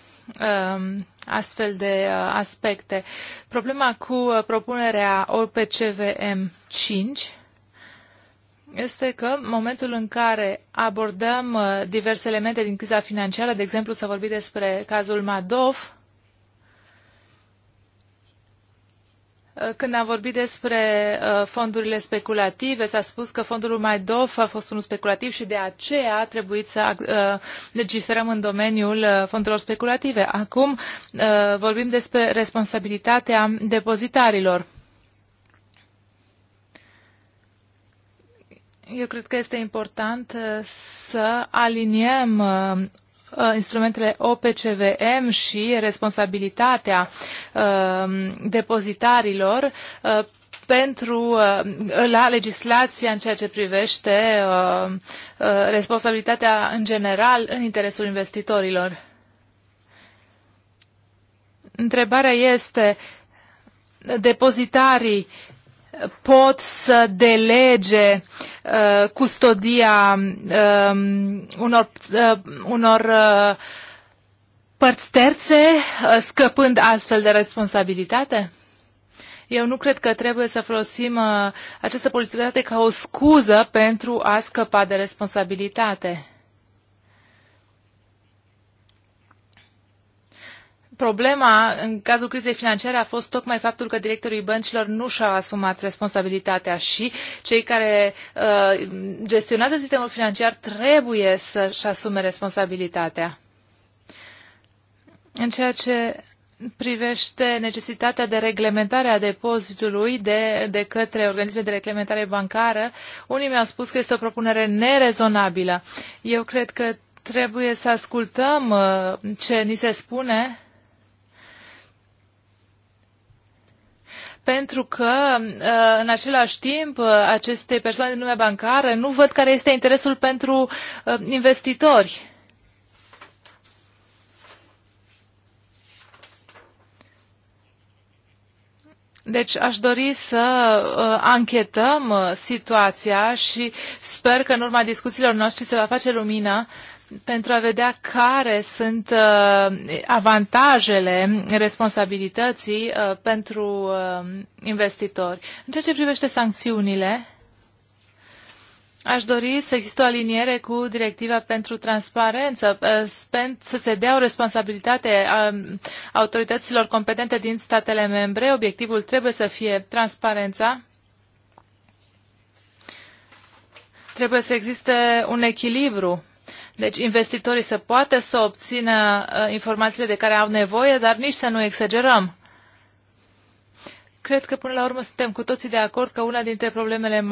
um, astfel de uh, aspecte. Problema cu uh, propunerea OPCVM 5 este că în momentul în care abordăm uh, diverse elemente din criza financiară, de exemplu să vorbim despre cazul Madoff, Uh, când am vorbit despre uh, fondurile speculative, s-a spus că fondul Maidov a fost unul speculativ și de aceea a trebuit să uh, legiferăm în domeniul fondurilor speculative. Acum vorbim despre responsabilitatea depozitarilor. Eu cred că este important să aliniem Uh, instrumentele OPCVM și responsabilitatea uh, depozitarilor uh, pentru la legislația în ceea ce privește responsabilitatea în general în interesul investitorilor. Întrebarea este, depozitarii pot să delege uh, custodia uh, unor, uh, unor uh, părți terțe, uh, scăpând astfel de responsabilitate? Eu nu cred că trebuie să folosim uh, această posibilitate ca o scuză pentru a scăpa de responsabilitate. problema în cazul crizei financiare a fost tocmai faptul că directorii băncilor nu și-au asumat responsabilitatea și cei care uh, gestionează sistemul financiar trebuie să-și asume responsabilitatea. În ceea ce privește necesitatea de reglementare a depozitului de, de către organisme de reglementare bancară, unii mi-au spus că este o propunere nerezonabilă. Eu cred că trebuie să ascultăm uh, ce ni se spune pentru că uh, în același timp uh, aceste persoane din lumea bancară nu văd care este interesul pentru uh, investitori. Deci aș dori să uh, anchetăm uh, situația și sper că în urma discuțiilor noastre se va face lumina pentru a vedea care sunt uh, avantajele responsabilității uh, pentru uh, investitori. În ceea ce privește sancțiunile, Aș dori să existe o aliniere cu directiva pentru transparență, să se dea o responsabilitate a autorităților competente din statele membre. Obiectivul trebuie să fie transparența. Trebuie să existe un echilibru deci investitorii să poată să obțină uh, informațiile de care au nevoie, dar nici să nu exagerăm. Cred că până la urmă suntem cu toții de acord că una dintre problemele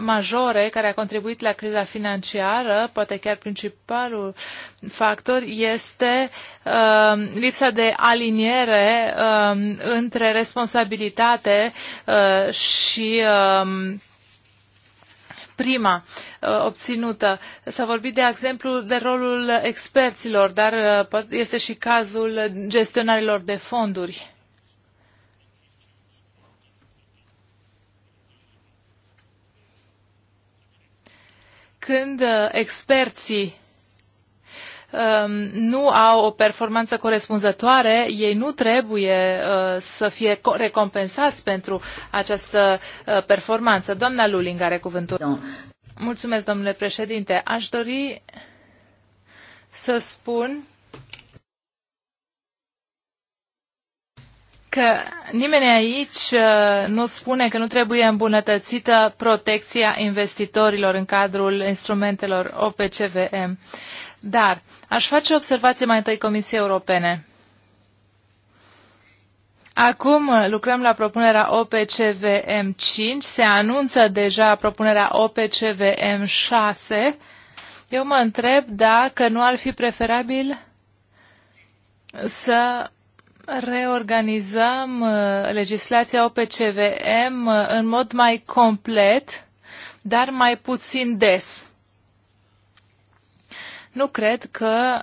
majore care a contribuit la criza financiară, poate chiar principalul factor, este uh, lipsa de aliniere uh, între responsabilitate uh, și uh, prima uh, obținută. S-a vorbit de exemplu de rolul experților, dar uh, este și cazul gestionarilor de fonduri. Când uh, experții Um, nu au o performanță corespunzătoare, ei nu trebuie uh, să fie recompensați pentru această uh, performanță. Doamna Luling are cuvântul. Da. Mulțumesc, domnule președinte. Aș dori să spun că nimeni aici uh, nu spune că nu trebuie îmbunătățită protecția investitorilor în cadrul instrumentelor OPCVM. Dar aș face o observație mai întâi Comisiei Europene. Acum uh, lucrăm la propunerea OPCVM 5, se anunță deja propunerea OPCVM 6. Eu mă întreb dacă nu ar fi preferabil să reorganizăm uh, legislația OPCVM uh, în mod mai complet, dar mai puțin des. Nu cred că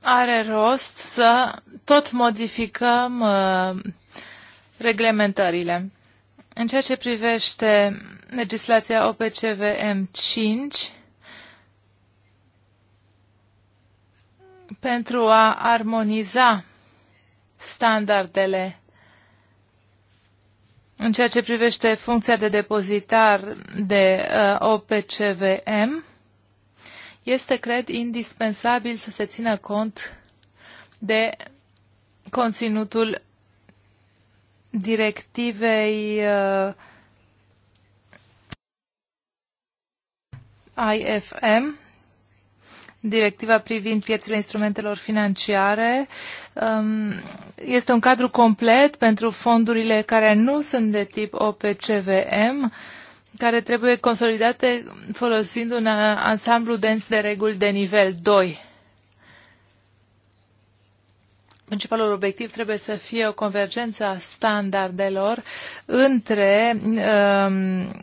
are rost să tot modificăm uh, reglementările. În ceea ce privește legislația OPCVM 5, pentru a armoniza standardele în ceea ce privește funcția de depozitar de uh, OPCVM, este, cred, indispensabil să se țină cont de conținutul directivei uh, IFM, directiva privind piețele instrumentelor financiare. Um, este un cadru complet pentru fondurile care nu sunt de tip OPCVM care trebuie consolidate folosind un uh, ansamblu dens de reguli de nivel 2. Principalul obiectiv trebuie să fie o convergență a standardelor între um,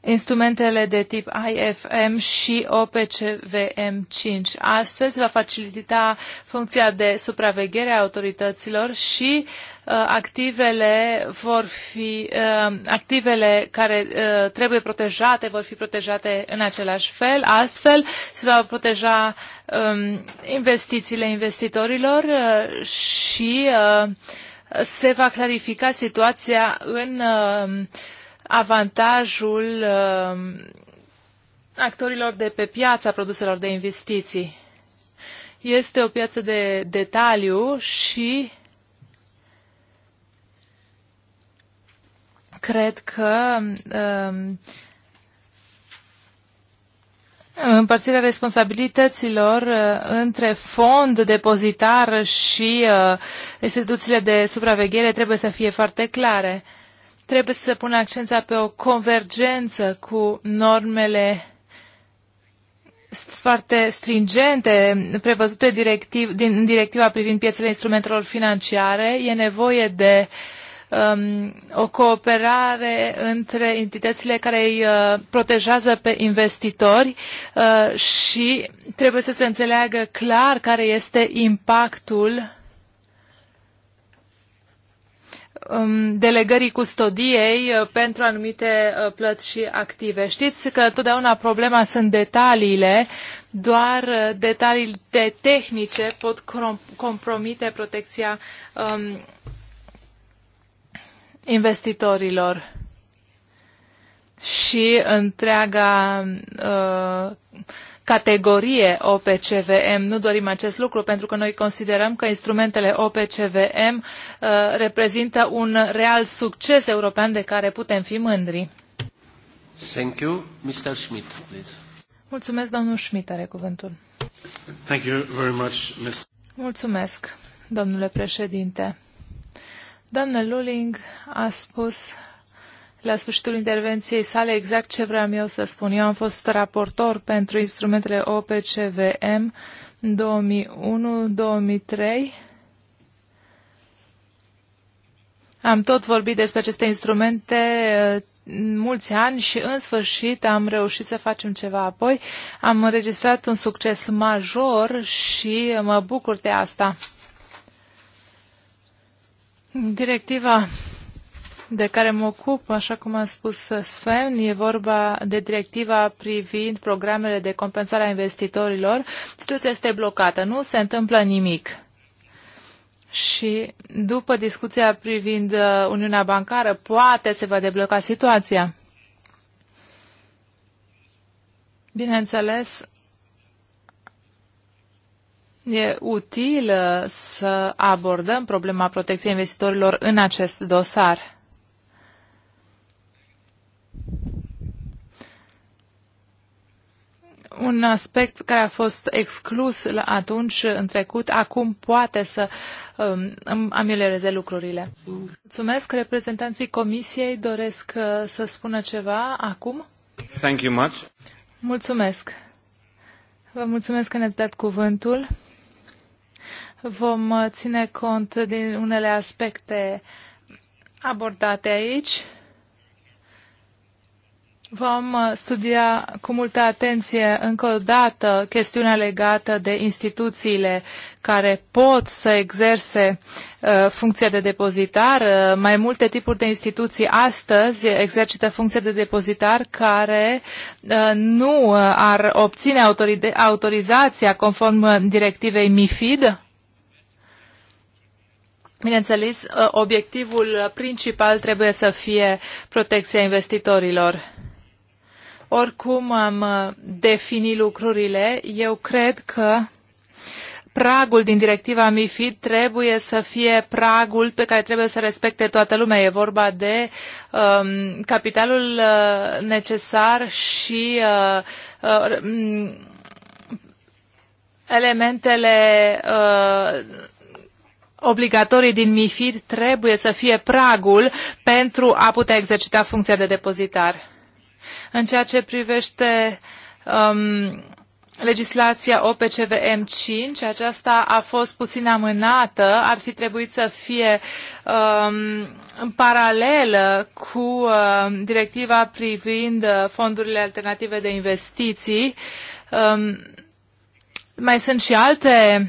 instrumentele de tip IFM și OPCVM5. Astfel se va facilita funcția de supraveghere a autorităților și uh, Uh, activele vor fi uh, activele care uh, trebuie protejate vor fi protejate în același fel. Astfel se va proteja um, investițiile investitorilor și se va clarifica situația în avantajul actorilor de pe piața produselor de investiții. Este o piață de detaliu și uh, cred că um, Împărțirea responsabilităților uh, între fond, depozitar și uh, instituțiile de supraveghere trebuie să fie foarte clare. Trebuie să pună accența pe o convergență cu normele foarte stringente prevăzute directiv, din directiva privind piețele instrumentelor financiare. E nevoie de uh, um, o cooperare între entitățile care îi uh, protejează pe investitori uh, și trebuie să se înțeleagă clar care este impactul um, delegării custodiei uh, pentru anumite uh, plăți și active. Știți că totdeauna problema sunt detaliile, doar uh, detaliile tehnice pot compromite protecția um, investitorilor și întreaga uh, categorie OPCVM. Nu dorim acest lucru pentru că noi considerăm că instrumentele OPCVM uh, reprezintă un real succes european de care putem fi mândri. Thank you. Mr. Schmidt, please. Mulțumesc, domnul Schmidt are cuvântul. Thank you very much, Mr. Mulțumesc, domnule președinte. Doamna Luling a spus la sfârșitul intervenției sale exact ce vreau eu să spun. Eu am fost raportor pentru instrumentele OPCVM 2001-2003. Am tot vorbit despre aceste instrumente uh, mulți ani și în sfârșit am reușit să facem ceva apoi. Am înregistrat un succes major și mă bucur de asta. Directiva de care mă ocup, așa cum a spus Sven, e vorba de directiva privind programele de compensare a investitorilor. Situația este blocată, nu se întâmplă nimic. Și după discuția privind uh, Uniunea Bancară, poate se va debloca situația. Bineînțeles, e util uh, să abordăm problema protecției investitorilor în acest dosar. un aspect care a fost exclus atunci în trecut, acum poate să um, amelioreze lucrurile. Mulțumesc. Reprezentanții Comisiei doresc uh, să spună ceva acum. Thank you much. Mulțumesc. Vă mulțumesc că ne-ați dat cuvântul. Vom uh, ține cont din unele aspecte abordate aici. Vom uh, studia cu multă atenție încă o dată chestiunea legată de instituțiile care pot să exerse uh, funcția de depozitar. Uh, mai multe tipuri de instituții astăzi exercită funcția de depozitar care uh, nu uh, ar obține autorizația conform directivei MIFID Bineînțeles, ă, obiectivul principal trebuie să fie protecția investitorilor. Oricum am ă, defini lucrurile, eu cred că pragul din directiva MIFID trebuie să fie pragul pe care trebuie să respecte toată lumea. E vorba de um, capitalul uh, necesar și uh, uh, elementele uh, obligatorii din MIFID trebuie să fie pragul pentru a putea exercita funcția de depozitar. În ceea ce privește um, legislația OPCVM 5, aceasta a fost puțin amânată, ar fi trebuit să fie um, în paralelă cu uh, directiva privind uh, fondurile alternative de investiții. Um, mai sunt și alte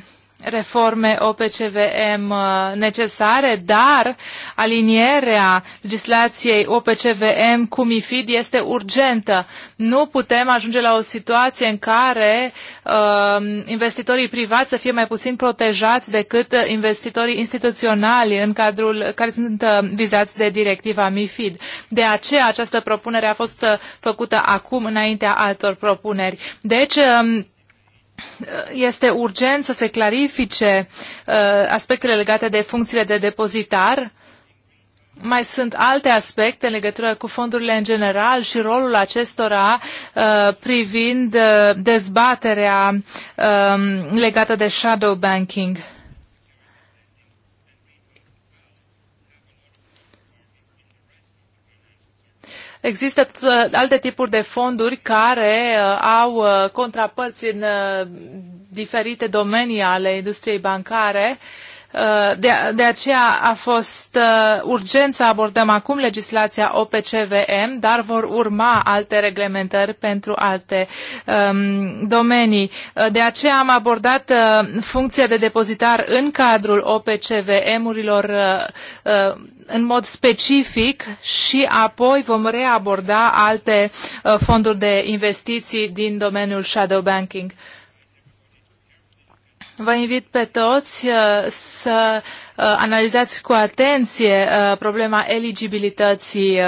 reforme OPCVM uh, necesare, dar alinierea legislației OPCVM cu MIFID este urgentă. Nu putem ajunge la o situație în care uh, investitorii privați să fie mai puțin protejați decât investitorii instituționali în cadrul care sunt uh, vizați de directiva MIFID. De aceea această propunere a fost uh, făcută acum înaintea altor propuneri. Deci, uh, este urgent să se clarifice uh, aspectele legate de funcțiile de depozitar. Mai sunt alte aspecte în legătură cu fondurile în general și rolul acestora uh, privind uh, dezbaterea um, legată de shadow banking. Există alte tipuri de fonduri care uh, au uh, contrapărți în uh, diferite domenii ale industriei bancare Uh, de, de aceea a fost uh, urgent să abordăm acum legislația OPCVM, dar vor urma alte reglementări pentru alte um, domenii. Uh, de aceea am abordat uh, funcția de depozitar în cadrul OPCVM-urilor uh, uh, în mod specific și apoi vom reaborda alte fonduri de investiții din domeniul shadow banking. Vă invit pe toți uh, să uh, analizați cu atenție uh, problema eligibilității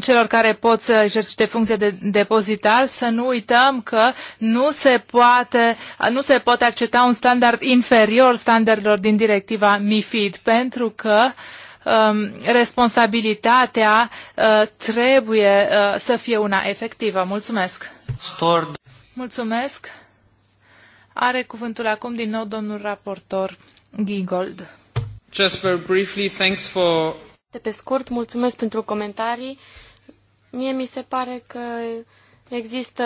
celor care pot să exercite funcție de depozitar, să nu uităm că nu se poate, nu se poate accepta un standard inferior standardelor din directiva MIFID, pentru că um, responsabilitatea uh, trebuie uh, să fie una efectivă. Mulțumesc! Stord. Mulțumesc! Are cuvântul acum din nou domnul raportor Giegold. Just very briefly, thanks for... De pe scurt, mulțumesc pentru comentarii. Mie mi se pare că există,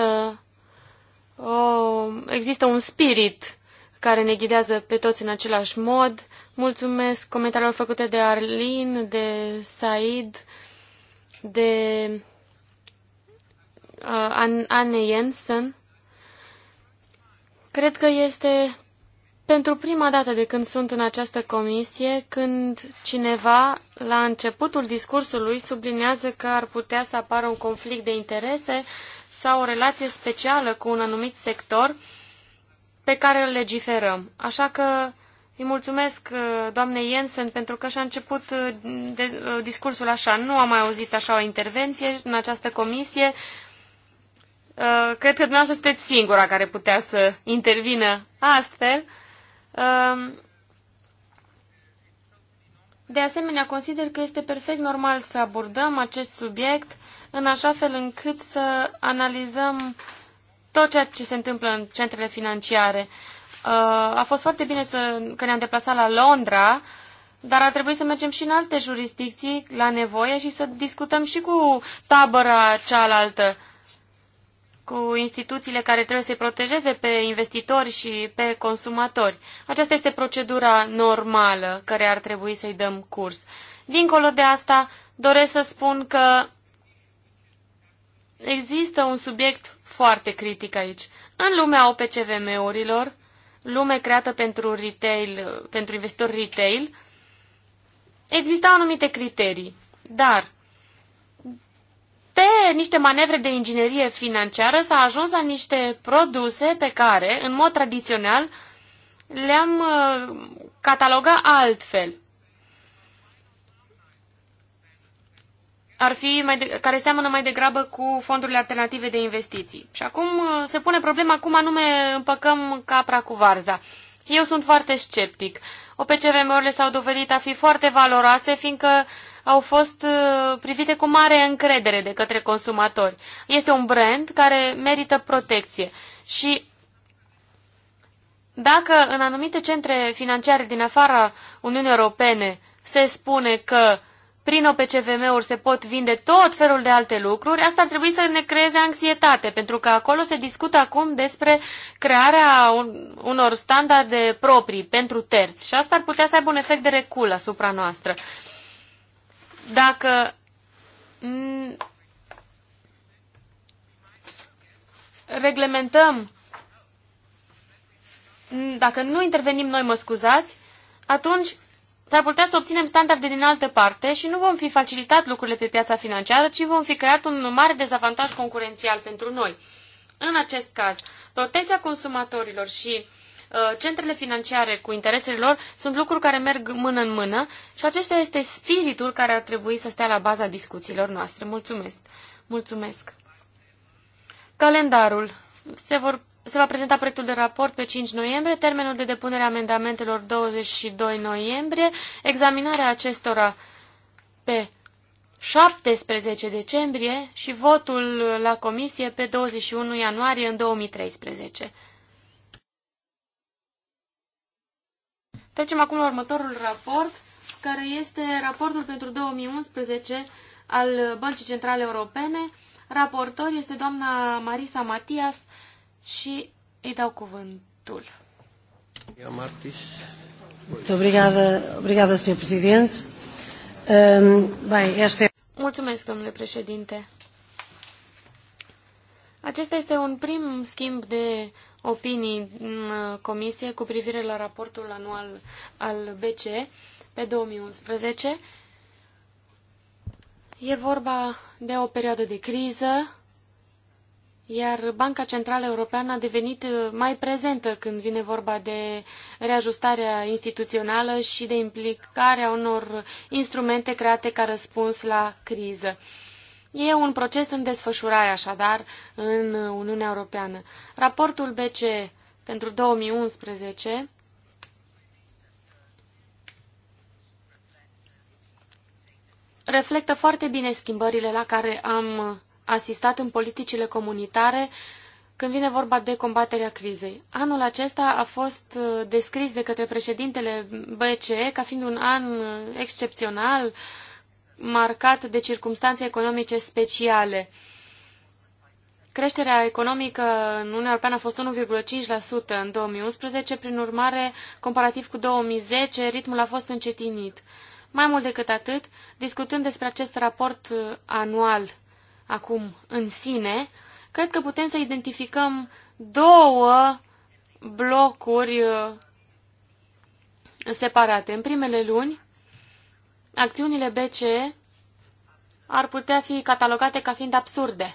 o, există un spirit care ne ghidează pe toți în același mod. Mulțumesc comentariilor făcute de Arlin, de Said, de uh, Anne Jensen. Cred că este pentru prima dată de când sunt în această comisie, când cineva, la începutul discursului, sublinează că ar putea să apară un conflict de interese sau o relație specială cu un anumit sector pe care îl legiferăm. Așa că îi mulțumesc uh, doamnei Jensen pentru că și-a început uh, de, uh, discursul așa. Nu am mai auzit așa o intervenție în această comisie. Uh, cred că dumneavoastră sunteți singura care putea să intervină astfel. Uh, de asemenea, consider că este perfect normal să abordăm acest subiect în așa fel încât să analizăm tot ceea ce se întâmplă în centrele financiare. Uh, a fost foarte bine să, că ne-am deplasat la Londra, dar a trebuit să mergem și în alte jurisdicții la nevoie și să discutăm și cu tabăra cealaltă cu instituțiile care trebuie să-i protejeze pe investitori și pe consumatori. Aceasta este procedura normală care ar trebui să-i dăm curs. Dincolo de asta, doresc să spun că există un subiect foarte critic aici. În lumea OPCVM-urilor, lume creată pentru retail, pentru investitori retail, existau anumite criterii, dar pe niște manevre de inginerie financiară s-a ajuns la niște produse pe care, în mod tradițional, le-am uh, cataloga altfel. Ar fi mai de, care seamănă mai degrabă cu fondurile alternative de investiții. Și acum uh, se pune problema cum anume împăcăm capra cu varza. Eu sunt foarte sceptic. OPCVM-urile s-au dovedit a fi foarte valoroase, fiindcă uh, au fost uh, privite cu mare încredere de către consumatori. Este un brand care merită protecție și dacă în anumite centre financiare din afara Uniunii Europene se spune că prin OPCVM-uri se pot vinde tot felul de alte lucruri, asta ar trebui să ne creeze anxietate, pentru că acolo se discută acum despre crearea unor standarde proprii pentru terți și asta ar putea să aibă un efect de recul asupra noastră dacă reglementăm, dacă nu intervenim noi, mă scuzați, atunci s-ar putea să obținem standarde din altă parte și nu vom fi facilitat lucrurile pe piața financiară, ci vom fi creat un mare dezavantaj concurențial pentru noi. În acest caz, protecția consumatorilor și Uh, centrele financiare cu interesele lor sunt lucruri care merg mână în mână și acesta este spiritul care ar trebui să stea la baza discuțiilor noastre. Mulțumesc! Mulțumesc! Calendarul. Se, vor, se va prezenta proiectul de raport pe 5 noiembrie, termenul de depunere a amendamentelor 22 noiembrie, examinarea acestora pe 17 decembrie și votul la comisie pe 21 ianuarie în 2013. Trecem acum la următorul raport, care este raportul pentru 2011 al Băncii Centrale Europene. Raportor este doamna Marisa Matias și îi dau cuvântul. Obrigada, obrigada, Sr. Presidente. Ehm, Mulțumesc, domnule președinte. Acesta este un prim schimb de opinii în uh, comisie cu privire la raportul anual al BCE pe 2011. E vorba de o perioadă de criză, iar Banca Centrală Europeană a devenit uh, mai prezentă când vine vorba de reajustarea instituțională și de implicarea unor instrumente create ca răspuns la criză. E un proces în desfășurare, așadar, în Uniunea Europeană. Raportul BCE pentru 2011 reflectă foarte bine schimbările la care am asistat în politicile comunitare când vine vorba de combaterea crizei. Anul acesta a fost uh, descris de către președintele BCE ca fiind un an uh, excepțional, uh, marcat de circumstanțe economice speciale. Creșterea economică în Uniunea Europeană a fost 1,5% în 2011, prin urmare, comparativ cu 2010, ritmul a fost încetinit. Mai mult decât atât, discutând despre acest raport uh, anual acum în sine, cred că putem să identificăm două blocuri uh, separate. În primele luni, acțiunile BCE ar putea fi catalogate ca fiind absurde.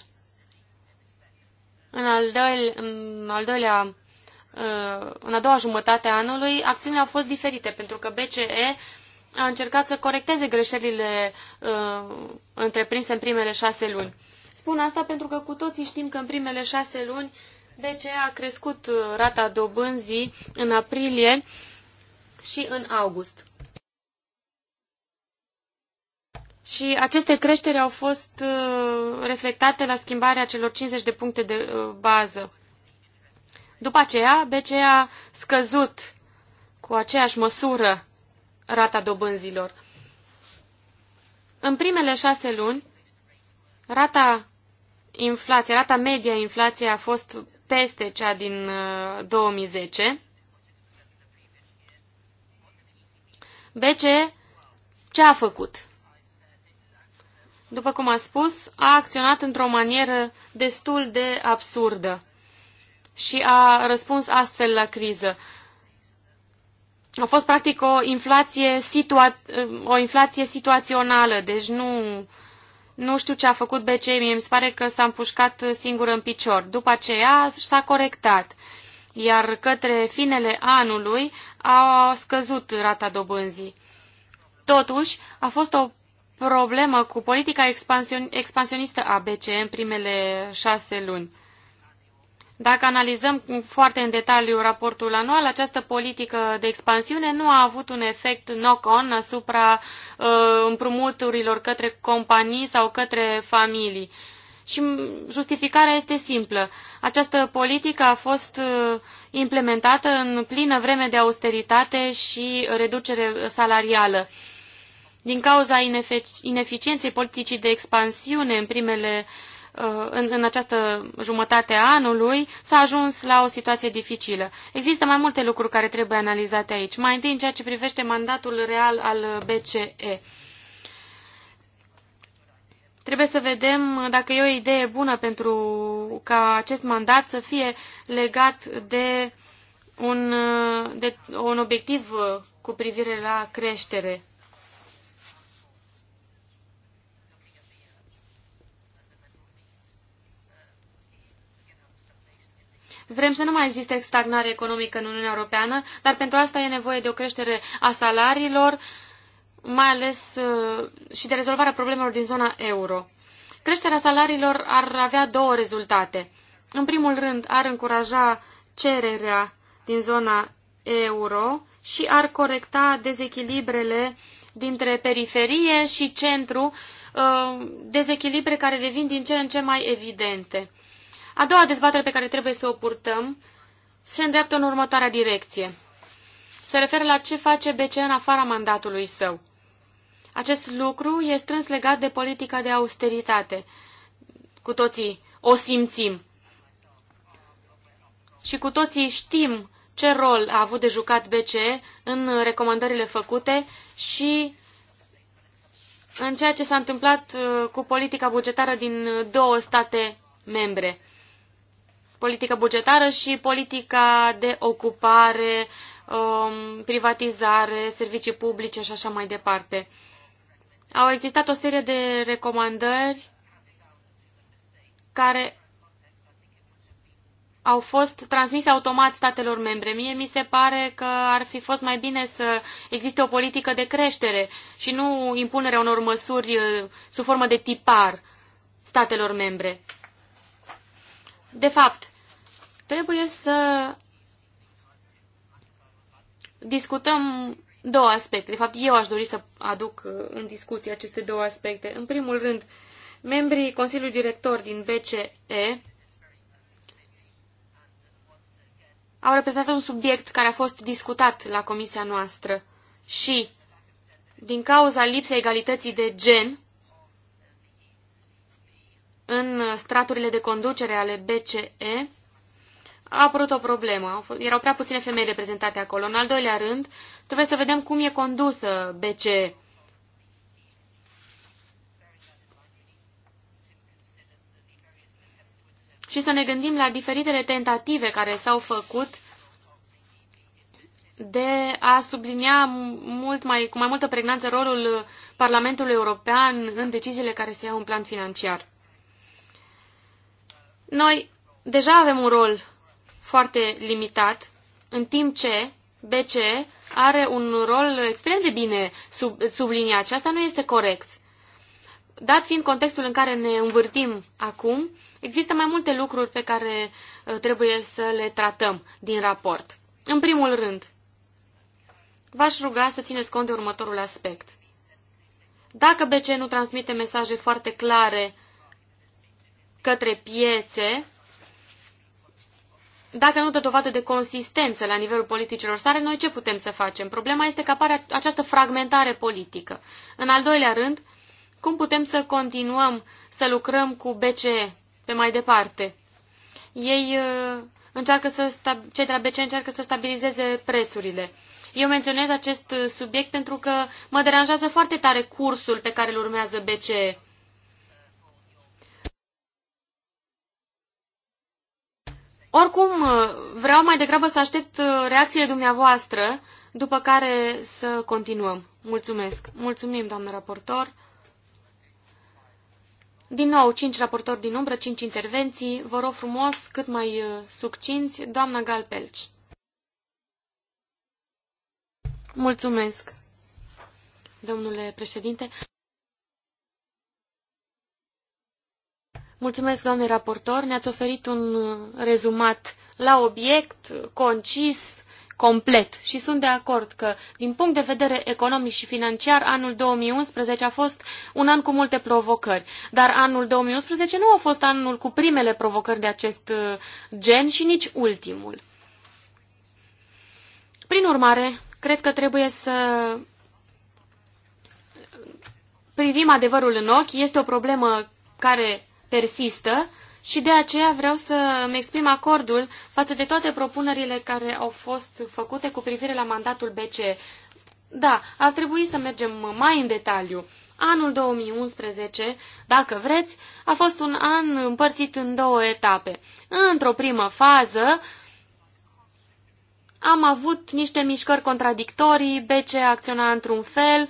În al, doile, în al doilea uh, în a doua jumătate a anului, acțiunile au fost diferite, pentru că BCE a încercat să corecteze greșelile uh, întreprinse în primele șase luni. Spun asta pentru că cu toții știm că în primele șase luni BCE a crescut uh, rata dobânzii în aprilie și în august. Și aceste creșteri au fost uh, reflectate la schimbarea celor 50 de puncte de uh, bază. După aceea, BCE a scăzut cu aceeași măsură rata dobânzilor. În primele șase luni, rata inflației, rata media inflației a fost peste cea din 2010. Uh, BCE ce a făcut? după cum a spus, a acționat într-o manieră destul de absurdă și a răspuns astfel la criză. A fost practic o inflație, situa- o inflație situațională, deci nu, nu știu ce a făcut BCE, mie mi se pare că s-a împușcat singur în picior. După aceea s-a corectat, iar către finele anului a scăzut rata dobânzii. Totuși, a fost o problemă cu politica expansion expansionistă a BCE în primele șase luni. Dacă analizăm foarte în detaliu raportul anual, această politică de expansiune nu a avut un efect knock-on asupra uh, împrumuturilor către companii sau către familii. Și justificarea este simplă. Această politică a fost uh, implementată în plină vreme de austeritate și reducere salarială. Uh, din cauza inefic ineficienței politicii de expansiune în primele uh, în, în această jumătate a anului, s-a ajuns la o situație dificilă. Există mai multe lucruri care trebuie analizate aici. Mai întâi în ceea ce privește mandatul real al BCE. Trebuie să vedem dacă e o idee bună pentru ca acest mandat să fie legat de un, de un obiectiv cu privire la creștere. Vrem să nu mai existe stagnare economică în Uniunea Europeană, dar pentru asta e nevoie de o creștere a salariilor, mai ales uh, și de rezolvarea problemelor din zona euro. Creșterea salariilor ar avea două rezultate. În primul rând, ar încuraja cererea din zona euro și ar corecta dezechilibrele dintre periferie și centru, uh, dezechilibre care devin din ce în ce mai evidente. A doua dezbatere pe care trebuie să o purtăm se îndreaptă în următoarea direcție. Se referă la ce face BCE în afara mandatului său. Acest lucru e strâns legat de politica de austeritate. Cu toții o simțim. Și cu toții știm ce rol a avut de jucat BCE în recomandările făcute și în ceea ce s-a întâmplat uh, cu politica bugetară din uh, două state membre politică bugetară și politica de ocupare, um, privatizare, servicii publice și așa mai departe. Au existat o serie de recomandări care au fost transmise automat statelor membre. Mie mi se pare că ar fi fost mai bine să existe o politică de creștere și nu impunerea unor măsuri uh, sub formă de tipar statelor membre. De fapt, trebuie să discutăm două aspecte. De fapt, eu aș dori să aduc uh, în discuție aceste două aspecte. În primul rând, membrii Consiliului Director din BCE au reprezentat un subiect care a fost discutat la comisia noastră și, din cauza lipsei egalității de gen, în straturile de conducere ale BCE a apărut o problemă. Erau prea puține femei reprezentate acolo. În al doilea rând, trebuie să vedem cum e condusă BCE. Și să ne gândim la diferitele tentative care s-au făcut de a sublinia mult mai, cu mai multă pregnanță rolul Parlamentului European în deciziile care se iau în plan financiar. Noi deja avem un rol foarte limitat, în timp ce BCE are un rol extrem de bine sub, subliniat și asta nu este corect. Dat fiind contextul în care ne învârtim acum, există mai multe lucruri pe care uh, trebuie să le tratăm din raport. În primul rând, v-aș ruga să țineți cont de următorul aspect. Dacă BCE nu transmite mesaje foarte clare către piețe dacă nu dă dovadă de consistență la nivelul politicilor sale, noi ce putem să facem? Problema este că apare această fragmentare politică. În al doilea rând, cum putem să continuăm să lucrăm cu BCE pe mai departe? Ei uh, încearcă să cei de la BCE încearcă să stabilizeze prețurile. Eu menționez acest subiect pentru că mă deranjează foarte tare cursul pe care îl urmează BCE. Oricum, uh, vreau mai degrabă să aștept uh, reacțiile dumneavoastră, după care să continuăm. Mulțumesc. Mulțumim, doamnă raportor. Din nou, cinci raportori din umbră, cinci intervenții. Vă rog frumos, cât mai uh, succinți, doamna Galpelci. Mulțumesc, domnule președinte. Mulțumesc, doamne raportor, ne-ați oferit un rezumat la obiect, concis, complet. Și sunt de acord că, din punct de vedere economic și financiar, anul 2011 a fost un an cu multe provocări. Dar anul 2011 nu a fost anul cu primele provocări de acest uh, gen și nici ultimul. Prin urmare, cred că trebuie să privim adevărul în ochi. Este o problemă care persistă și de aceea vreau să îmi exprim acordul față de toate propunerile care au fost făcute cu privire la mandatul BC. Da, ar trebui să mergem mai în detaliu. Anul 2011, dacă vreți, a fost un an împărțit în două etape. Într-o primă fază, am avut niște mișcări contradictorii, BC acționa într-un fel, uh,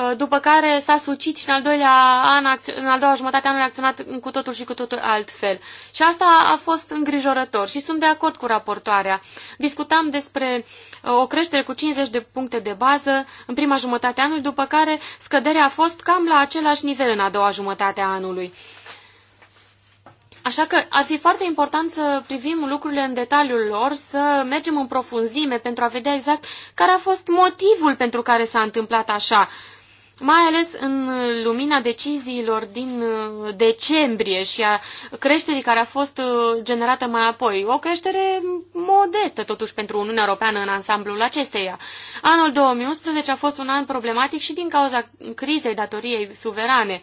Uh, după care s-a sucit și în, al doilea an, în a doua jumătate a acționat cu totul și cu totul altfel. Și asta a fost îngrijorător și sunt de acord cu raportoarea. Discutam despre uh, o creștere cu 50 de puncte de bază în prima jumătate a anului, după care scăderea a fost cam la același nivel în a doua jumătate a anului. Așa că ar fi foarte important să privim lucrurile în detaliul lor, să mergem în profunzime pentru a vedea exact care a fost motivul pentru care s-a întâmplat așa mai ales în lumina deciziilor din uh, decembrie și a creșterii care a fost uh, generată mai apoi. O creștere modestă, totuși, pentru Uniunea Europeană în ansamblul acesteia. Anul 2011 a fost un an problematic și din cauza crizei datoriei suverane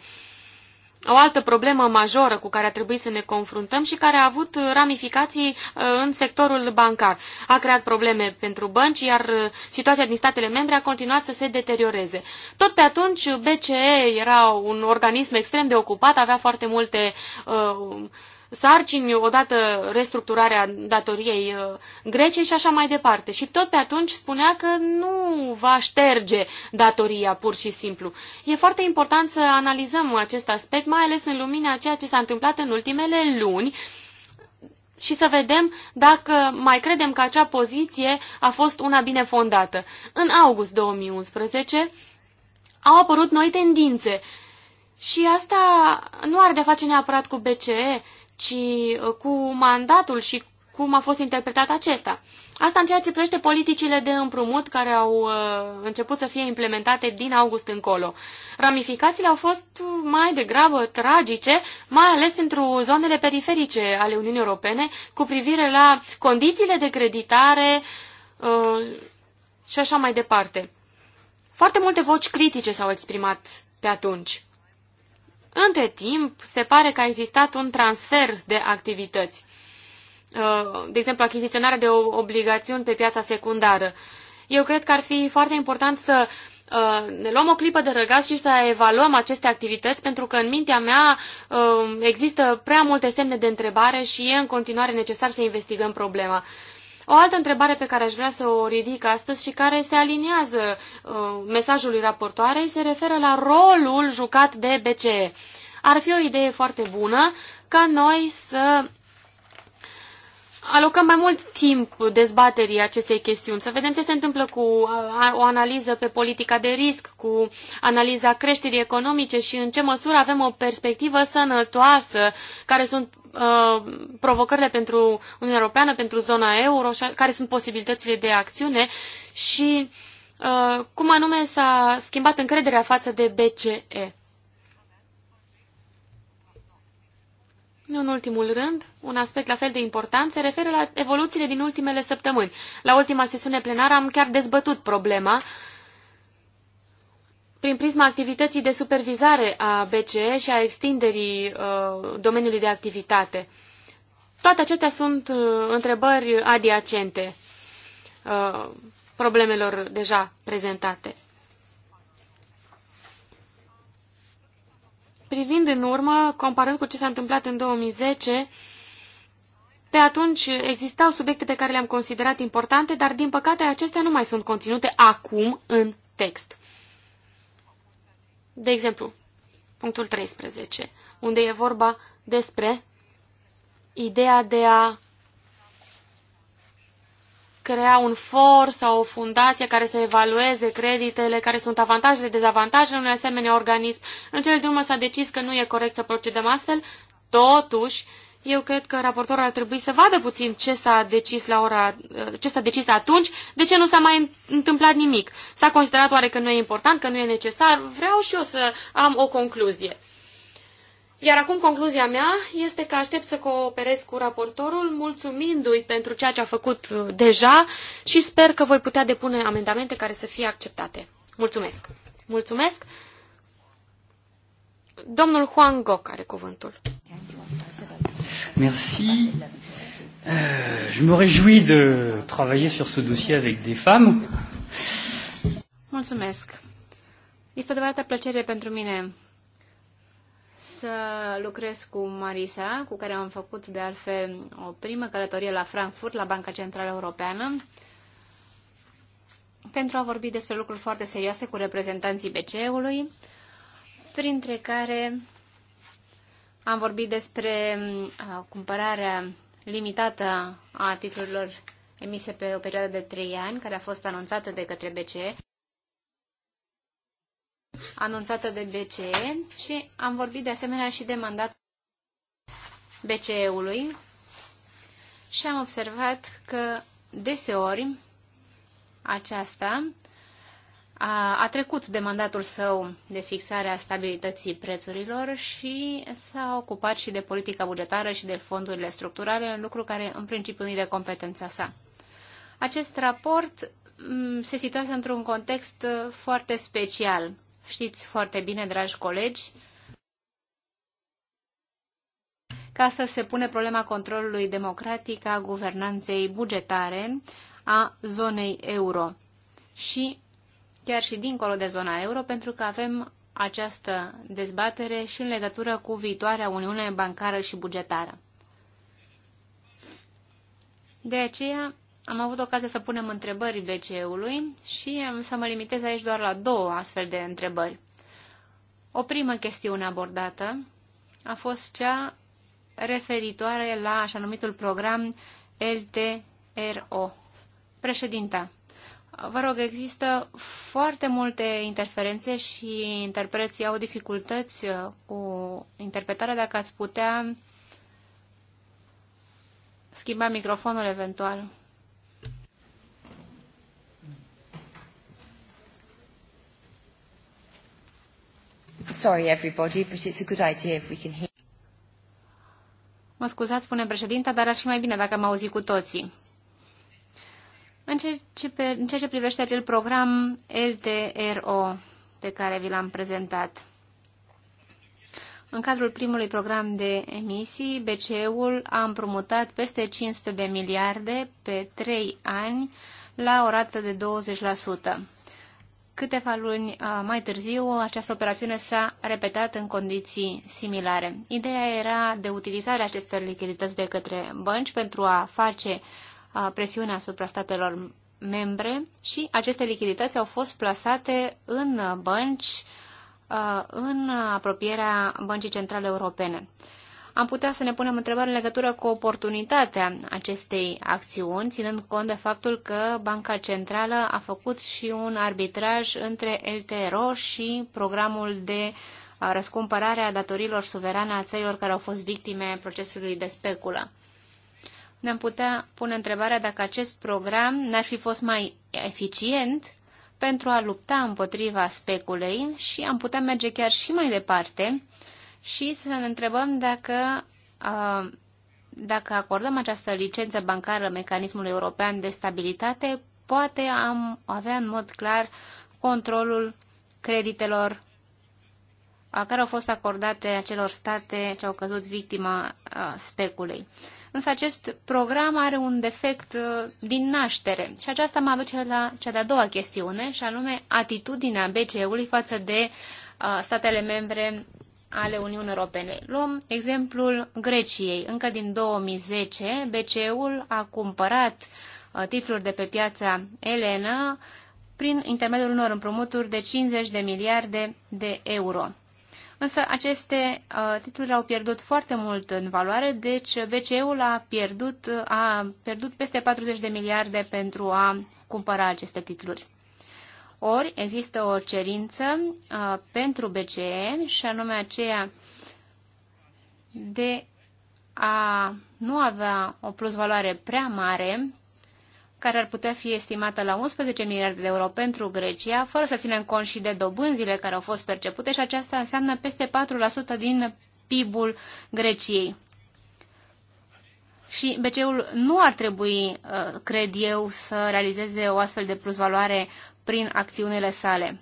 o altă problemă majoră cu care a trebuit să ne confruntăm și care a avut ramificații uh, în sectorul bancar. A creat probleme pentru bănci, iar uh, situația din statele membre a continuat să se deterioreze. Tot pe atunci BCE era un organism extrem de ocupat, avea foarte multe uh, sarcini, odată restructurarea datoriei uh, Greciei și așa mai departe. Și tot pe atunci spunea că nu va șterge datoria pur și simplu. E foarte important să analizăm acest aspect, mai ales în lumina ceea ce s-a întâmplat în ultimele luni, și să vedem dacă mai credem că acea poziție a fost una bine fondată. În august 2011 au apărut noi tendințe și asta nu are de-a face neapărat cu BCE, ci uh, cu mandatul și cum a fost interpretat acesta. Asta în ceea ce privește politicile de împrumut care au uh, început să fie implementate din august încolo. Ramificațiile au fost mai degrabă tragice, mai ales pentru zonele periferice ale Uniunii Europene, cu privire la condițiile de creditare uh, și așa mai departe. Foarte multe voci critice s-au exprimat pe atunci. Între timp, se pare că a existat un transfer de activități. Uh, de exemplu, achiziționarea de obligațiuni pe piața secundară. Eu cred că ar fi foarte important să uh, ne luăm o clipă de răgaz și să evaluăm aceste activități, pentru că în mintea mea uh, există prea multe semne de întrebare și e în continuare necesar să investigăm problema. O altă întrebare pe care aș vrea să o ridic astăzi și care se aliniază uh, mesajului raportoarei se referă la rolul jucat de BCE. Ar fi o idee foarte bună ca noi să alocăm mai mult timp dezbaterii acestei chestiuni, să vedem ce se întâmplă cu o analiză pe politica de risc, cu analiza creșterii economice și în ce măsură avem o perspectivă sănătoasă, care sunt uh, provocările pentru Uniunea Europeană, pentru zona euro, care sunt posibilitățile de acțiune și uh, cum anume s-a schimbat încrederea față de BCE. Nu în ultimul rând, un aspect la fel de important se referă la evoluțiile din ultimele săptămâni. La ultima sesiune plenară am chiar dezbătut problema prin prisma activității de supervizare a BCE și a extinderii uh, domeniului de activitate. Toate acestea sunt uh, întrebări adiacente uh, problemelor deja prezentate. privind în urmă, comparând cu ce s-a întâmplat în 2010, pe atunci existau subiecte pe care le-am considerat importante, dar din păcate acestea nu mai sunt conținute acum în text. De exemplu, punctul 13, unde e vorba despre ideea de a crea un for sau o fundație care să evalueze creditele, care sunt avantajele, dezavantajele unui asemenea organism. În cele din urmă s-a decis că nu e corect să procedăm astfel. Totuși, eu cred că raportorul ar trebui să vadă puțin ce s-a decis, la ora, ce s-a decis atunci, de ce nu s-a mai întâmplat nimic. S-a considerat oare că nu e important, că nu e necesar? Vreau și eu să am o concluzie. Iar acum concluzia mea este că aștept să cooperez cu raportorul, mulțumindu-i pentru ceea ce a făcut uh, deja și sper că voi putea depune amendamente care să fie acceptate. Mulțumesc! Mulțumesc! Domnul Juan Goc are cuvântul. Merci. Euh, je me réjouis de travailler sur ce dossier avec des femmes. Mulțumesc. Este o adevărată plăcere pentru mine să lucrez cu Marisa, cu care am făcut de altfel o primă călătorie la Frankfurt, la Banca Centrală Europeană, pentru a vorbi despre lucruri foarte serioase cu reprezentanții BCE-ului, printre care am vorbit despre uh, cumpărarea limitată a titlurilor emise pe o perioadă de 3 ani, care a fost anunțată de către BCE anunțată de BCE și am vorbit de asemenea și de mandat BCE-ului și am observat că deseori aceasta a, a trecut de mandatul său de fixare a stabilității prețurilor și s-a ocupat și de politica bugetară și de fondurile structurale, un lucru care în principiu nu de competența sa. Acest raport se situează într-un context uh, foarte special. Știți foarte bine, dragi colegi, ca să se pune problema controlului democratic a guvernanței bugetare a zonei euro și chiar și dincolo de zona euro, pentru că avem această dezbatere și în legătură cu viitoarea Uniune Bancară și Bugetară. De aceea, am avut ocazia să punem întrebări BCE-ului și am să mă limitez aici doar la două astfel de întrebări. O primă chestiune abordată a fost cea referitoare la așa numitul program LTRO. Președinta, vă rog, există foarte multe interferențe și interpreții au dificultăți uh, cu interpretarea dacă ați putea schimba microfonul eventual. Sorry everybody, but it's a good idea if we can hear. Mă scuzați, spune președinta, dar ar fi mai bine dacă am auzit cu toții. În ceea ce, pe, în ceea ce privește acel program LTRO pe care vi l-am prezentat, în cadrul primului program de emisii, BCE-ul a împrumutat peste 500 de miliarde pe 3 ani la o rată de 20% câteva luni mai târziu, această operațiune s-a repetat în condiții similare. Ideea era de utilizarea acestor lichidități de către bănci pentru a face presiunea asupra statelor membre și aceste lichidități au fost plasate în bănci în apropierea Băncii Centrale Europene am putea să ne punem întrebări în legătură cu oportunitatea acestei acțiuni, ținând cont de faptul că Banca Centrală a făcut și un arbitraj între LTRO și programul de uh, răscumpărare a datorilor suverane a țărilor care au fost victime procesului de speculă. Ne-am putea pune întrebarea dacă acest program n-ar fi fost mai eficient pentru a lupta împotriva speculei și am putea merge chiar și mai departe și să ne întrebăm dacă, dacă acordăm această licență bancară mecanismului european de stabilitate, poate am avea în mod clar controlul creditelor care au fost acordate acelor state ce au căzut victima speculei. Însă acest program are un defect din naștere și aceasta mă aduce la cea de-a doua chestiune și anume atitudinea BCE-ului față de statele membre ale Uniunii Europene. Luăm exemplul Greciei. Încă din 2010, BCE-ul a cumpărat uh, titluri de pe piața Elena prin intermediul unor împrumuturi de 50 de miliarde de euro. Însă aceste uh, titluri au pierdut foarte mult în valoare, deci BCE-ul a pierdut, uh, a pierdut peste 40 de miliarde pentru a cumpăra aceste titluri. Ori există o cerință uh, pentru BCE și anume aceea de a nu avea o plusvaloare prea mare, care ar putea fi estimată la 11 miliarde de euro pentru Grecia, fără să ținem cont și de dobânzile care au fost percepute și aceasta înseamnă peste 4% din PIB-ul Greciei. Și BCE-ul nu ar trebui, cred eu, să realizeze o astfel de plusvaloare prin acțiunile sale.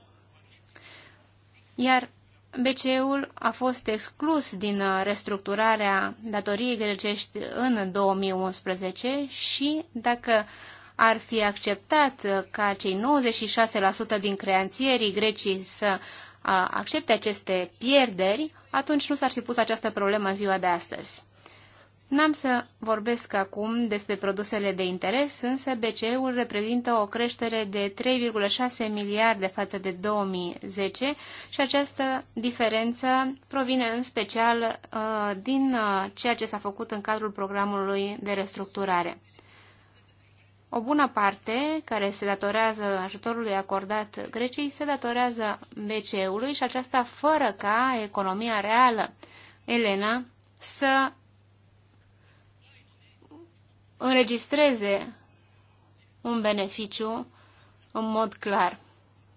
Iar BCE-ul a fost exclus din uh, restructurarea datoriei grecești în 2011 și dacă ar fi acceptat uh, ca cei 96% din creanțierii grecii să uh, accepte aceste pierderi, atunci nu s-ar fi pus această problemă în ziua de astăzi. N-am să vorbesc acum despre produsele de interes, însă BCE-ul reprezintă o creștere de 3,6 miliarde față de 2010 și această diferență provine în special uh, din uh, ceea ce s-a făcut în cadrul programului de restructurare. O bună parte, care se datorează ajutorului acordat Greciei, se datorează BCE-ului și aceasta fără ca economia reală, Elena, să înregistreze un beneficiu în mod clar.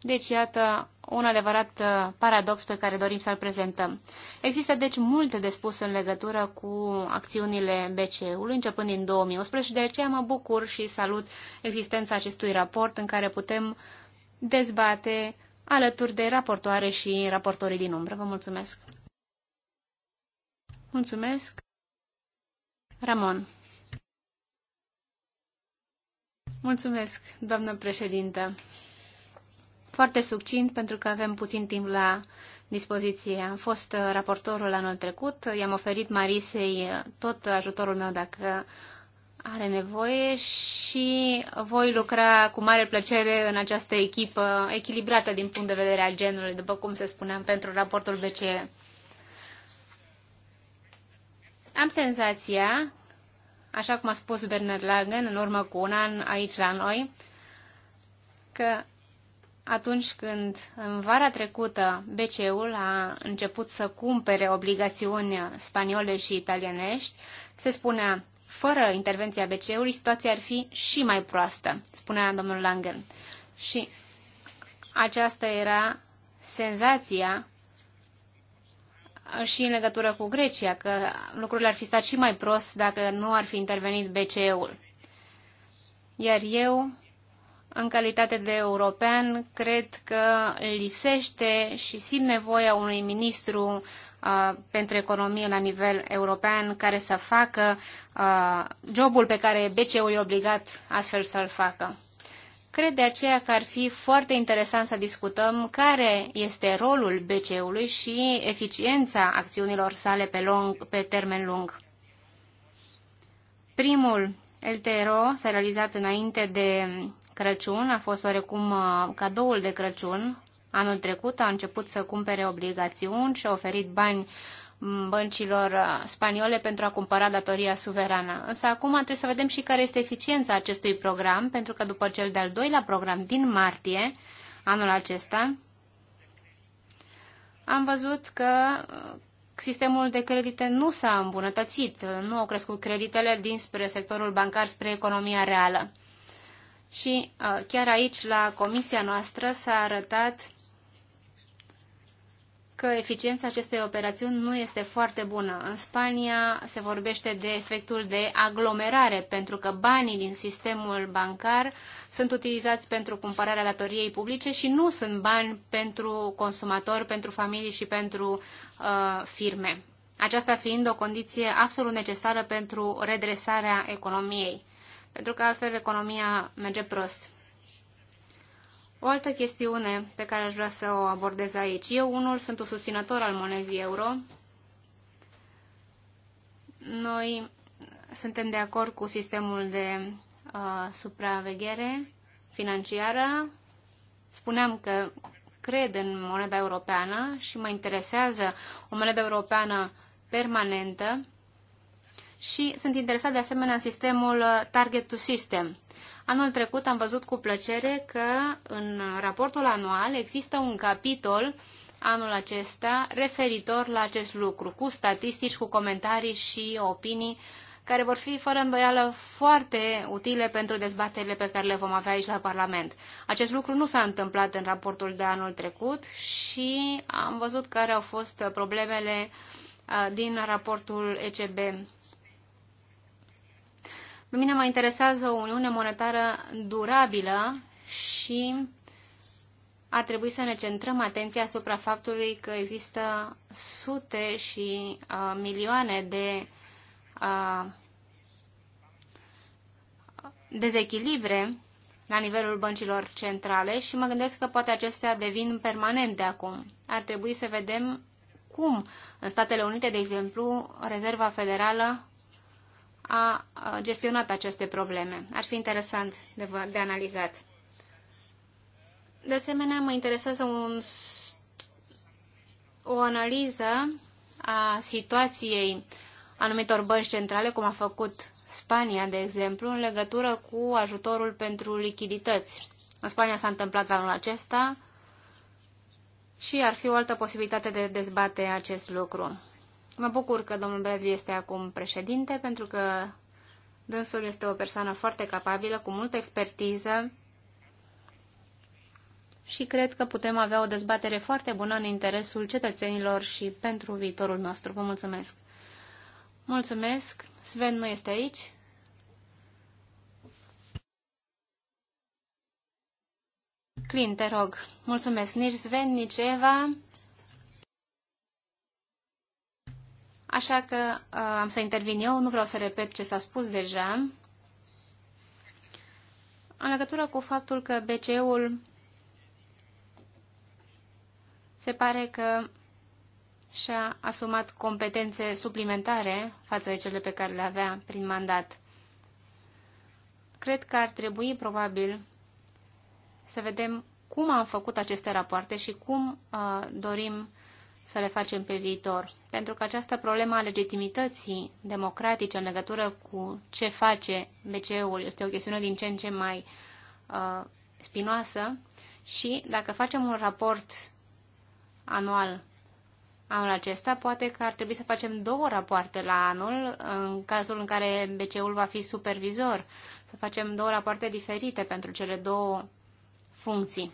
Deci, iată un adevărat uh, paradox pe care dorim să-l prezentăm. Există deci multe de spus în legătură cu acțiunile BCE-ului începând din 2011 și de aceea mă bucur și salut existența acestui raport în care putem dezbate alături de raportoare și raportorii din umbră. Vă mulțumesc! Mulțumesc! Ramon Mulțumesc, doamnă președintă. Foarte succint, pentru că avem puțin timp la dispoziție. Am fost uh, raportorul anul trecut, i-am oferit Marisei uh, tot ajutorul meu dacă are nevoie și voi lucra cu mare plăcere în această echipă echilibrată din punct de vedere al genului, după cum se spuneam, pentru raportul BCE. Am senzația așa cum a spus Bernard Langen în urmă cu un an aici la noi, că atunci când în vara trecută BCE-ul a început să cumpere obligațiuni spaniole și italienești, se spunea, fără intervenția BCE-ului, situația ar fi și mai proastă, spunea domnul Langen. Și aceasta era senzația și în legătură cu Grecia, că lucrurile ar fi stat și mai prost dacă nu ar fi intervenit BCE-ul. Iar eu, în calitate de european, cred că lipsește și simt nevoia unui ministru uh, pentru economie la nivel european care să facă uh, jobul pe care BCE-ul e obligat astfel să-l facă. Cred de aceea că ar fi foarte interesant să discutăm care este rolul BCE-ului și eficiența acțiunilor sale pe, long, pe termen lung. Primul LTRO s-a realizat înainte de Crăciun, a fost oarecum uh, cadoul de Crăciun. Anul trecut a început să cumpere obligațiuni și a oferit bani băncilor spaniole pentru a cumpăra datoria suverană. Însă acum trebuie să vedem și care este eficiența acestui program, pentru că după cel de-al doilea program din martie anul acesta, am văzut că sistemul de credite nu s-a îmbunătățit, nu au crescut creditele dinspre sectorul bancar spre economia reală. Și uh, chiar aici, la comisia noastră, s-a arătat că eficiența acestei operațiuni nu este foarte bună. În Spania se vorbește de efectul de aglomerare, pentru că banii din sistemul bancar sunt utilizați pentru cumpărarea datoriei publice și nu sunt bani pentru consumatori, pentru familii și pentru uh, firme. Aceasta fiind o condiție absolut necesară pentru redresarea economiei, pentru că altfel economia merge prost. O altă chestiune pe care aș vrea să o abordez aici. Eu, unul, sunt un susținător al monezii euro. Noi suntem de acord cu sistemul de uh, supraveghere financiară. Spuneam că cred în moneda europeană și mă interesează o monedă europeană permanentă și sunt interesat de asemenea în sistemul uh, target to system. Anul trecut am văzut cu plăcere că în raportul anual există un capitol anul acesta referitor la acest lucru, cu statistici, cu comentarii și opinii care vor fi fără îndoială foarte utile pentru dezbaterile pe care le vom avea aici la Parlament. Acest lucru nu s-a întâmplat în raportul de anul trecut și am văzut care au fost problemele uh, din raportul ECB pe mine mă interesează o uniune monetară durabilă și ar trebui să ne centrăm atenția asupra faptului că există sute și uh, milioane de uh, dezechilibre la nivelul băncilor centrale și mă gândesc că poate acestea devin permanente acum. Ar trebui să vedem cum în Statele Unite, de exemplu, Rezerva Federală a gestionat aceste probleme. Ar fi interesant de, de analizat. De asemenea, mă interesează un, o analiză a situației anumitor bănci centrale, cum a făcut Spania, de exemplu, în legătură cu ajutorul pentru lichidități. În Spania s-a întâmplat anul acesta și ar fi o altă posibilitate de dezbate acest lucru. Mă bucur că domnul Bradley este acum președinte, pentru că dânsul este o persoană foarte capabilă, cu multă expertiză și cred că putem avea o dezbatere foarte bună în interesul cetățenilor și pentru viitorul nostru. Vă mulțumesc! Mulțumesc! Sven nu este aici. Clint, te rog. Mulțumesc nici Sven, nici Eva. Așa că uh, am să intervin eu, nu vreau să repet ce s-a spus deja. În legătură cu faptul că BCE-ul se pare că și-a asumat competențe suplimentare față de cele pe care le avea prin mandat. Cred că ar trebui, probabil, să vedem cum am făcut aceste rapoarte și cum uh, dorim uh, să le facem pe viitor. Pentru că această problemă a legitimității democratice în legătură cu ce face BCE-ul este o chestiune din ce în ce mai uh, spinoasă și dacă facem un raport anual anul acesta, poate că ar trebui să facem două rapoarte la anul, în cazul în care BCE-ul va fi supervizor, să facem două rapoarte diferite pentru cele două funcții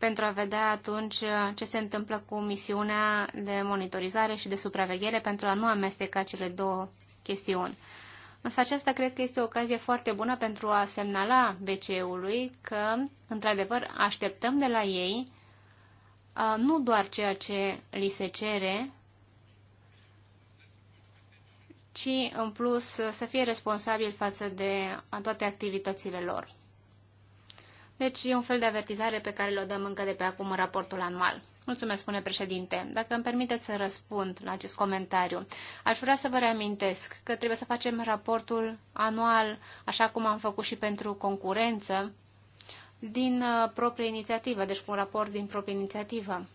pentru a vedea atunci uh, ce se întâmplă cu misiunea de monitorizare și de supraveghere pentru a nu amesteca cele două chestiuni. Însă aceasta cred că este o ocazie foarte bună pentru a semnala BCE-ului că, într-adevăr, așteptăm de la ei uh, nu doar ceea ce li se cere, ci, în plus, să fie responsabil față de toate activitățile lor. Deci e un fel de avertizare pe care le-o dăm încă de pe acum în raportul anual. Mulțumesc, spune președinte. Dacă îmi permiteți să răspund la acest comentariu, aș vrea să vă reamintesc că trebuie să facem raportul anual, așa cum am făcut și pentru concurență, din uh, proprie inițiativă, deci cu un raport din proprie inițiativă,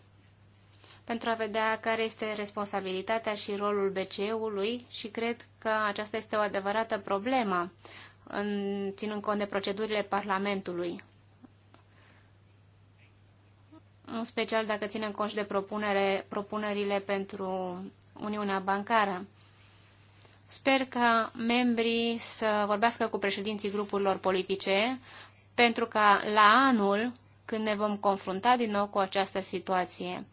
pentru a vedea care este responsabilitatea și rolul BCE-ului și cred că aceasta este o adevărată problemă, în, ținând cont de procedurile Parlamentului în special dacă ținem cont de propunere, propunerile pentru Uniunea Bancară. Sper ca membrii să vorbească cu președinții grupurilor politice, pentru ca la anul, când ne vom confrunta din nou cu această situație,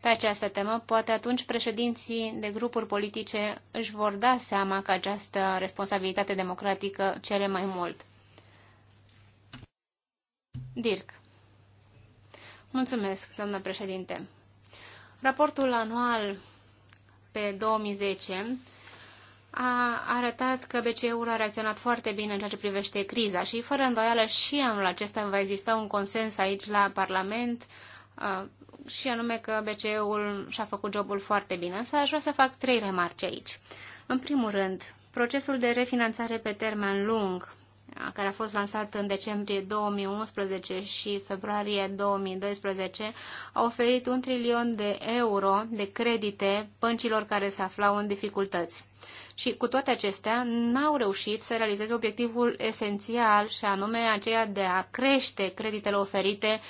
pe această temă, poate atunci președinții de grupuri politice își vor da seama că această responsabilitate democratică cere mai mult. Dirk. Mulțumesc, doamna președinte. Raportul anual pe 2010 a arătat că BCE-ul a reacționat foarte bine în ceea ce privește criza și, fără îndoială, și anul acesta va exista un consens aici la Parlament uh, și anume că BCE-ul și-a făcut jobul foarte bine. Însă aș vrea să fac trei remarci aici. În primul rând, procesul de refinanțare pe termen lung care a fost lansat în decembrie 2011 și februarie 2012, a oferit un trilion de euro de credite băncilor care se aflau în dificultăți. Și cu toate acestea, n-au reușit să realizeze obiectivul esențial, și anume aceea de a crește creditele oferite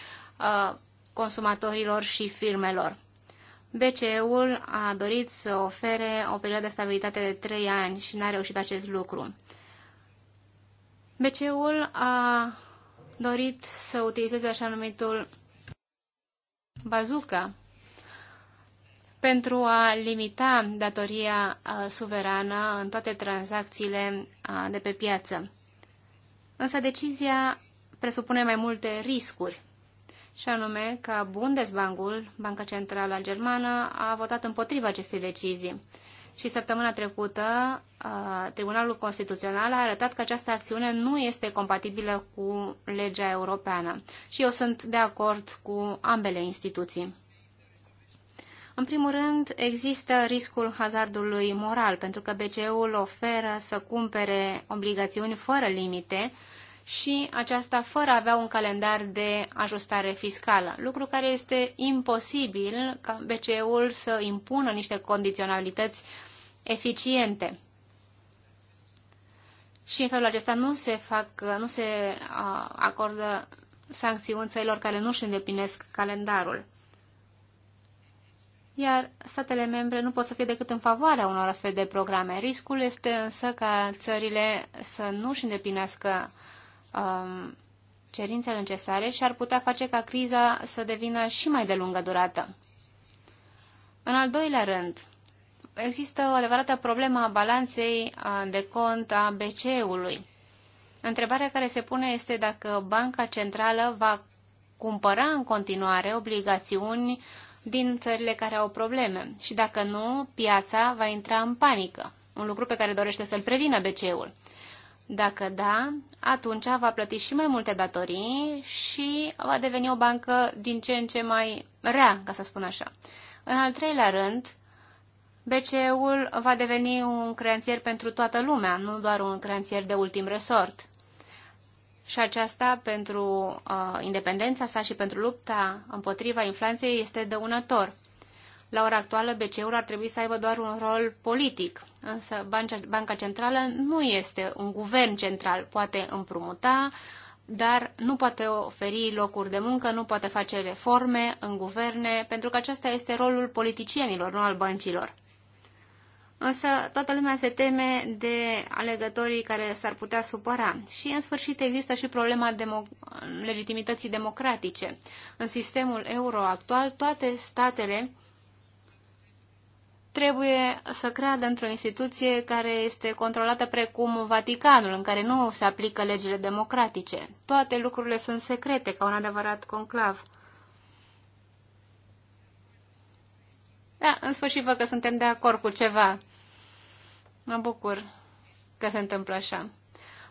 uh, consumatorilor și firmelor. BCE-ul a dorit să ofere o perioadă de stabilitate de 3 ani și n-a reușit acest lucru. BCE-ul a dorit să utilizeze așa numitul bazooka pentru a limita datoria uh, suverană în toate tranzacțiile uh, de pe piață. Însă decizia presupune mai multe riscuri, și anume că Bundesbankul, Banca Centrală Germană, a votat împotriva acestei decizii și săptămâna trecută Tribunalul Constituțional a arătat că această acțiune nu este compatibilă cu legea europeană și eu sunt de acord cu ambele instituții. În primul rând, există riscul hazardului moral, pentru că BCE-ul oferă să cumpere obligațiuni fără limite, și aceasta fără a avea un calendar de ajustare fiscală, lucru care este imposibil ca BCE-ul să impună niște condiționalități eficiente. Și în felul acesta nu se fac, nu se acordă sancțiuni țărilor care nu își îndeplinesc calendarul. Iar statele membre nu pot să fie decât în favoarea unor astfel de programe. Riscul este însă ca țările să nu își îndeplinească um, cerințele necesare și ar putea face ca criza să devină și mai de lungă durată. În al doilea rând, există o adevărată problemă a balanței de cont a BCE-ului. Întrebarea care se pune este dacă Banca Centrală va cumpăra în continuare obligațiuni din țările care au probleme și dacă nu, piața va intra în panică, un lucru pe care dorește să-l prevină BCE-ul. Dacă da, atunci va plăti și mai multe datorii și va deveni o bancă din ce în ce mai rea, ca să spun așa. În al treilea rând, BCE-ul va deveni un creanțier pentru toată lumea, nu doar un creanțier de ultim resort. Și aceasta, pentru uh, independența sa și pentru lupta împotriva inflației, este dăunător. La ora actuală, BCE-ul ar trebui să aibă doar un rol politic, însă Banca Centrală nu este un guvern central. Poate împrumuta, dar nu poate oferi locuri de muncă, nu poate face reforme în guverne, pentru că acesta este rolul politicienilor, nu al băncilor. Însă toată lumea se teme de alegătorii care s-ar putea supăra. Și în sfârșit există și problema demo- legitimității democratice. În sistemul euro actual, toate statele trebuie să creadă într-o instituție care este controlată precum Vaticanul, în care nu se aplică legile democratice. Toate lucrurile sunt secrete, ca un adevărat conclav. Da, în sfârșit văd că suntem de acord cu ceva. Mă bucur că se întâmplă așa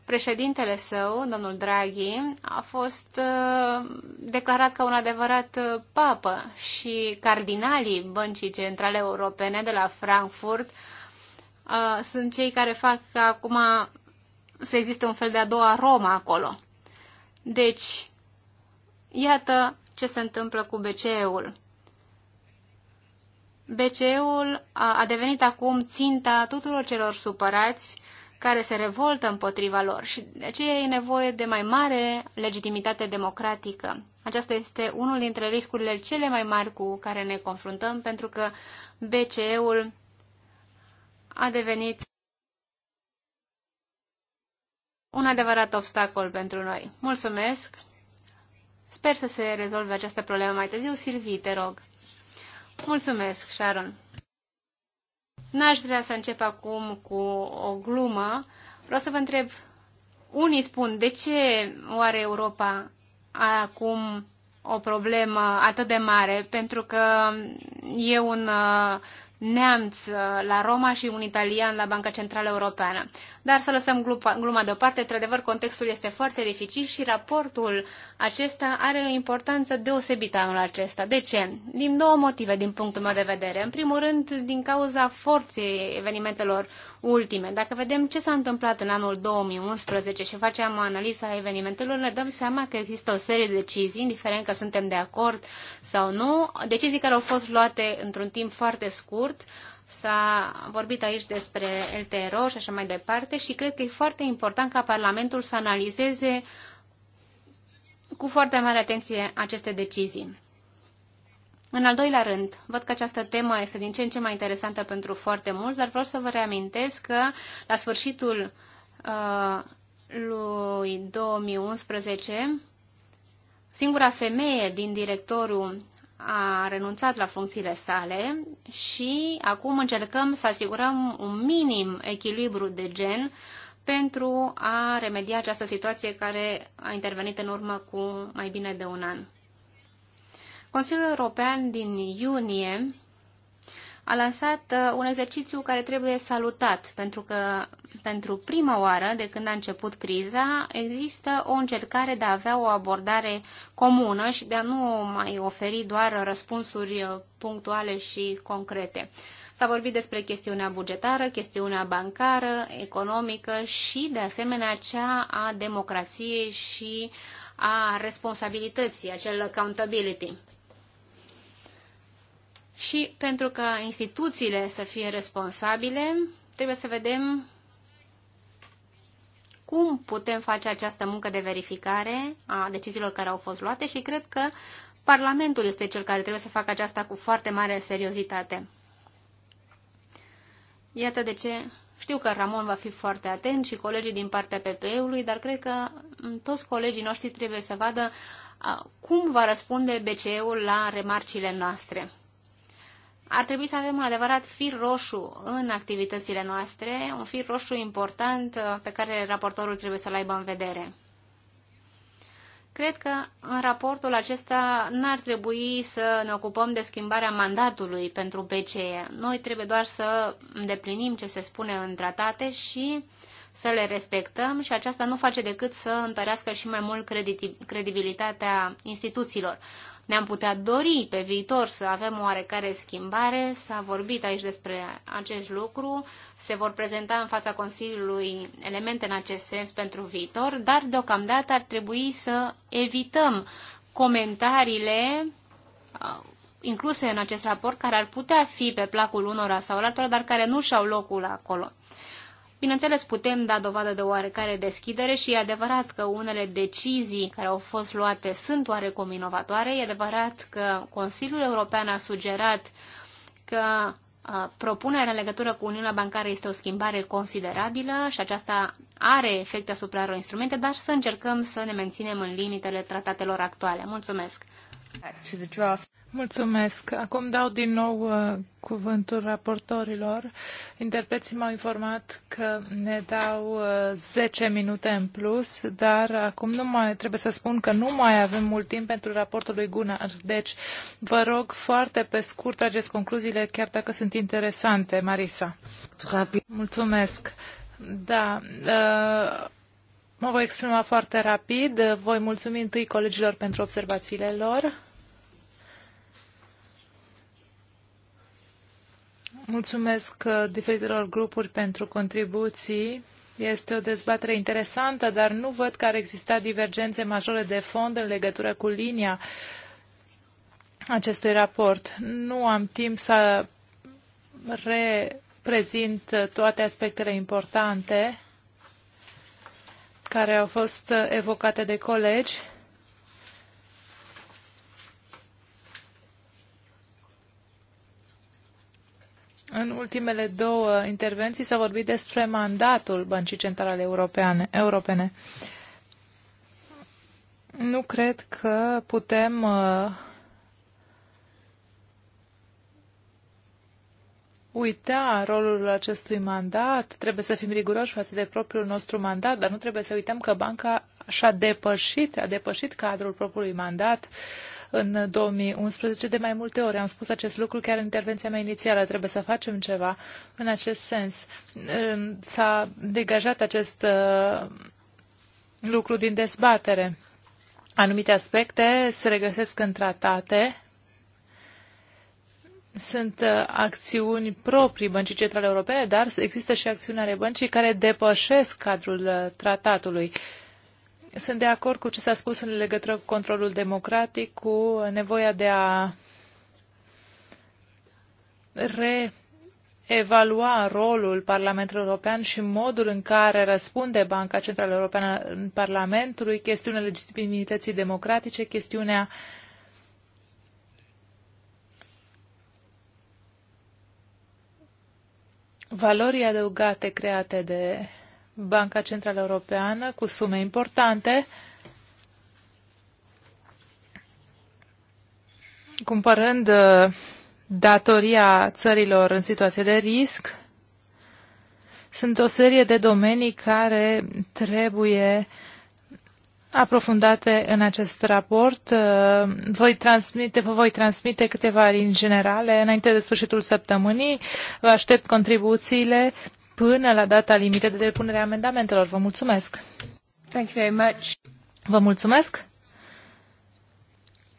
președintele său, domnul Draghi, a fost uh, declarat ca un adevărat uh, papă și cardinalii băncii centrale europene de la Frankfurt uh, sunt cei care fac ca acum să existe un fel de a doua Roma acolo. Deci, iată ce se întâmplă cu BCE-ul. BCE-ul a devenit acum ținta tuturor celor supărați care se revoltă împotriva lor și de aceea e nevoie de mai mare legitimitate democratică. Aceasta este unul dintre riscurile cele mai mari cu care ne confruntăm, pentru că BCE-ul a devenit un adevărat obstacol pentru noi. Mulțumesc! Sper să se rezolve această problemă mai târziu. Silvii, te rog. Mulțumesc, Sharon. N-aș vrea să încep acum cu o glumă. Vreau să vă întreb, unii spun, de ce oare Europa are acum o problemă atât de mare? Pentru că e un uh, neamț uh, la Roma și un italian la Banca Centrală Europeană. Dar să lăsăm gluma, deoparte, într-adevăr contextul este foarte dificil și raportul acesta are o importanță deosebită anul acesta. De ce? Din două motive, din punctul meu de vedere. În primul rând, din cauza forței evenimentelor ultime. Dacă vedem ce s-a întâmplat în anul 2011 și facem analiza evenimentelor, ne dăm seama că există o serie de decizii, indiferent că suntem de acord sau nu, decizii care au fost luate într-un timp foarte scurt, S-a vorbit aici despre LTRO și așa mai departe și cred că e foarte important ca Parlamentul să analizeze cu foarte mare atenție aceste decizii. În al doilea rând, văd că această temă este din ce în ce mai interesantă pentru foarte mulți, dar vreau să vă reamintesc că la sfârșitul uh, lui 2011, singura femeie din directorul a renunțat la funcțiile sale și acum încercăm să asigurăm un minim echilibru de gen pentru a remedia această situație care a intervenit în urmă cu mai bine de un an. Consiliul European din iunie a lansat uh, un exercițiu care trebuie salutat, pentru că pentru prima oară de când a început criza există o încercare de a avea o abordare comună și de a nu mai oferi doar răspunsuri uh, punctuale și concrete. S-a vorbit despre chestiunea bugetară, chestiunea bancară, economică și, de asemenea, cea a democrației și a responsabilității, acel accountability și pentru ca instituțiile să fie responsabile, trebuie să vedem cum putem face această muncă de verificare a deciziilor care au fost luate și cred că Parlamentul este cel care trebuie să facă aceasta cu foarte mare seriozitate. Iată de ce știu că Ramon va fi foarte atent și colegii din partea PPE-ului, dar cred că toți colegii noștri trebuie să vadă cum va răspunde BCE-ul la remarcile noastre. Ar trebui să avem un adevărat fir roșu în activitățile noastre, un fir roșu important uh, pe care raportorul trebuie să-l aibă în vedere. Cred că în raportul acesta n-ar trebui să ne ocupăm de schimbarea mandatului pentru BCE. Noi trebuie doar să îndeplinim ce se spune în tratate și să le respectăm și aceasta nu face decât să întărească și mai mult credibilitatea instituțiilor ne-am putea dori pe viitor să avem oarecare schimbare. S-a vorbit aici despre acest lucru, se vor prezenta în fața Consiliului elemente în acest sens pentru viitor, dar deocamdată ar trebui să evităm comentariile uh, incluse în acest raport, care ar putea fi pe placul unora sau altora, dar care nu și-au locul acolo. Bineînțeles, putem da dovadă de oarecare deschidere și e adevărat că unele decizii care au fost luate sunt oarecum inovatoare. E adevărat că Consiliul European a sugerat că propunerea în legătură cu Uniunea Bancară este o schimbare considerabilă și aceasta are efecte asupra lor instrumente, dar să încercăm să ne menținem în limitele tratatelor actuale. Mulțumesc! Mulțumesc. Acum dau din nou uh, cuvântul raportorilor. Interpreții m-au informat că ne dau uh, 10 minute în plus, dar acum nu mai trebuie să spun că nu mai avem mult timp pentru raportul lui Gunnar. Deci, vă rog foarte pe scurt trageți concluziile, chiar dacă sunt interesante, Marisa. Rapid. Mulțumesc. Da. Uh, mă voi exprima foarte rapid. Voi mulțumi întâi colegilor pentru observațiile lor. Mulțumesc uh, diferitelor grupuri pentru contribuții. Este o dezbatere interesantă, dar nu văd că ar exista divergențe majore de fond în legătură cu linia acestui raport. Nu am timp să reprezint toate aspectele importante care au fost evocate de colegi. În ultimele două intervenții s-a vorbit despre mandatul Băncii Centrale Europeane. europene. Nu cred că putem uh, uita rolul acestui mandat, trebuie să fim riguroși față de propriul nostru mandat, dar nu trebuie să uităm că banca și-a depășit, a depășit cadrul propriului mandat uh, în 2011. De mai multe ori am spus acest lucru, chiar în intervenția mea inițială. Trebuie să facem ceva în acest sens. S-a degajat acest uh, lucru din dezbatere. Anumite aspecte se regăsesc în tratate, sunt uh, acțiuni proprii băncii centrale europene, dar există și acțiuni ale băncii care depășesc cadrul uh, tratatului. Uh, sunt de acord cu ce s-a spus în legătură cu controlul democratic, cu nevoia de a re evalua rolul Parlamentului European și modul în care răspunde Banca Centrală Europeană în Parlamentului, chestiunea legitimității democratice, chestiunea valorii adăugate create de Banca Centrală Europeană cu sume importante, cumpărând uh, datoria țărilor în situație de risc. Sunt o serie de domenii care trebuie aprofundate în acest raport. Uh, voi transmite, vă voi transmite câteva linii generale înainte de sfârșitul săptămânii. Vă aștept contribuțiile până la data limită de depunere a amendamentelor. Vă mulțumesc! Thank you very much. Vă mulțumesc!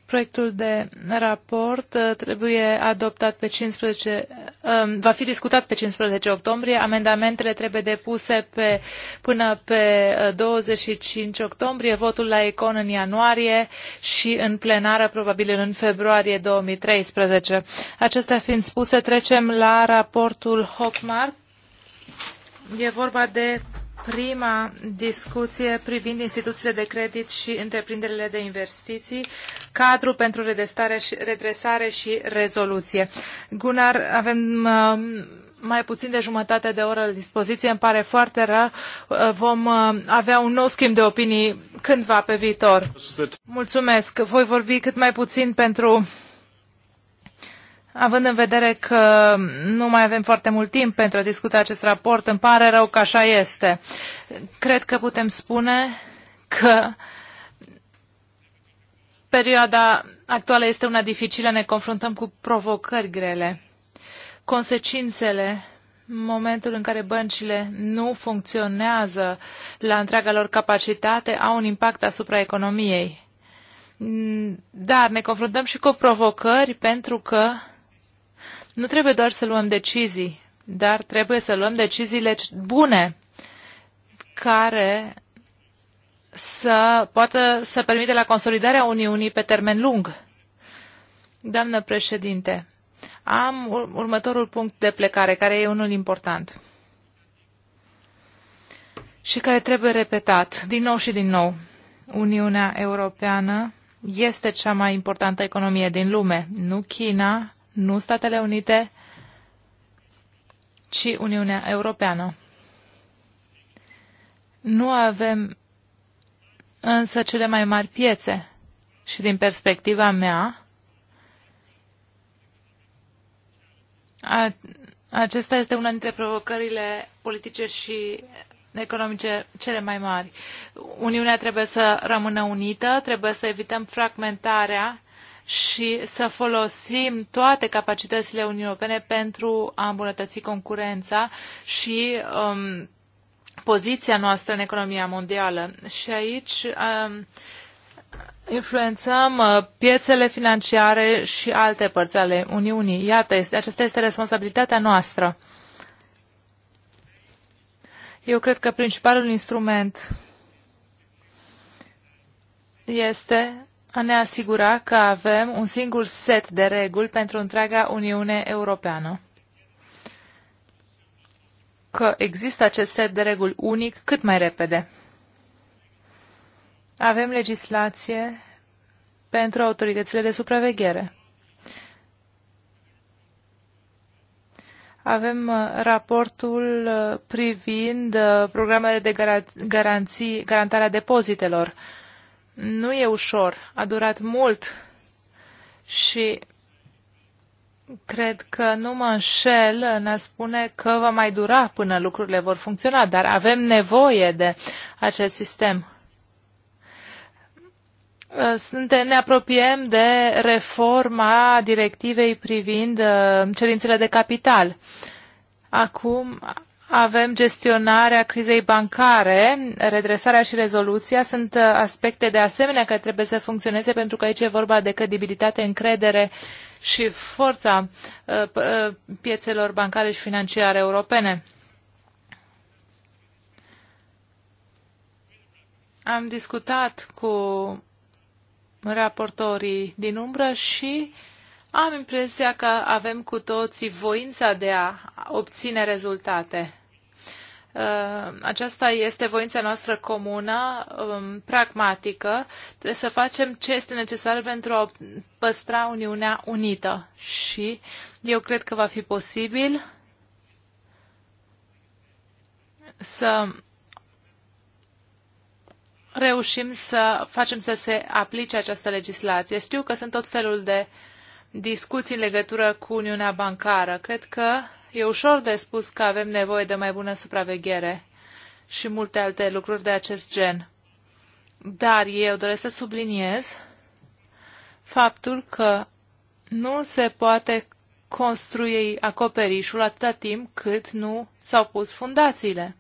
Proiectul de raport uh, trebuie adoptat pe 15, um, va fi discutat pe 15 octombrie. Amendamentele trebuie depuse pe, până pe 25 uh, octombrie, votul la Econ în ianuarie și în plenară probabil în februarie 2013. Acestea fiind spuse, trecem la raportul Hochmark E vorba de prima discuție privind instituțiile de credit și întreprinderile de investiții, cadru pentru redestare și, redresare și rezoluție. Gunnar, avem uh, mai puțin de jumătate de oră la dispoziție. Îmi pare foarte rău. Uh, vom uh, avea un nou schimb de opinii cândva pe viitor. Mulțumesc. Voi vorbi cât mai puțin pentru Având în vedere că nu mai avem foarte mult timp pentru a discuta acest raport, îmi pare rău că așa este. Cred că putem spune că perioada actuală este una dificilă, ne confruntăm cu provocări grele. Consecințele momentul în care băncile nu funcționează la întreaga lor capacitate au un impact asupra economiei. Dar ne confruntăm și cu provocări pentru că nu trebuie doar să luăm decizii, dar trebuie să luăm deciziile bune care să poată să permite la consolidarea Uniunii pe termen lung. Doamnă președinte, am următorul punct de plecare, care e unul important și care trebuie repetat din nou și din nou. Uniunea Europeană este cea mai importantă economie din lume, nu China, nu Statele Unite, ci Uniunea Europeană. Nu avem însă cele mai mari piețe și din perspectiva mea, a, acesta este una dintre provocările politice și economice cele mai mari. Uniunea trebuie să rămână unită, trebuie să evităm fragmentarea și să folosim toate capacitățile Uniunii Europene pentru a îmbunătăți concurența și um, poziția noastră în economia mondială. Și aici um, influențăm uh, piețele financiare și alte părți ale Uniunii. Iată, este, aceasta este responsabilitatea noastră. Eu cred că principalul instrument este a ne asigura că avem un singur set de reguli pentru întreaga Uniune Europeană. Că există acest set de reguli unic cât mai repede. Avem legislație pentru autoritățile de supraveghere. Avem uh, raportul uh, privind uh, programele de garanții, garantarea depozitelor. Nu e ușor, a durat mult și cred că nu mă înșel în a spune că va mai dura până lucrurile vor funcționa, dar avem nevoie de acest sistem. Suntem, ne apropiem de reforma directivei privind uh, cerințele de capital. Acum avem gestionarea crizei bancare, redresarea și rezoluția sunt uh, aspecte de asemenea care trebuie să funcționeze pentru că aici e vorba de credibilitate, încredere și forța uh, uh, piețelor bancare și financiare europene. Am discutat cu raportorii din umbră și uh, am impresia că avem cu toții voința de a obține rezultate. Uh, aceasta este voința noastră comună, um, pragmatică. Trebuie să facem ce este necesar pentru a păstra Uniunea Unită. Și eu cred că va fi posibil să reușim să facem să se aplice această legislație. Știu că sunt tot felul de uh, discuții în legătură cu Uniunea Bancară. Cred că e ușor de spus că avem nevoie de mai bună supraveghere și multe alte lucruri de acest gen. Dar eu doresc să subliniez faptul că nu se poate construi acoperișul atâta timp cât nu s-au pus fundațiile.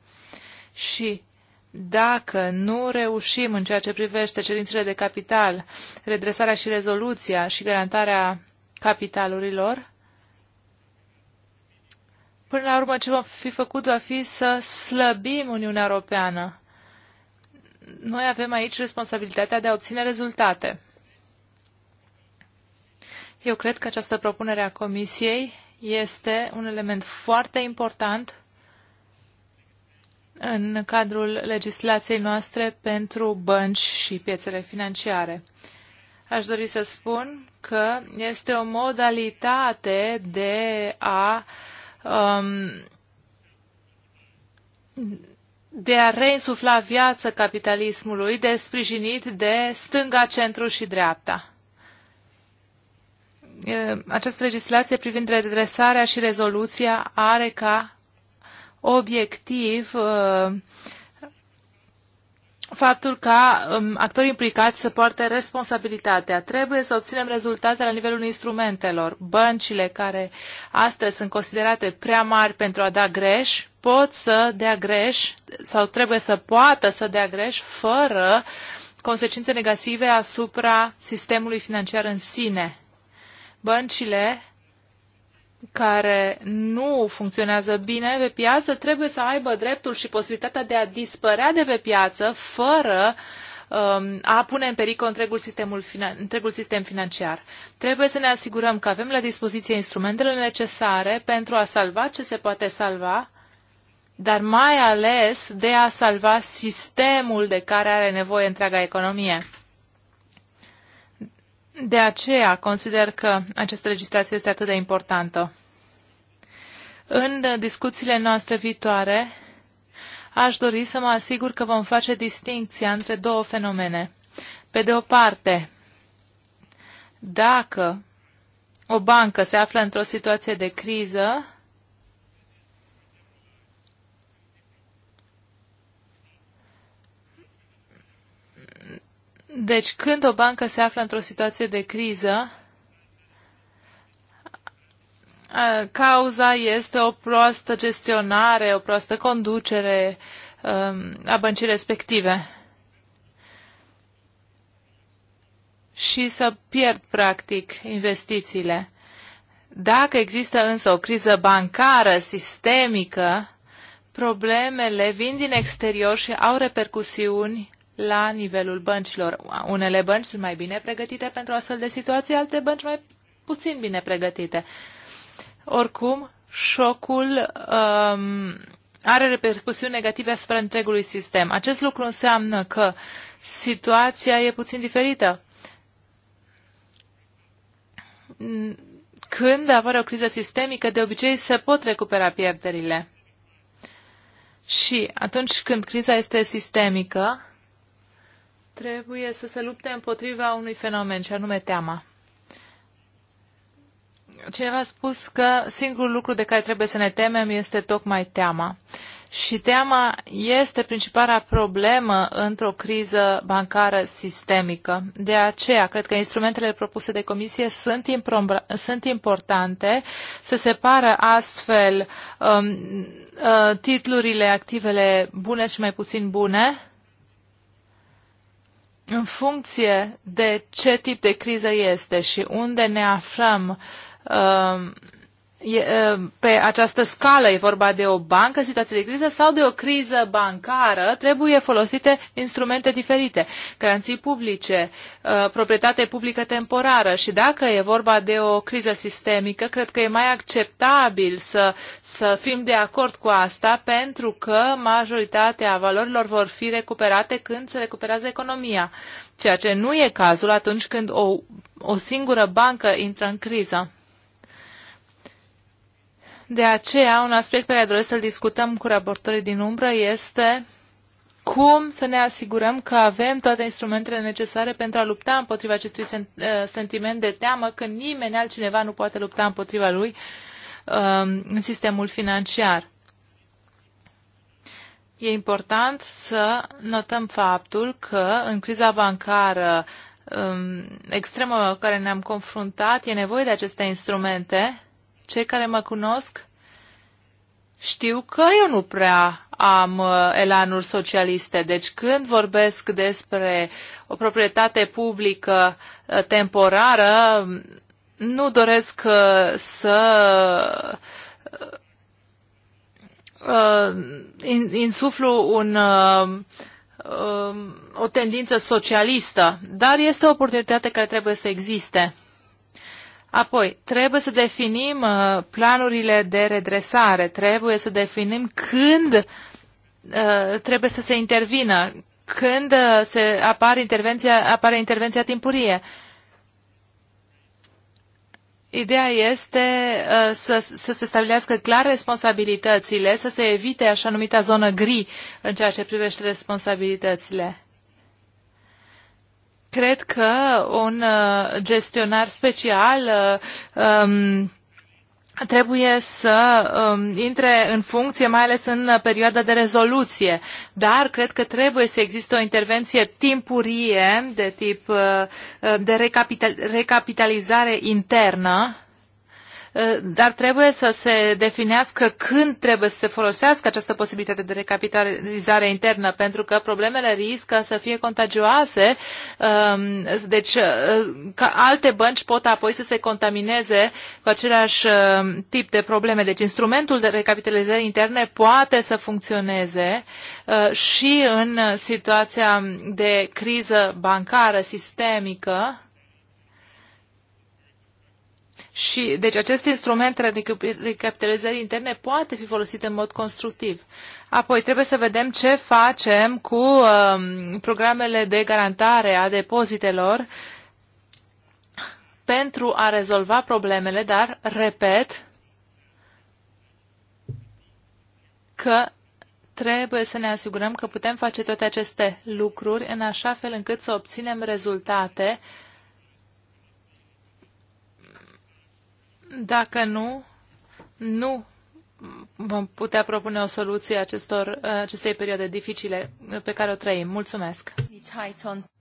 Și dacă nu reușim în ceea ce privește cerințele de capital, redresarea și rezoluția și garantarea capitalurilor. Până la urmă, ce vom fi făcut va fi să slăbim Uniunea Europeană. Noi avem aici responsabilitatea de a obține rezultate. Eu cred că această propunere a Comisiei este un element foarte important în cadrul legislației noastre pentru bănci și piețele financiare aș dori să spun că este o modalitate de a um, de a reinsufla viață capitalismului, de sprijinit de stânga, centru și dreapta. Această legislație privind redresarea și rezoluția are ca obiectiv uh, faptul ca um, actorii implicați să poarte responsabilitatea. Trebuie să obținem rezultate la nivelul instrumentelor. Băncile care astăzi sunt considerate prea mari pentru a da greș, pot să dea greș sau trebuie să poată să dea greș fără consecințe negative asupra sistemului financiar în sine. Băncile care nu funcționează bine pe piață trebuie să aibă dreptul și posibilitatea de a dispărea de pe piață fără um, a pune în pericol întregul, sistemul finan- întregul sistem financiar. Trebuie să ne asigurăm că avem la dispoziție instrumentele necesare pentru a salva ce se poate salva, dar mai ales de a salva sistemul de care are nevoie întreaga economie. De aceea consider că această legislație este atât de importantă. În discuțiile noastre viitoare, aș dori să mă asigur că vom face distinția între două fenomene. Pe de o parte, dacă o bancă se află într-o situație de criză, Deci, când o bancă se află într-o situație de criză, cauza este o proastă gestionare, o proastă conducere um, a băncii respective. Și să pierd, practic, investițiile. Dacă există însă o criză bancară sistemică, problemele vin din exterior și au repercusiuni la nivelul băncilor. Unele bănci sunt mai bine pregătite pentru astfel de situații, alte bănci mai puțin bine pregătite. Oricum, șocul um, are repercusiuni negative asupra întregului sistem. Acest lucru înseamnă că situația e puțin diferită. Când apare o criză sistemică, de obicei se pot recupera pierderile. Și atunci când criza este sistemică, trebuie să se lupte împotriva unui fenomen, și anume teama. Cineva a spus că singurul lucru de care trebuie să ne temem este tocmai teama. Și teama este principala problemă într-o criză bancară sistemică. De aceea, cred că instrumentele propuse de comisie sunt, sunt importante. Se separă astfel um, uh, titlurile, activele bune și mai puțin bune în funcție de ce tip de criză este și unde ne aflăm, um, e, pe această scală e vorba de o bancă, situație de criză sau de o criză bancară, trebuie folosite instrumente diferite, garanții publice, proprietate publică temporară și dacă e vorba de o criză sistemică, cred că e mai acceptabil să, să fim de acord cu asta pentru că majoritatea valorilor vor fi recuperate când se recuperează economia, ceea ce nu e cazul atunci când o, o singură bancă intră în criză. De aceea, un aspect pe care doresc să-l discutăm cu raportorii din umbră este cum să ne asigurăm că avem toate instrumentele necesare pentru a lupta împotriva acestui sen eh, sentiment de teamă că nimeni altcineva nu poate lupta împotriva lui ehm, în sistemul financiar. E important să notăm faptul că în criza bancară ehm, extremă care ne-am confruntat, e nevoie de aceste instrumente cei care mă cunosc știu că eu nu prea am uh, elanuri socialiste, deci când vorbesc despre o proprietate publică uh, temporară, nu doresc uh, să insuflu un um, o tendință socialistă, dar este o oportunitate care trebuie să existe. Apoi, trebuie să definim uh, planurile de redresare, trebuie să definim când uh, trebuie să se intervină, când uh, se apare intervenția, apare intervenția timpurie. Ideea este să, să se stabilească clar responsabilitățile, să se evite așa numita zonă gri în ceea ce privește responsabilitățile cred că un uh, gestionar special uh, um, trebuie să um, intre în funcție, mai ales în uh, perioada de rezoluție. Dar cred că trebuie să existe o intervenție timpurie de tip uh, de recapital- recapitalizare internă Eh, dar trebuie să se definească când trebuie să se folosească această posibilitate de recapitalizare internă, pentru că problemele riscă să fie contagioase, ehm, deci eh, ca alte bănci pot apoi să se contamineze cu același eh, tip de probleme. Deci instrumentul de recapitalizare interne poate să funcționeze și în situația de criză bancară sistemică, și, deci, acest instrument de recapitalizării interne poate fi folosit în mod constructiv. Apoi, trebuie să vedem ce facem cu um, programele de garantare a depozitelor pentru a rezolva problemele, dar, repet, că trebuie să ne asigurăm că putem face toate aceste lucruri în așa fel încât să obținem rezultate uh, Dacă nu, nu vom putea propune o soluție acestor, acestei perioade dificile pe care o trăim. Mulțumesc!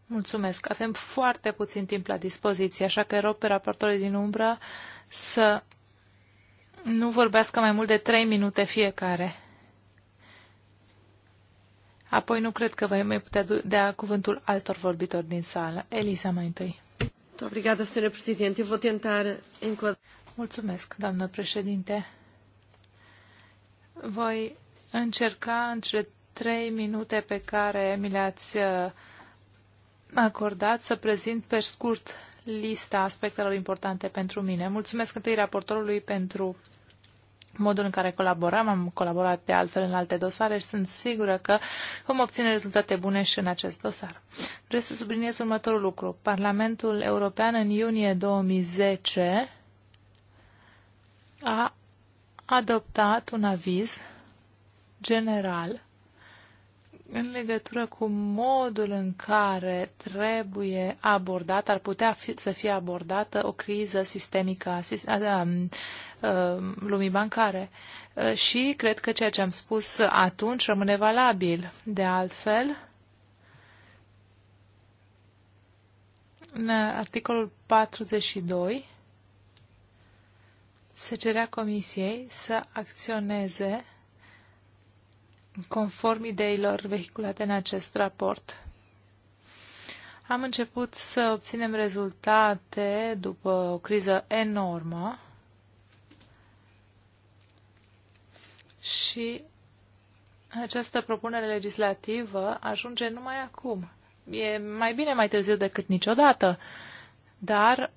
Mulțumesc! Avem foarte puțin timp la dispoziție, așa că rog pe raportorii din umbră să nu vorbească mai mult de trei minute fiecare. Apoi nu cred că vei mai putea da cuvântul altor vorbitori din sală. Elisa mai întâi. Obrigada, Sra. Presidente. Eu vou tentar enquadrar. Mulțumesc, doamnă președinte. Voi încerca în cele trei minute pe care mi le-ați uh, acordat să prezint pe scurt lista aspectelor importante pentru mine. Mulțumesc întâi raportorului pentru modul în care colaborăm. Am colaborat de altfel în alte dosare și sunt sigură că vom obține rezultate bune și în acest dosar. Vreau să subliniez următorul lucru. Parlamentul European în iunie 2010 a adoptat un aviz general în legătură cu modul în care trebuie abordat, ar putea fi, să fie abordată o criză sistemică a, a, a lumii bancare. Și cred că ceea ce am spus atunci rămâne valabil. De altfel, în articolul 42, se cerea Comisiei să acționeze conform ideilor vehiculate în acest raport. Am început să obținem rezultate după o criză enormă și această propunere legislativă ajunge numai acum. E mai bine mai târziu decât niciodată, dar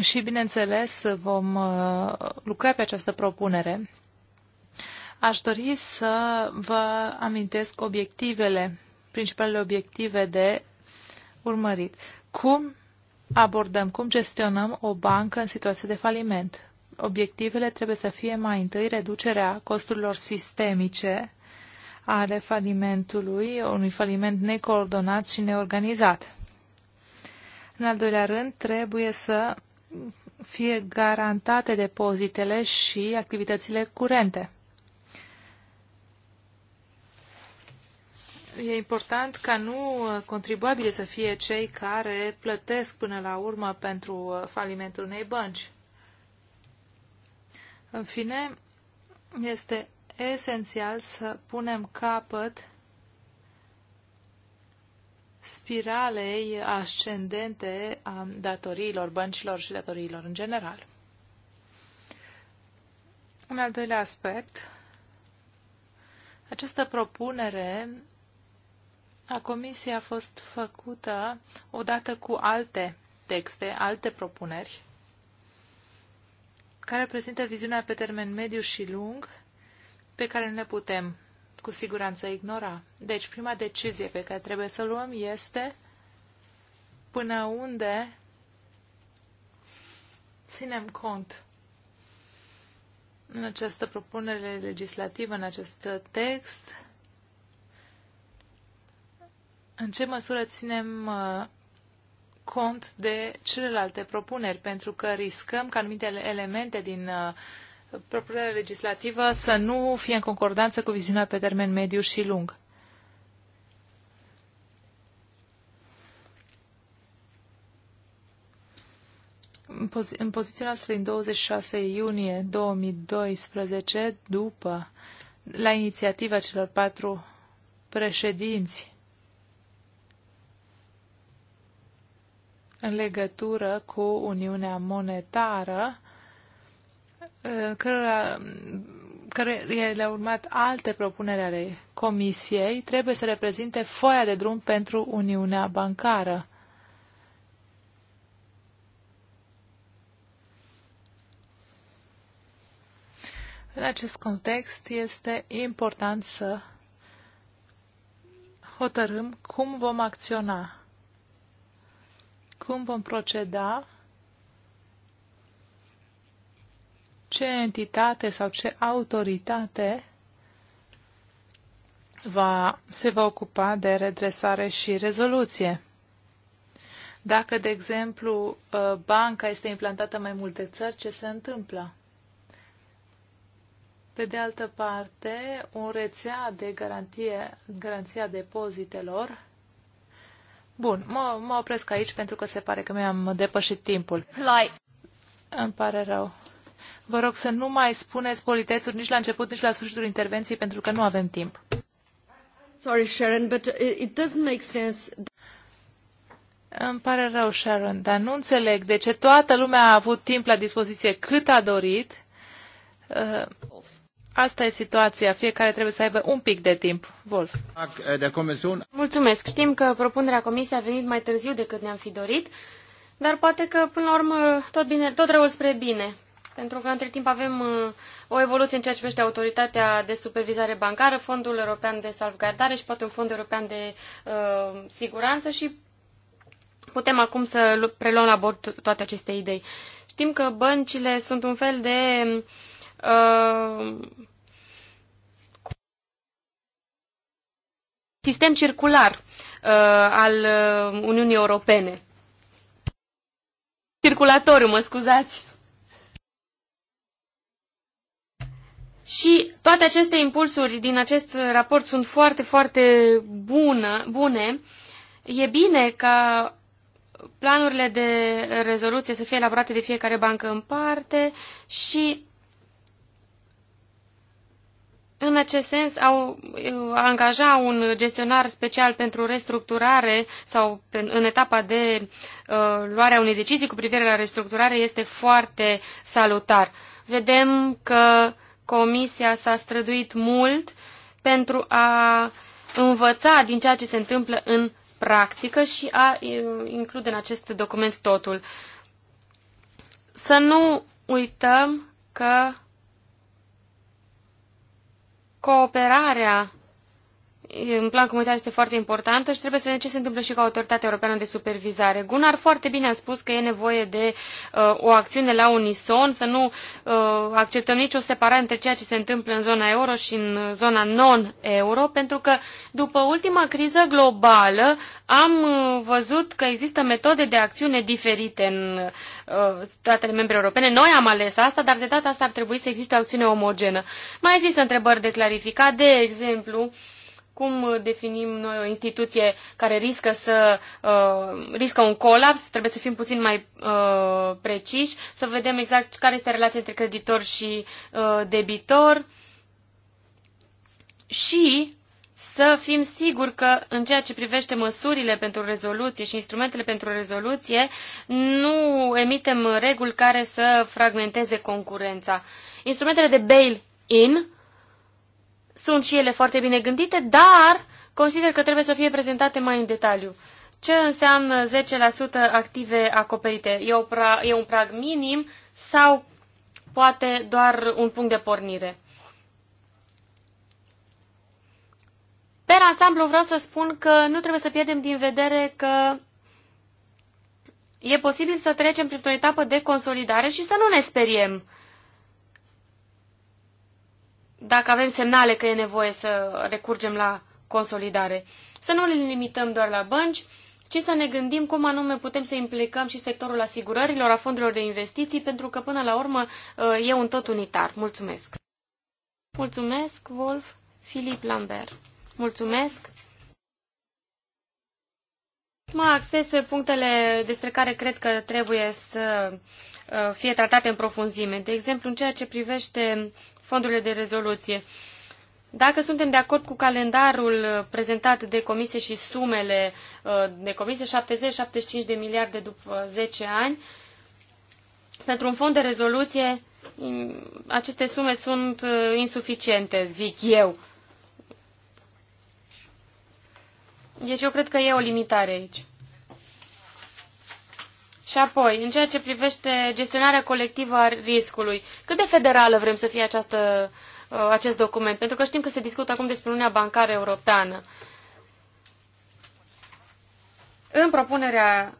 și, bineînțeles, vom uh, lucra pe această propunere. Aș dori să vă amintesc obiectivele, principalele obiective de urmărit. Cum abordăm, cum gestionăm o bancă în situație de faliment? Obiectivele trebuie să fie mai întâi reducerea costurilor sistemice ale falimentului, unui faliment necoordonat și neorganizat. În al doilea rând, trebuie să fie garantate depozitele și activitățile curente. E important ca nu contribuabile să fie cei care plătesc până la urmă pentru falimentul unei bănci. În fine, este esențial să punem capăt spiralei ascendente a datoriilor băncilor și datoriilor în general. Un al doilea aspect, această propunere a comisiei a fost făcută odată cu alte texte, alte propuneri, care prezintă viziunea pe termen mediu și lung pe care nu ne putem cu siguranță ignora. Deci, prima decizie pe care trebuie să luăm este până unde ținem cont în această propunere legislativă, în acest text, în ce măsură ținem uh, cont de celelalte propuneri, pentru că riscăm ca anumite elemente din uh, propunerea legislativă să nu fie în concordanță cu viziunea pe termen mediu și lung. în poziția noastră din 26 iunie 2012, după, la inițiativa celor patru președinți în legătură cu Uniunea Monetară, Uh, cărora, care le-a urmat alte propuneri ale Comisiei, trebuie să reprezinte foaia de drum pentru Uniunea Bancară. În acest context este important să hotărâm cum vom acționa, cum vom proceda ce entitate sau ce autoritate va, se va ocupa de redresare și rezoluție. Dacă, de exemplu, uh, banca este implantată în mai multe țări, ce se întâmplă? Pe de altă parte, o rețea de garantie, garanția depozitelor. Bun, mă, mă opresc aici pentru că se pare că mi-am depășit timpul. Like. Îmi pare rău. Vă rog să nu mai spuneți politețuri nici la început, nici la sfârșitul intervenției, pentru că nu avem timp. Sorry, Sharon, but it doesn't make sense. Îmi pare rău, Sharon, dar nu înțeleg de ce toată lumea a avut timp la dispoziție cât a dorit. Uh, asta e situația. Fiecare trebuie să aibă un pic de timp. Wolf. Mulțumesc. Știm că propunerea comisiei a venit mai târziu decât ne-am fi dorit, dar poate că, până la urmă, tot, bine, tot răul spre bine pentru că între timp avem uh, o evoluție în ceea ce privește autoritatea de supervizare bancară, Fondul European de Salvgardare și poate un Fond European de uh, Siguranță și putem acum să preluăm la bord toate aceste idei. Știm că băncile sunt un fel de uh, sistem circular uh, al uh, Uniunii Europene. Circulatoriu, mă scuzați. Și toate aceste impulsuri din acest raport sunt foarte, foarte bună, bune. E bine ca planurile de rezoluție să fie elaborate de fiecare bancă în parte și în acest sens au angaja un gestionar special pentru restructurare sau în etapa de uh, luarea unei decizii cu privire la restructurare este foarte salutar. Vedem că uh, Comisia s-a străduit mult pentru a învăța din ceea ce se întâmplă în practică și a include în acest document totul. Să nu uităm că cooperarea în plan comunitar este foarte importantă și trebuie să vedem ce se întâmplă și cu Autoritatea Europeană de Supervizare. Gunnar foarte bine a spus că e nevoie de uh, o acțiune la unison, să nu uh, acceptăm nicio separare între ceea ce se întâmplă în zona euro și în zona non-euro, pentru că după ultima criză globală am uh, văzut că există metode de acțiune diferite în uh, statele membre europene. Noi am ales asta, dar de data asta ar trebui să existe o acțiune omogenă. Mai există întrebări de clarificat, de exemplu, uh, cum definim noi o instituție care riscă să uh, riscă un colaps, trebuie să fim puțin mai uh, preciși, să vedem exact care este relația între creditor și uh, debitor și să fim siguri că în ceea ce privește măsurile pentru rezoluție și instrumentele pentru rezoluție, nu emitem reguli care să fragmenteze concurența. Instrumentele de bail-in sunt și ele foarte bine gândite, dar consider că trebuie să fie prezentate mai în detaliu. Ce înseamnă 10% active acoperite? E, o pra, e un prag minim sau poate doar un punct de pornire? Per ansamblu vreau să spun că nu trebuie să pierdem din vedere că e posibil să trecem printr-o etapă de consolidare și să nu ne speriem dacă avem semnale că e nevoie să recurgem la consolidare. Să nu ne limităm doar la bănci, ci să ne gândim cum anume putem să implicăm și sectorul asigurărilor, a fondurilor de investiții, pentru că până la urmă e un tot unitar. Mulțumesc! Mulțumesc, Wolf, Filip Lambert. Mulțumesc! Mă acces pe punctele despre care cred că trebuie să uh, fie tratate în profunzime. De exemplu, în ceea ce privește fondurile de rezoluție. Dacă suntem de acord cu calendarul uh, prezentat de comisie și sumele uh, de comisie, 70-75 de miliarde după 10 uh, ani, pentru un fond de rezoluție aceste sume sunt insuficiente, zic eu. Deci eu cred că e o limitare aici. Și apoi, în ceea ce privește gestionarea colectivă a riscului, cât de federală vrem să fie această, uh, acest document? Pentru că știm că se discută acum despre Uniunea Bancară Europeană. În propunerea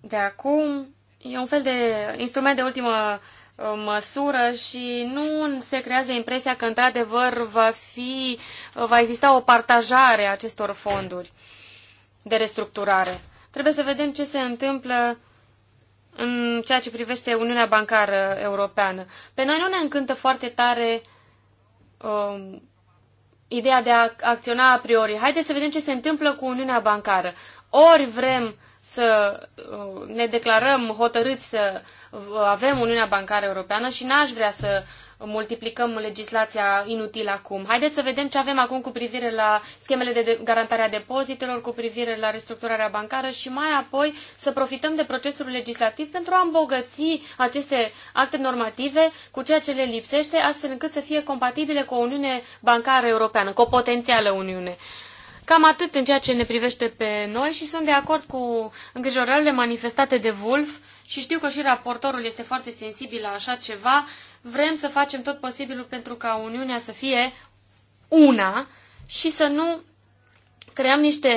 de acum, e un fel de instrument de ultimă uh, măsură și nu se creează impresia că într-adevăr va, fi, uh, va exista o partajare a acestor fonduri de restructurare. Trebuie să vedem ce se întâmplă în ceea ce privește Uniunea Bancară Europeană. Pe noi nu ne încântă foarte tare um, ideea de a acționa a priori. Haideți să vedem ce se întâmplă cu Uniunea Bancară. Ori vrem să uh, ne declarăm hotărâți să avem Uniunea Bancară Europeană și n-aș vrea să multiplicăm legislația inutil acum. Haideți să vedem ce avem acum cu privire la schemele de garantare a depozitelor, cu privire la restructurarea bancară și mai apoi să profităm de procesul legislativ pentru a îmbogăți aceste acte normative cu ceea ce le lipsește, astfel încât să fie compatibile cu o Uniune Bancară Europeană, cu o potențială Uniune. Cam atât în ceea ce ne privește pe noi și sunt de acord cu îngrijorările manifestate de Wolf și știu că și raportorul este foarte sensibil la așa ceva. Vrem să facem tot posibilul pentru ca Uniunea să fie una și să nu creăm niște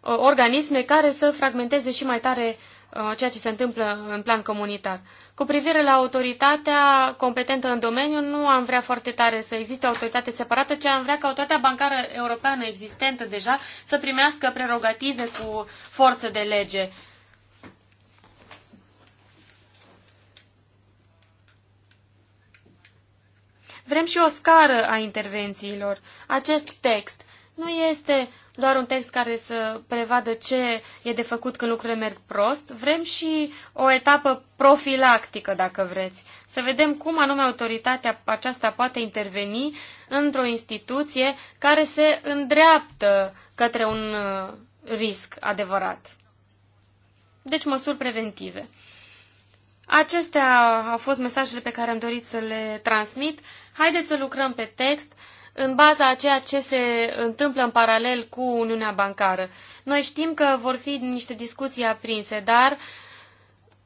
uh, organisme care să fragmenteze și mai tare Uh, ceea ce se întâmplă în plan comunitar. Cu privire la autoritatea competentă în domeniu, nu am vrea foarte tare să existe autoritate separată, ci am vrea ca autoritatea bancară europeană existentă deja să primească prerogative cu forță de lege. Vrem și o scară a intervențiilor. Acest text nu este doar un text care să prevadă ce e de făcut când lucrurile merg prost, vrem și o etapă profilactică, dacă vreți, să vedem cum anume autoritatea aceasta poate interveni într-o instituție care se îndreaptă către un uh, risc adevărat. Deci măsuri preventive. Acestea au fost mesajele pe care am dorit să le transmit. Haideți să lucrăm pe text în baza a ceea ce se întâmplă în paralel cu Uniunea Bancară. Noi știm că vor fi niște discuții aprinse, dar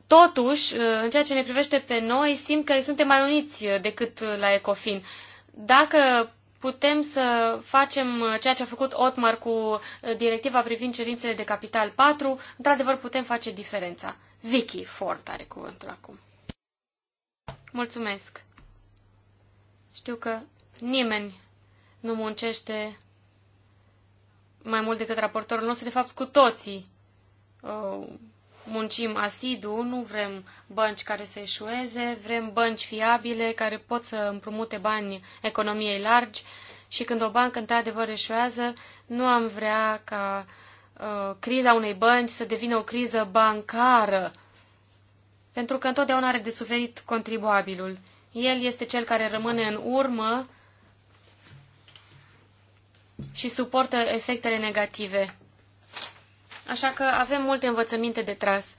totuși, în ceea ce ne privește pe noi, simt că suntem mai uniți decât la Ecofin. Dacă putem să facem ceea ce a făcut Otmar cu directiva privind cerințele de capital 4, într-adevăr putem face diferența. Vicky Ford are cuvântul acum. Mulțumesc. Știu că nimeni nu muncește mai mult decât raportorul nostru, de fapt cu toții uh, muncim asidu, nu vrem bănci care să eșueze, vrem bănci fiabile care pot să împrumute bani economiei largi și când o bancă într-adevăr eșuează, nu am vrea ca uh, criza unei bănci să devină o criză bancară, pentru că întotdeauna are de suferit contribuabilul. El este cel care rămâne în urmă și suportă efectele negative. Așa că avem multe învățăminte de tras.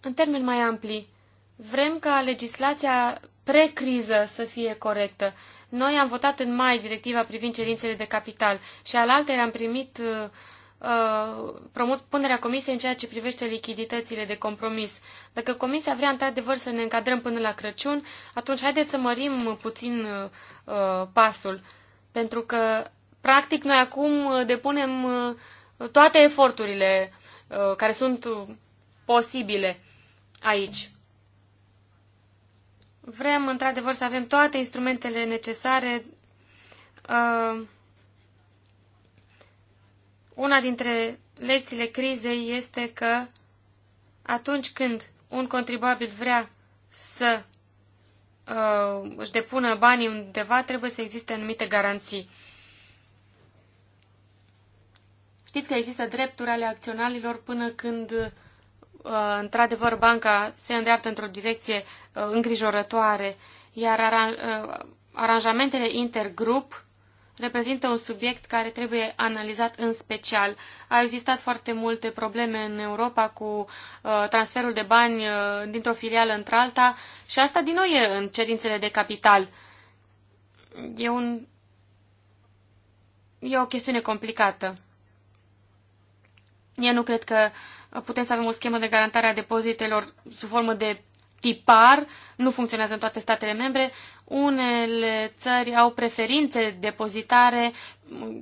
În termeni mai ampli, vrem ca legislația precriză să fie corectă. Noi am votat în mai directiva privind cerințele de capital și alaltă am primit uh, Uh, promut punerea comisiei în ceea ce privește lichiditățile de compromis. Dacă comisia vrea într-adevăr să ne încadrăm până la Crăciun, atunci haideți să mărim puțin uh, pasul, pentru că practic noi acum uh, depunem uh, toate eforturile uh, care sunt posibile aici. Vrem într-adevăr să avem toate instrumentele necesare uh, una dintre lecțiile crizei este că atunci când un contribuabil vrea să uh, își depună banii undeva, trebuie să existe anumite garanții. Știți că există drepturi ale acționalilor până când, uh, într-adevăr, banca se îndreaptă într-o direcție uh, îngrijorătoare, iar aran uh, aranjamentele intergrup reprezintă un subiect care trebuie analizat în special. Au existat foarte multe probleme în Europa cu uh, transferul de bani uh, dintr-o filială într-alta și asta din nou e în cerințele de capital. E, un... e o chestiune complicată. Eu nu cred că putem să avem o schemă de garantare a depozitelor sub formă de tipar, nu funcționează în toate statele membre. Unele țări au preferințe depozitare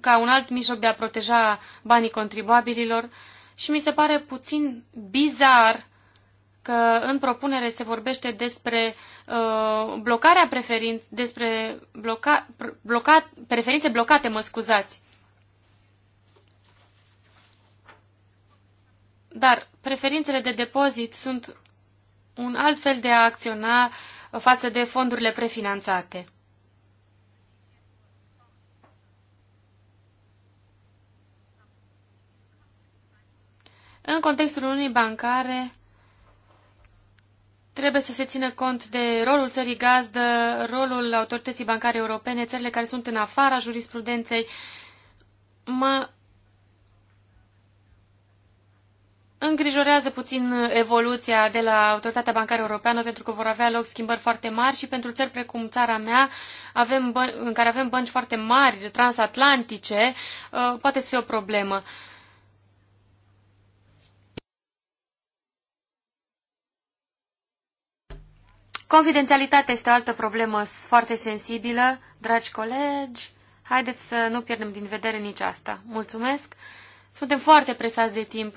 ca un alt mijloc de a proteja banii contribuabililor și mi se pare puțin bizar că în propunere se vorbește despre uh, blocarea preferinț, despre bloca, blocat, preferințe blocate, mă scuzați. Dar preferințele de depozit sunt un alt fel de a acționa față de fondurile prefinanțate. În contextul unii bancare, trebuie să se țină cont de rolul țării gazdă, rolul autorității bancare europene, țările care sunt în afara jurisprudenței. Mă îngrijorează puțin evoluția de la Autoritatea Bancară Europeană pentru că vor avea loc schimbări foarte mari și pentru țări precum țara mea, avem în care avem bănci foarte mari, transatlantice, uh, poate să fie o problemă. Confidențialitatea este o altă problemă foarte sensibilă, dragi colegi. Haideți să nu pierdem din vedere nici asta. Mulțumesc! Suntem foarte presați de timp.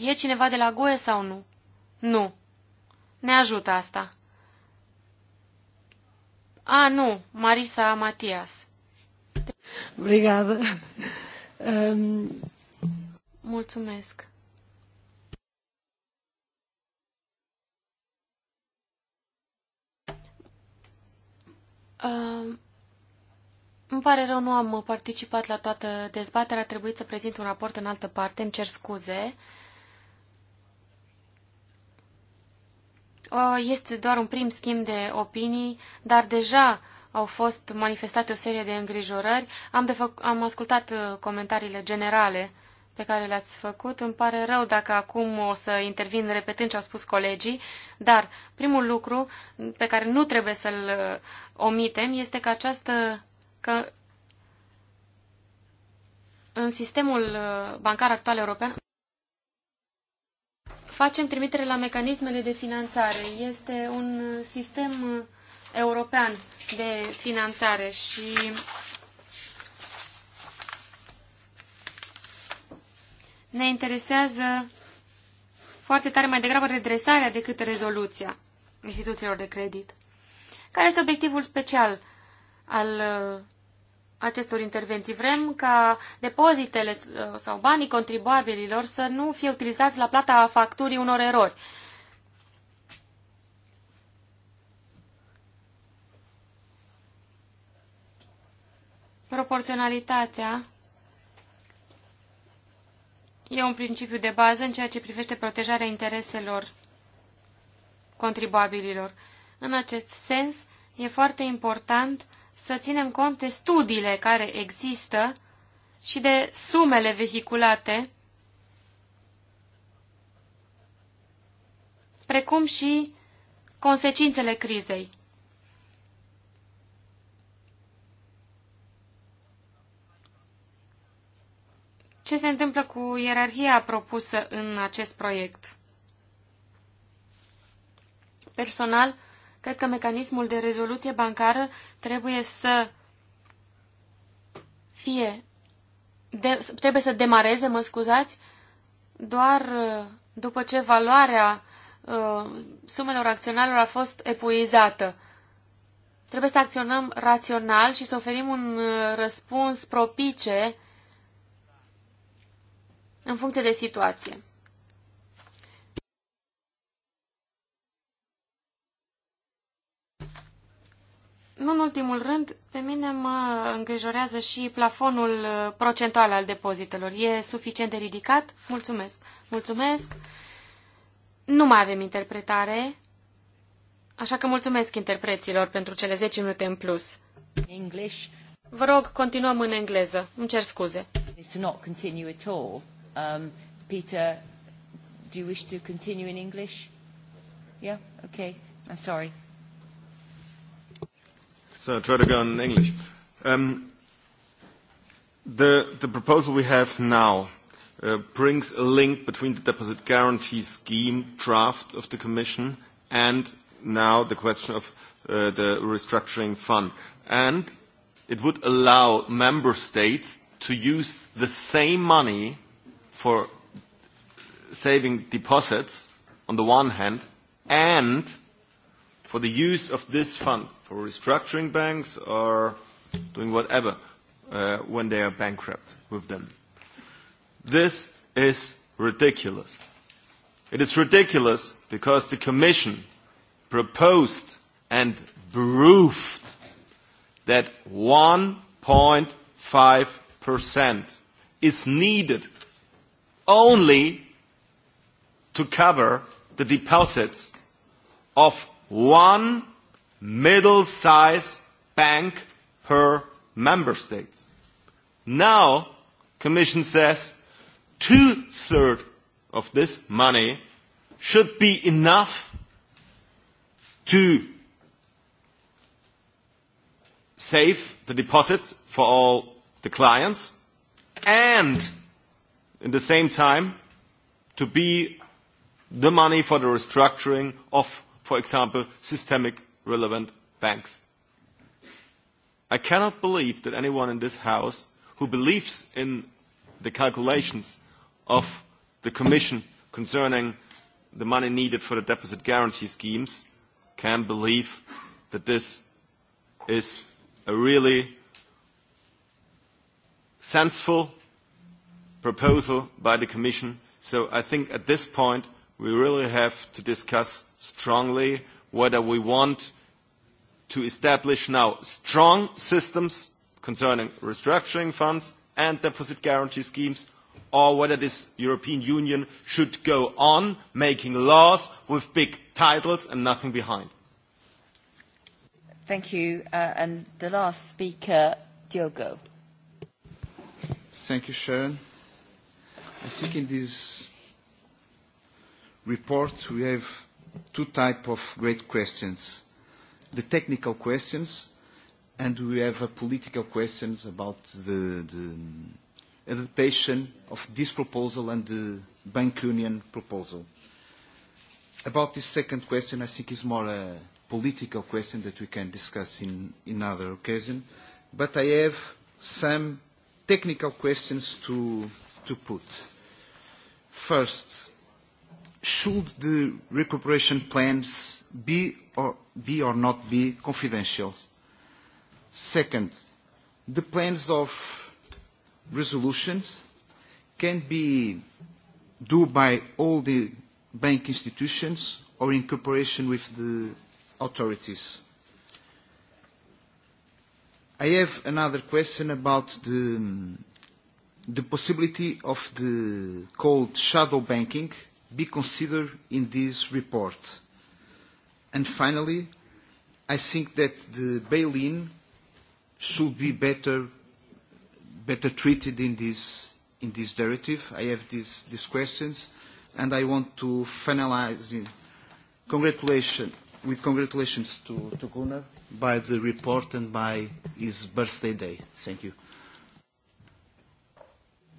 E cineva de la Goe sau nu? Nu. Ne ajută asta. A, nu, Marisa Matias. Brigadă. Um... Ehm. Mulțumesc. Um... Îmi pare rău, nu am participat la toată dezbaterea, a trebuit să prezint un raport în altă parte, îmi cer scuze. Este doar un prim schimb de opinii, dar deja au fost manifestate o serie de îngrijorări. Am, de am ascultat uh, comentariile generale pe care le-ați făcut. Îmi pare rău dacă acum o să intervin repetând ce au spus colegii, dar primul lucru pe care nu trebuie să-l uh, omitem este că această că în sistemul uh, bancar actual european facem trimitere la mecanismele de finanțare. Este un sistem uh, european de finanțare și ne interesează foarte tare mai degrabă redresarea decât rezoluția instituțiilor de credit. Care este obiectivul special al uh, acestor intervenții. Vrem ca depozitele uh, sau banii contribuabililor să nu fie utilizați la plata facturii unor erori. Proporționalitatea e un principiu de bază în ceea ce privește protejarea intereselor contribuabililor. În acest sens, e foarte important să ținem cont de studiile care există și de sumele vehiculate, precum și consecințele crizei. Ce se întâmplă cu ierarhia propusă în acest proiect? Personal, Cred că mecanismul de rezoluție bancară trebuie să fie, de, trebuie să demareze, mă scuzați, doar uh, după ce valoarea uh, sumelor acționarilor a fost epuizată. Trebuie să acționăm rațional și să oferim un uh, răspuns propice în funcție de situație. Nu în ultimul rând, pe mine mă îngrijorează și plafonul uh, procentual al depozitelor. E suficient de ridicat? Mulțumesc! Mulțumesc! Nu mai avem interpretare, așa că mulțumesc interpreților pentru cele 10 minute în plus. English. Vă rog, continuăm în engleză. Îmi cer scuze. It's not continue at all. Um, Peter, do you wish to continue in English? Yeah? Okay. I'm sorry. So uh, I'll try to go in English. Um, the, the proposal we have now uh, brings a link between the deposit guarantee scheme draft of the Commission and now the question of uh, the restructuring fund. And it would allow member states to use the same money for saving deposits on the one hand and for the use of this fund for restructuring banks or doing whatever uh, when they are bankrupt with them. This is ridiculous. It is ridiculous because the Commission proposed and proved that 1.5% is needed only to cover the deposits of one middle-sized bank per member state. Now, Commission says two-thirds of this money should be enough to save the deposits for all the clients and at the same time to be the money for the restructuring of, for example, systemic relevant banks. I cannot believe that anyone in this House who believes in the calculations of the Commission concerning the money needed for the deposit guarantee schemes can believe that this is a really sensible proposal by the Commission. So I think at this point we really have to discuss strongly whether we want to establish now strong systems concerning restructuring funds and deposit guarantee schemes or whether this European Union should go on making laws with big titles and nothing behind. Thank you. Uh, and the last speaker, Diogo. Thank you, Sharon. I think in this report we have two types of great questions the technical questions, and we have a political questions about the, the um, adaptation of this proposal and the bank union proposal. About this second question, I think is more a political question that we can discuss in, in another occasion, but I have some technical questions to, to put. First, should the recuperation plans be or be or not be confidential. Second, the plans of resolutions can be do by all the bank institutions or in cooperation with the authorities. I have another question about the, the possibility of the called shadow banking be considered in this report. And finally, I think that the bail-in should be better, better treated in this, in this directive. I have these, these questions, and I want to finalize in congratulation, with congratulations to, to Gunnar by the report and by his birthday day. Thank you.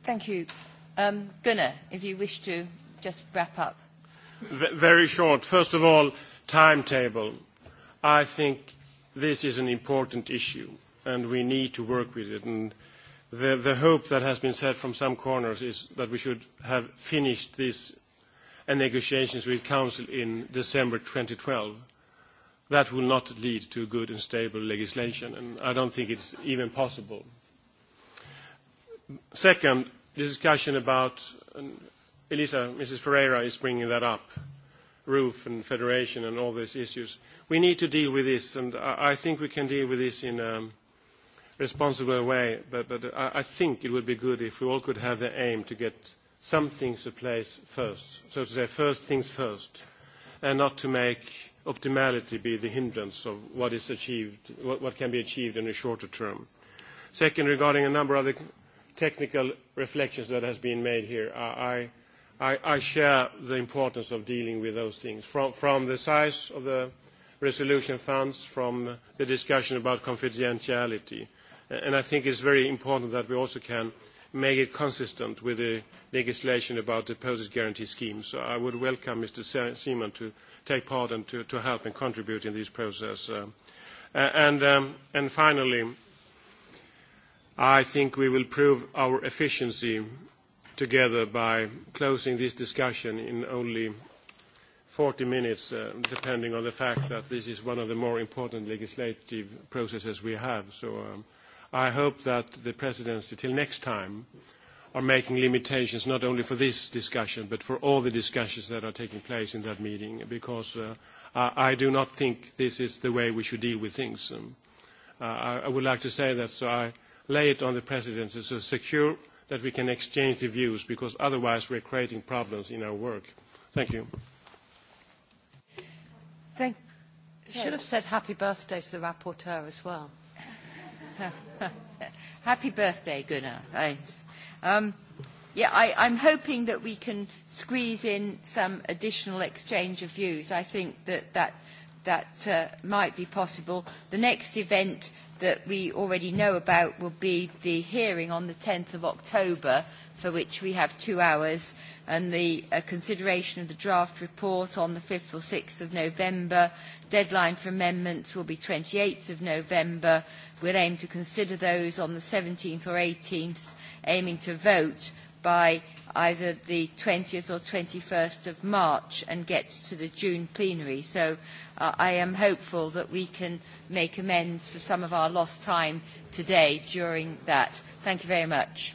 Thank you. Um, Gunnar, if you wish to just wrap up. V very short. First of all, timetable, I think this is an important issue, and we need to work with it. And the, the hope that has been said from some corners is that we should have finished these uh, negotiations with Council in December 2012. That will not lead to good and stable legislation, and I don't think it's even possible. Second, the discussion about, and Elisa, Mrs. Ferreira is bringing that up, roof and federation and all these issues. We need to deal with this, and I, think we can deal with this in a um, responsible way, but, but I, think it would be good if we all could have the aim to get some things to place first, so to say, first things first, and not to make optimality be the hindrance of what is achieved, what, what can be achieved in a shorter term. Second, regarding a number of the technical reflections that has been made here, I, I, share the importance of dealing with those things, from, from the size of the resolution funds, from the discussion about confidentiality. And I think it's very important that we also can make it consistent with the legislation about deposit guarantee schemes. So I would welcome Mr. Seaman to take part and to, to help and contribute in this process. Uh, and, um, and finally, I think we will prove our efficiency together by closing this discussion in only 40 minutes, uh, depending on the fact that this is one of the more important legislative processes we have. So um, I hope that the presidency, till next time, are making limitations not only for this discussion, but for all the discussions that are taking place in that meeting, because uh, I, do not think this is the way we should deal with things. Um, uh, I, would like to say that, so I lay it on the presidency to secure that we can exchange the views, because otherwise we're creating problems in our work. Thank you. Thank should have said happy birthday to the rapporteur as well. happy birthday, Gunnar. Thanks. Um, yeah, I, I'm hoping that we can squeeze in some additional exchange of views. I think that that, that uh, might be possible. The next event that we already know about will be the hearing on the 10th of October, for which we have two hours, and the uh, consideration of the draft report on the 5th or 6th of November. Deadline for amendments will be 28th of November. We'll aim to consider those on the 17th or 18th, aiming to vote by either the 20th or 21st of March and get to the June plenary. So uh, I am hopeful that we can make amends for some of our lost time today during that. Thank you very much.